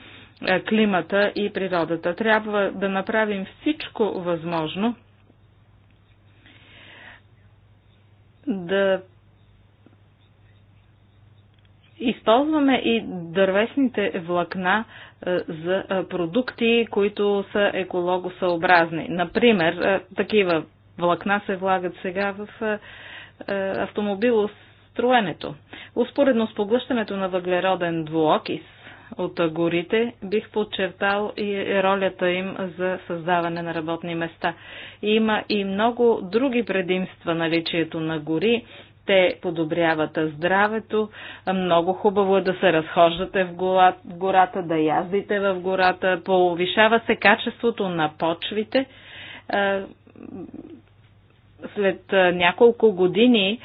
е, климата и природата. Трябва да направим всичко възможно да използваме и дървесните влакна е, за е, продукти, които са екологосъобразни. Например, е, такива влакна се влагат сега в автомобилостроенето. Успоредно с поглъщането на въглероден двуокис от горите, бих подчертал и ролята им за създаване на работни места. Има и много други предимства наличието на гори, те подобряват здравето. Много хубаво е да се разхождате в гората, да яздите в гората, повишава се качеството на почвите. След няколко години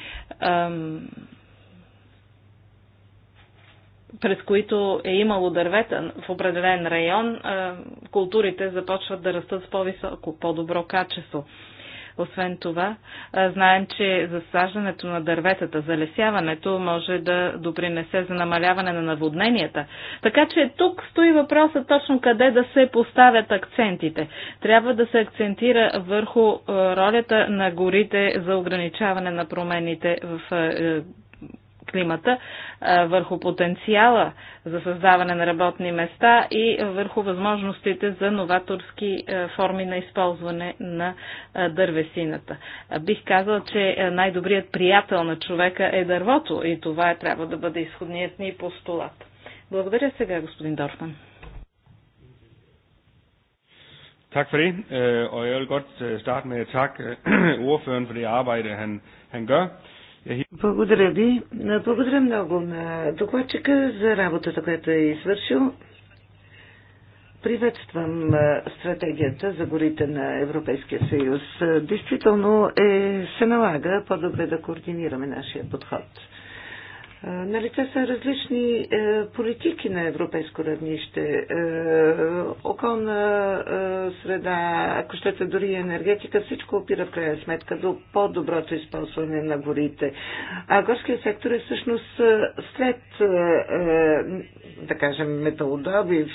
през които е имало дървета в определен район, културите започват да растат с по-високо, по-добро качество. Освен това, знаем, че засаждането на дърветата, залесяването може да допринесе за намаляване на наводненията. Така че тук стои въпросът точно къде да се поставят акцентите. Трябва да се акцентира върху ролята на горите за ограничаване на промените в климата, върху потенциала за създаване на работни места и върху възможностите за новаторски форми на използване на дървесината. Бих казал, че най-добрият приятел на човека е дървото и това е, трябва да бъде изходният ни постулат. Благодаря сега, господин Дорфман. Tak for det, øh, og jeg vil godt øh, starte med at takke øh, ordføreren for det arbejde, han, han gør. Благодаря ви. Благодаря много на докладчика за работата, която е извършил. Приветствам стратегията за горите на Европейския съюз. Действително е, се налага по-добре да координираме нашия подход. Налице са различни е, политики на европейско равнище. Е, околна е, среда, ако щете дори енергетика, всичко опира в крайна сметка до по-доброто използване на горите. А горският сектор е всъщност след, да кажем, металодобив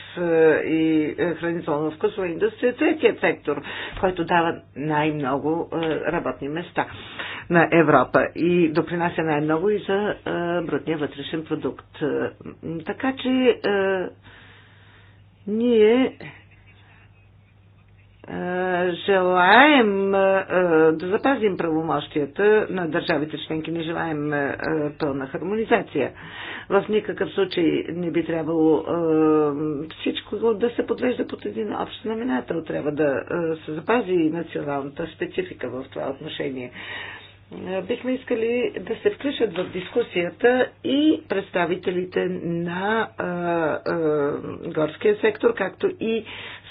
и хранително-вкусова индустрия, третият сектор, който дава най-много работни места на Европа и допринася най-много и за брутния вътрешен продукт. Е, така че е, ние е, желаем е, да запазим правомощията на държавите членки, не желаем пълна хармонизация. В никакъв случай не би трябвало всичко да се подвежда под един общ знаменател. Трябва да се запази и националната специфика в това отношение. Е, бихме искали да се включат в дискусията и представителите на а, е, а, е, горския сектор, както и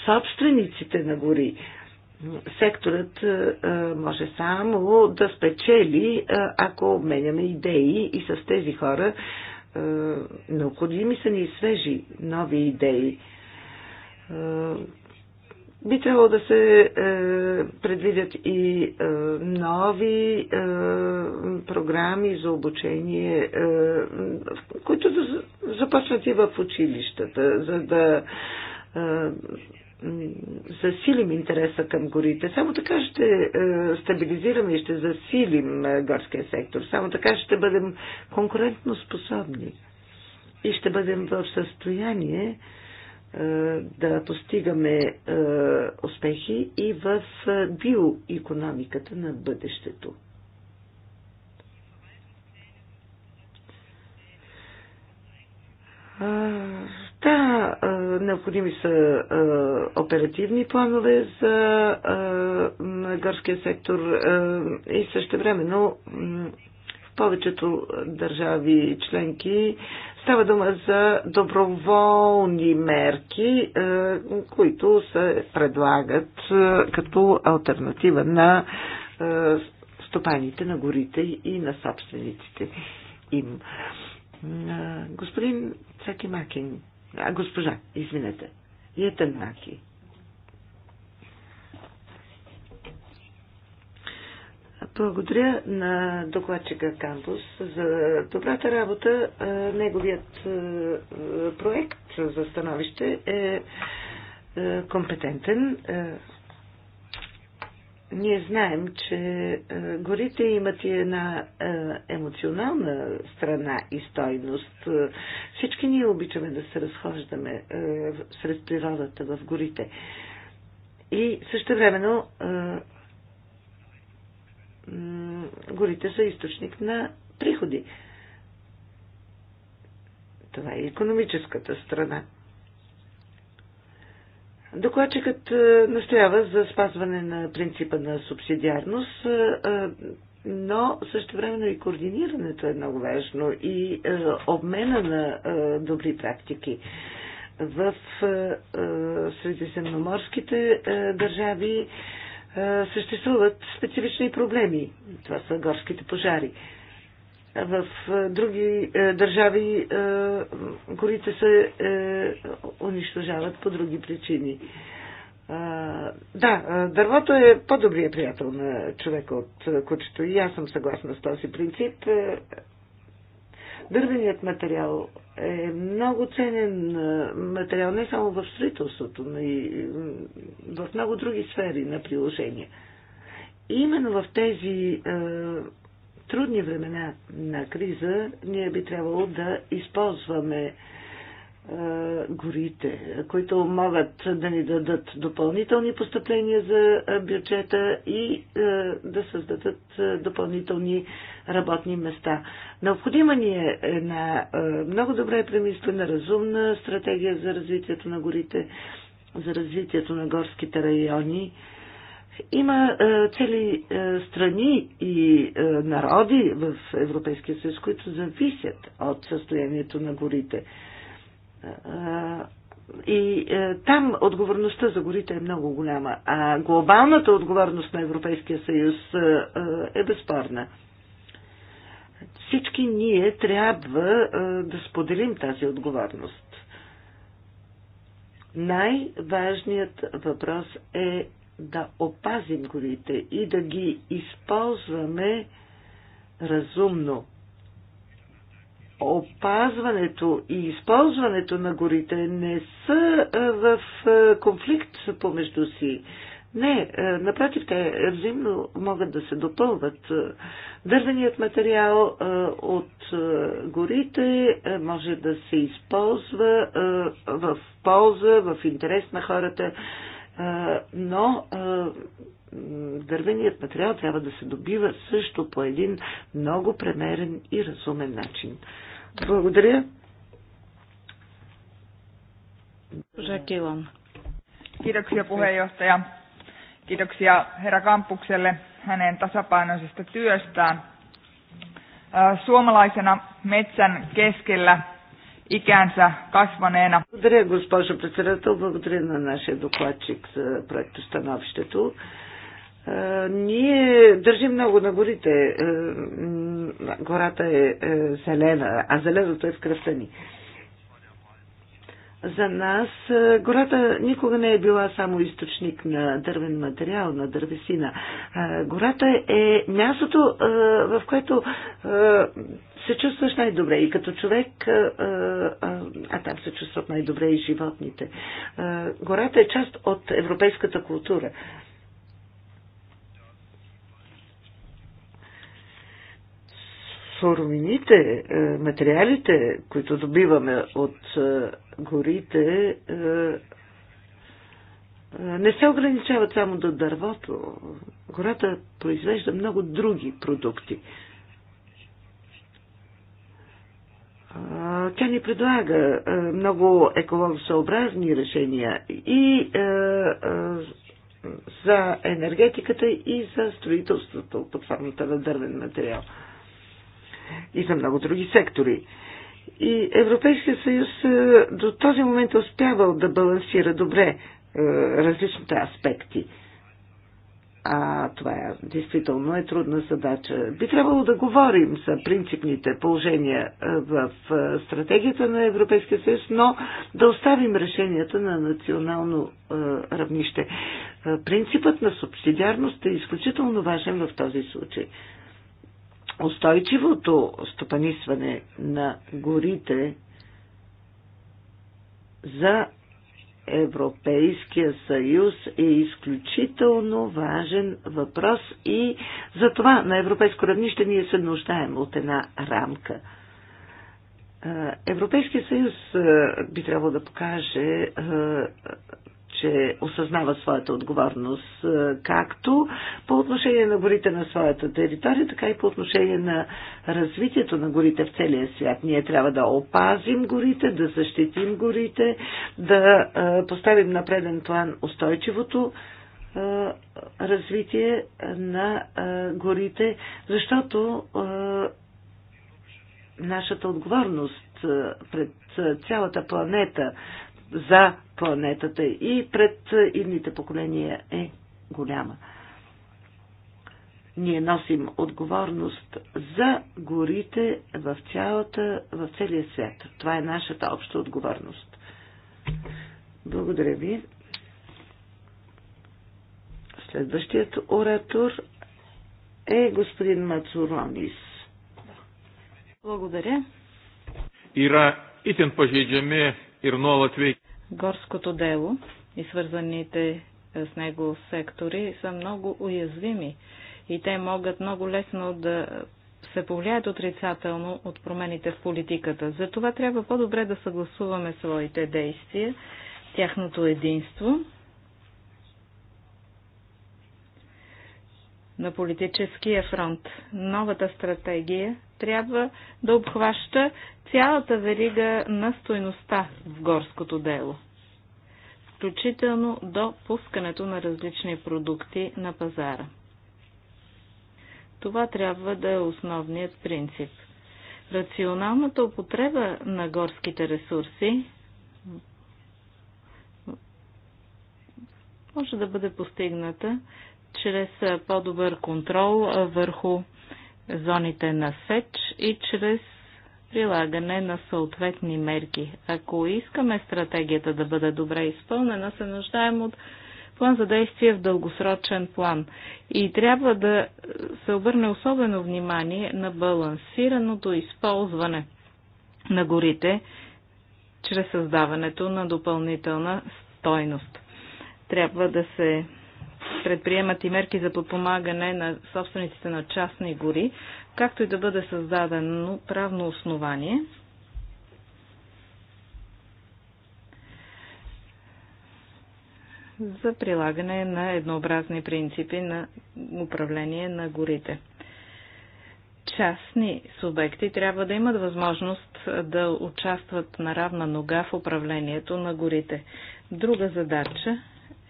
собствениците на гори. Секторът а, може само да спечели, а, ако обменяме идеи и с тези хора. А, необходими са ни свежи, нови идеи би трябвало да се е, предвидят и е, нови е, програми за обучение, е, които да започнат и в училищата, за да е, засилим интереса към горите. Само така ще е, стабилизираме и ще засилим е, горския сектор. Само така ще бъдем конкурентно способни и ще бъдем в състояние е, е, да постигаме е, успехи и в е, биоекономиката на бъдещето. Да, необходими са оперативни планове за горския сектор и също времено в повечето държави членки Става дума за доброволни мерки, е, които се предлагат е, като альтернатива на е, стопаните на горите и на собствениците им. Господин Цаки Макин, а госпожа, извинете, Йетен Маки, Благодаря на докладчика Кампус за добрата работа. Неговият проект за становище е компетентен. Ние знаем, че горите имат и една емоционална страна и стойност. Всички ние обичаме да се разхождаме сред природата в горите. И също времено горите са източник на приходи. Това е економическата страна. Докладчикът е, настоява за спазване на принципа на субсидиарност, е, е, но също времено и координирането е много важно и обмена на добри практики. В средиземноморските държави съществуват специфични проблеми. Това са горските пожари. В други държави горите се унищожават по други причини. Да, дървото е по-добрият приятел на човека от кучето и аз съм съгласна с този принцип. Дървеният материал е много ценен е, материал не само в строителството, но и е, в много други сфери на приложение. И именно в тези е, трудни времена на криза ние би трябвало да използваме е, горите, които могат да ни дадат допълнителни постъпления за е, бюджета и е, да създадат допълнителни работни места. Необходима ни е една много добре премислена, разумна стратегия за развитието на горите, за развитието на горските райони. Има цели страни и народи в Европейския съюз, които зависят от състоянието на горите. И е, там отговорността за горите е много голяма, а глобалната отговорност на Европейския съюз е, е, е безспорна. Всички ние трябва е, да споделим тази отговорност. Най-важният въпрос е да опазим горите и да ги използваме разумно опазването и използването на горите не са в конфликт помежду си. Не, напротив, те взаимно могат да се допълват. Дървеният материал от горите може да се използва в полза, в интерес на хората, но дървеният материал трябва да се добива също по един много премерен и разумен начин. Благодаря. Жакилан. Kiitoksia puheenjohtaja. Kiitoksia herra Kampukselle hänen tasapainoisesta työstään. Suomalaisena metsän keskellä ikänsä kasvaneena. Благодаря, госпожо председател. Благодаря на нашия докладчик за проектостановището. становището. Е, ние държим много на горите. Е, гората е, е зелена, а зеленото е в кръвта ни. За нас гората никога не е била само източник на дървен материал, на дървесина. Гората е мястото, в което се чувстваш най-добре и като човек, а там се чувстват най-добре и животните. Гората е част от европейската култура. суровините, е, материалите, които добиваме от е, горите, е, не се ограничават само до дървото. Гората произвежда много други продукти. Тя ни предлага много екологосъобразни решения и за енергетиката и за строителството под формата на дървен материал и за много други сектори. И Европейския съюз е, до този момент е успявал да балансира добре е, различните аспекти. А това е, действително е трудна задача. Би трябвало да говорим за принципните положения е, в стратегията на Европейския съюз, но да оставим решенията на национално равнище. Принципът на субсидиарност е изключително важен в този случай устойчивото стопанисване на горите за Европейския съюз е изключително важен въпрос и за това на европейско равнище ние се нуждаем от една рамка. Европейския съюз би трябвало да покаже че осъзнава своята отговорност е, както по отношение на горите на своята територия, така и по отношение на развитието на горите в целия свят. Ние трябва да опазим горите, да защитим горите, да е, поставим на преден план устойчивото е, развитие на горите, защото нашата отговорност пред цялата планета за планетата и пред идните поколения е голяма. Ние носим отговорност за горите в, цялата, в целия свят. Това е нашата обща отговорност. Благодаря ви. Следващият оратор е господин Мацуронис. Благодаря. Ира, itin пожиджаме ir nuolat veikia. Горското дело и свързаните с него сектори са много уязвими и те могат много лесно да се повлияят отрицателно от промените в политиката. Затова трябва по-добре да съгласуваме своите действия, тяхното единство на политическия фронт. Новата стратегия трябва да обхваща цялата верига на стойността в горското дело, включително до пускането на различни продукти на пазара. Това трябва да е основният принцип. Рационалната употреба на горските ресурси може да бъде постигната чрез по-добър контрол върху зоните на сеч и чрез прилагане на съответни мерки. Ако искаме стратегията да бъде добре изпълнена, се нуждаем от план за действие в дългосрочен план. И трябва да се обърне особено внимание на балансираното използване на горите чрез създаването на допълнителна стойност. Трябва да се предприемат и мерки за подпомагане на собствениците на частни гори, както и да бъде създадено правно основание за прилагане на еднообразни принципи на управление на горите. Частни субекти трябва да имат възможност да участват на равна нога в управлението на горите. Друга задача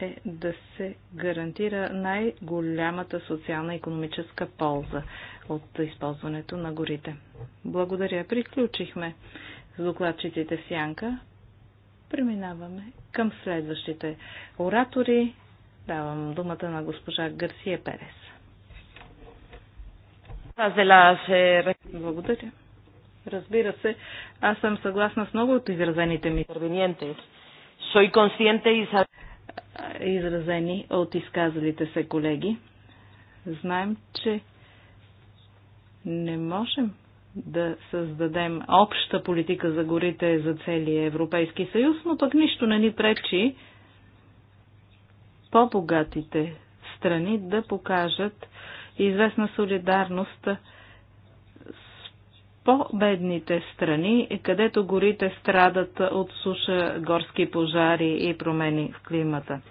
е да се гарантира най-голямата социална и економическа полза от използването на горите. Благодаря. Приключихме с докладчиците в Сянка. Преминаваме към следващите оратори. Давам думата на госпожа Гарсия Перес. Благодаря. Разбира се, аз съм съгласна с много от изразените ми. Soy consciente y изразени от изказалите се колеги. Знаем, че не можем да създадем обща политика за горите за целия Европейски съюз, но пък нищо не ни пречи по-богатите страни да покажат известна солидарност по-бедните страни, където горите страдат от суша, горски пожари и промени в климата.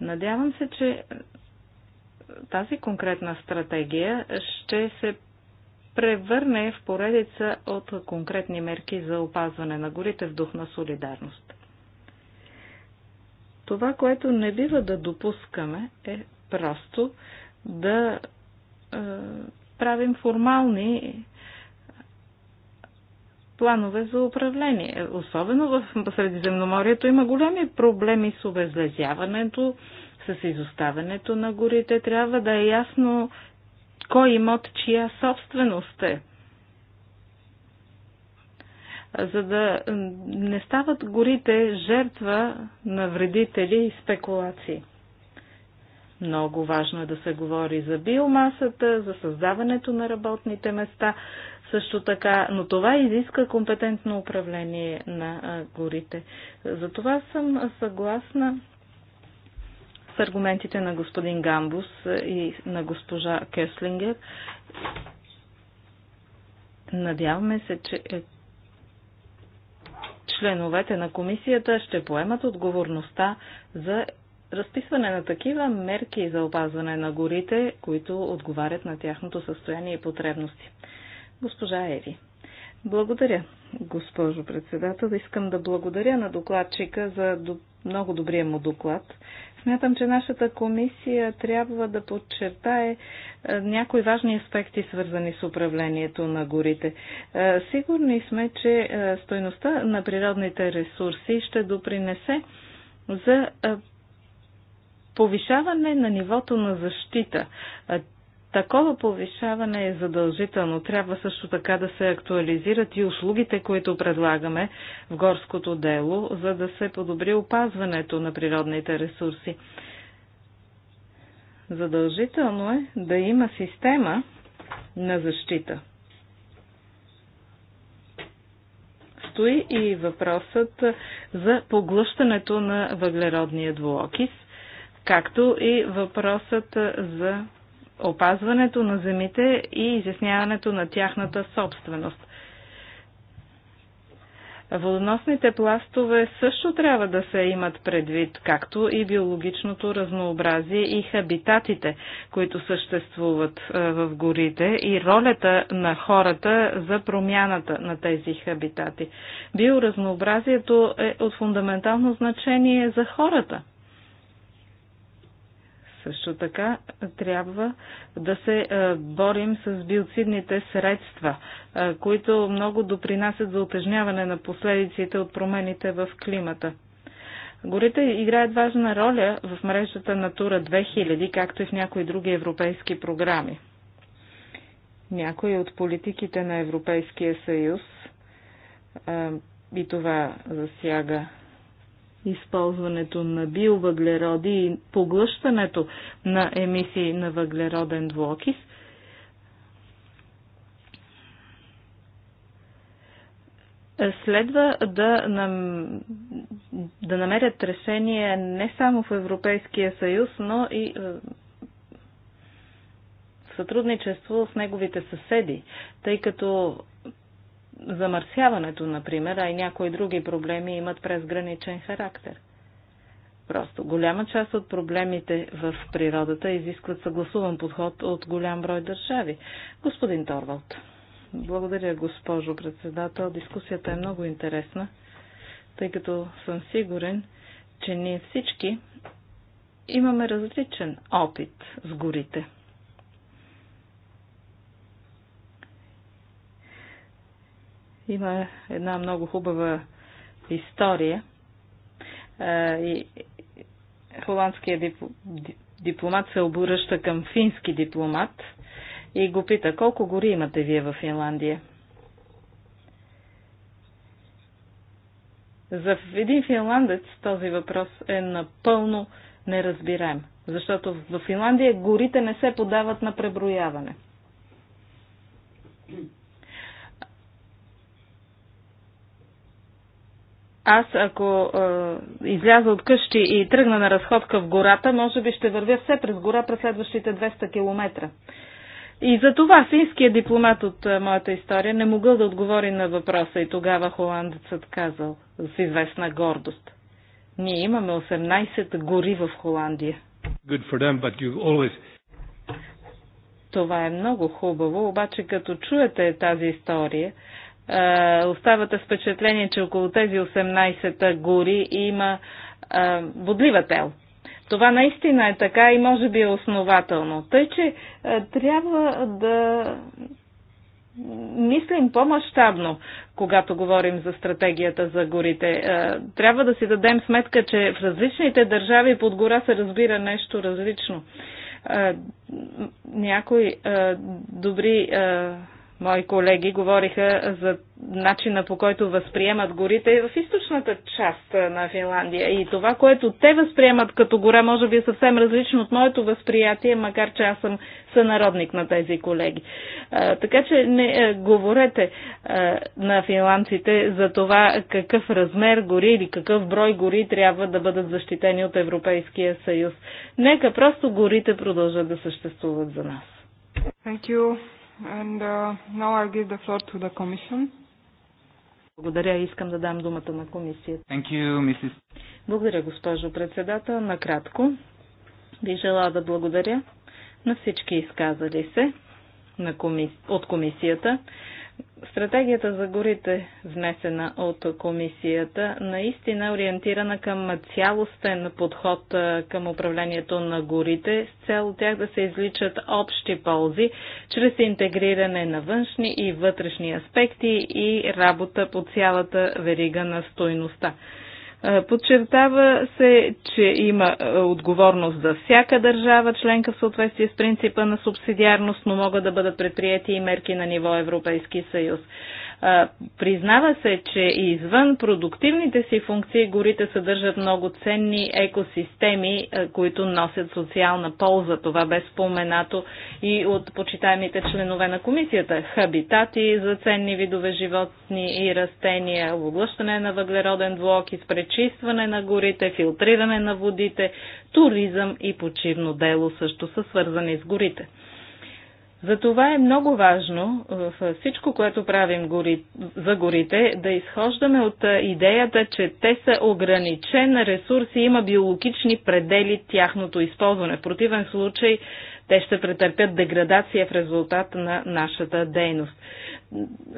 Надявам се, че тази конкретна стратегия ще се превърне в поредица от конкретни мерки за опазване на горите в дух на солидарност. Това, което не бива да допускаме, е просто да е, правим формални е, планове за управление. Особено в Средиземноморието има големи проблеми с обезлезяването, с изоставането на горите. Трябва да е ясно кой имот, чия собственост е. За да не стават горите жертва на вредители и спекулации. Много важно е да се говори за биомасата, за създаването на работните места, също така, но това изиска компетентно управление на горите. Затова съм съгласна с аргументите на господин Гамбус и на госпожа Кеслингер. Надяваме се, че е, членовете на комисията ще поемат отговорността за разписване на такива мерки за опазване на горите, които отговарят на тяхното състояние и потребности. Госпожа Еви. Благодаря, госпожо председател. Искам да благодаря на докладчика за много добрия му доклад. Смятам, че нашата комисия трябва да подчертае е, някои важни аспекти, свързани с управлението на горите. Е, сигурни сме, че е, стойността на природните ресурси ще допринесе за повишаване на нивото на защита. Такова повишаване е задължително. Трябва също така да се актуализират и услугите, които предлагаме в горското дело, за да се подобри опазването на природните ресурси. Задължително е да има система на защита. Стои и въпросът за поглъщането на въглеродния двуокис, както и въпросът за опазването на земите и изясняването на тяхната собственост. Водоносните пластове също трябва да се имат предвид, както и биологичното разнообразие и хабитатите, които съществуват е, в горите и ролята на хората за промяната на тези хабитати. Биоразнообразието е от фундаментално значение за хората. Също така трябва да се е, борим с биоцидните средства, е, които много допринасят за отежняване на последиците от промените в климата. Горите играят важна роля в мрежата Натура 2000, както и в някои други европейски програми. Някои от политиките на Европейския съюз е, и това засяга използването на биовъглероди и поглъщането на емисии на въглероден двуокис. Следва да, нам... да намерят решение не само в Европейския съюз, но и е, в сътрудничество с неговите съседи, тъй като замърсяването, например, а и някои други проблеми имат презграничен характер. Просто голяма част от проблемите в природата изискват съгласуван подход от голям брой държави. Господин Торвалд. Благодаря, госпожо председател. Дискусията е много интересна, тъй като съм сигурен, че ние всички имаме различен опит с горите. Има една много хубава история. Е, и холандският дипломат се обръща към фински дипломат и го пита, колко гори имате вие в Финландия? За един финландец този въпрос е напълно неразбираем, защото в Финландия горите не се подават на преброяване. аз ако е, изляза от къщи и тръгна на разходка в гората, може би ще вървя все през гора през следващите 200 км. И за това финският дипломат от е, моята история не могъл да отговори на въпроса и тогава холандецът казал с известна гордост. Ние имаме 18 гори в Холандия. Good for them, but you always... Това е много хубаво, обаче като чуете тази история, е, оставате впечатление, че около тези 18 гори има водлива е, тел. Това наистина е така и може би е основателно. Тъй, че е, трябва да мислим по-масштабно, когато говорим за стратегията за горите. Трябва да си дадем сметка, че в различните държави под гора се разбира нещо различно. Някои добри мои колеги говориха за начина по който възприемат горите в източната част на Финландия. И това, което те възприемат като гора, може би е съвсем различно от моето възприятие, макар че аз съм сънародник на тези колеги. А, така че не а, говорете а, на финландците за това какъв размер гори или какъв брой гори трябва да бъдат защитени от Европейския съюз. Нека просто горите продължат да съществуват за нас. Thank you. And uh, now I give the floor to the commission. Благодаря. Искам да дам думата на комисията. Thank you, Mrs. Благодаря, госпожо председател. Накратко ви желая да благодаря на всички изказали се на комис... от комисията. Стратегията за горите, внесена от комисията, наистина е ориентирана към цялостен подход към управлението на горите с цел от тях да се изличат общи ползи чрез интегриране на външни и вътрешни аспекти и работа по цялата верига на стойността. Е, подчертава се, че има е, отговорност за всяка държава членка в съответствие с принципа на субсидиарност, но могат да бъдат предприяти и мерки на ниво Европейски съюз. Признава се, че извън продуктивните си функции горите съдържат много ценни екосистеми, които носят социална полза. Това бе споменато и от почитаемите членове на комисията. Хабитати за ценни видове животни и растения, облъщане на въглероден блок, изпречистване на горите, филтриране на водите, туризъм и почивно дело също са свързани с горите. Затова е много важно е, в всичко, което правим гори, за горите, да изхождаме от е, идеята, че те са ограничен ресурс и има биологични предели тяхното използване. В противен случай те ще претърпят деградация в резултат на нашата дейност.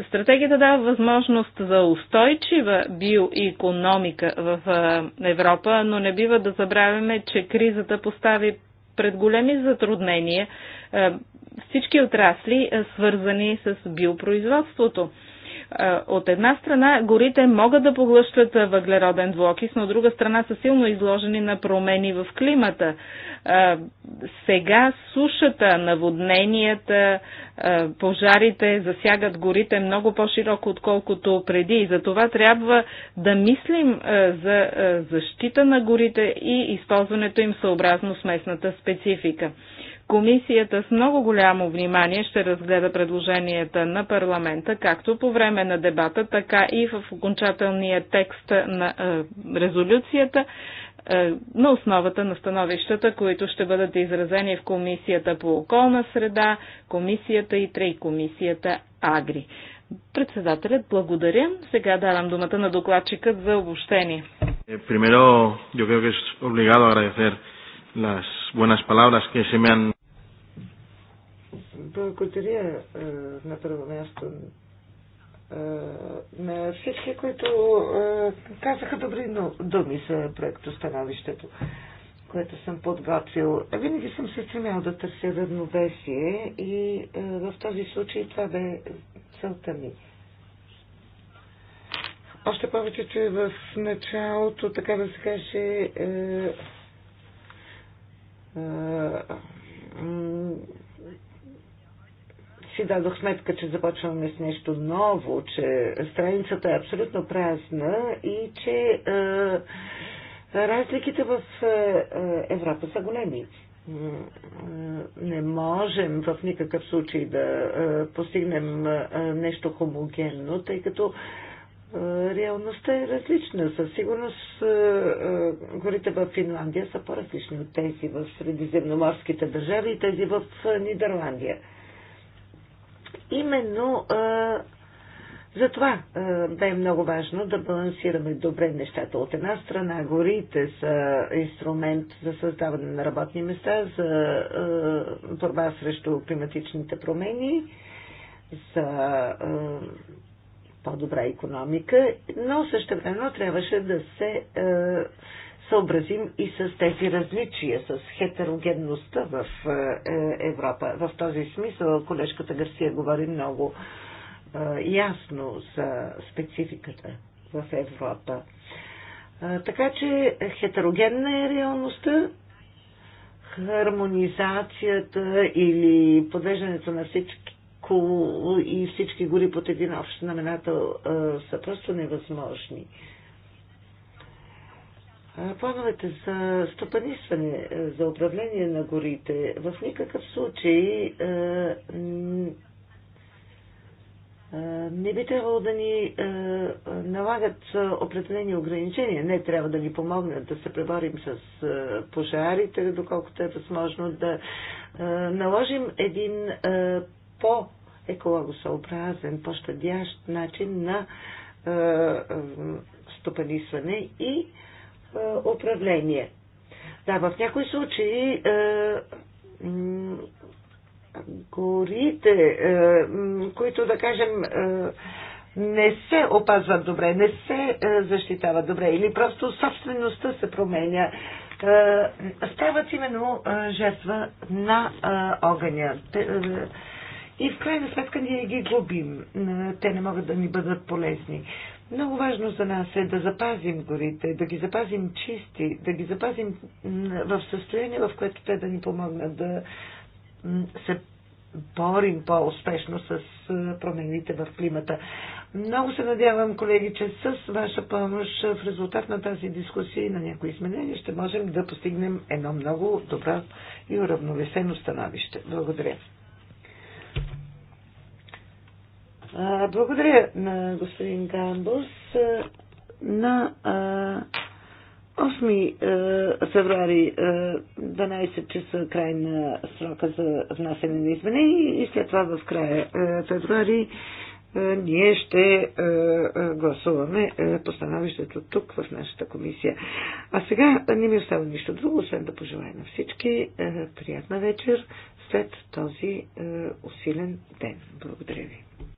Стратегията дава възможност за устойчива биоекономика в е, Европа, но не бива да забравяме, че кризата постави пред големи затруднения всички отрасли, е, свързани с биопроизводството. Е, от една страна горите могат да поглъщат е, въглероден двуокис, но от друга страна са силно изложени на промени в климата. Сега сушата, наводненията, пожарите засягат горите много по-широко, отколкото преди. И за това трябва да мислим за защита на горите и използването им съобразно с местната специфика. Комисията с много голямо внимание ще разгледа предложенията на парламента, както по време на дебата, така и в окончателния текст на е, резолюцията е, на основата на становищата, които ще бъдат изразени в Комисията по околна среда, Комисията и и Комисията АГРИ. Председателят, благодаря. Сега давам думата на докладчикът за обобщение. Примерно, я creo que es obligado agradecer las buenas palabras que se me han благодаря е, на първо място е, на всички, които е, казаха добри думи за проекто становището, което съм подготвил. Винаги съм се стремял да търся равновесие и в този случай това бе целта ми. Още повече, че в началото, така да се каже, е, е, си дадох сметка, че започваме с нещо ново, че страницата е абсолютно празна и че е, разликите в е, е Европа са големи. Е, не можем в никакъв случай да е, постигнем нещо хомогенно, тъй като реалността е различна. Със сигурност горите в Финландия са по-различни от тези в средиземноморските държави и тези в Нидерландия. Именно за това да бе много важно да балансираме добре нещата. От една страна горите са инструмент за създаване на работни места, за борба срещу климатичните промени, за по-добра економика, но също време трябваше да се съобразим и с тези различия, с хетерогенността в е, е, Европа. В този смисъл колежката Гарсия говори много е, ясно за спецификата в Европа. Така че хетерогенна е реалността, хармонизацията или подвеждането на всички и всички гори под един общ знаменател са просто невъзможни. Плановете за стопанисване, за управление на горите в никакъв случай е, е, не би трябвало да ни е, налагат определени ограничения. Не трябва да ни помогнат да се преборим с пожарите, доколкото е възможно да наложим един по-екологосъобразен, по-щадящ начин на стопанисване и управление. Е, да, в някои случаи е, горите, е, които да кажем не се опазват добре, не се защитават добре или просто собствеността се променя, стават именно жертва на огъня. И в крайна сметка ние ги губим. Те не могат да ни бъдат полезни. Много важно за нас е да запазим горите, да ги запазим чисти, да ги запазим в състояние, в което те да ни помогнат да се борим по-успешно с промените в климата. Много се надявам, колеги, че с ваша помощ в резултат на тази дискусия и на някои изменения ще можем да постигнем едно много добро и уравновесено становище. Благодаря. Благодаря на господин Гамбус. На 8 февруари 12 часа край на срока за внасяне на изменения и след това в края февруари ние ще гласуваме по тук в нашата комисия. А сега не ми остава нищо друго, освен да пожелая на всички приятна вечер след този усилен ден. Благодаря ви.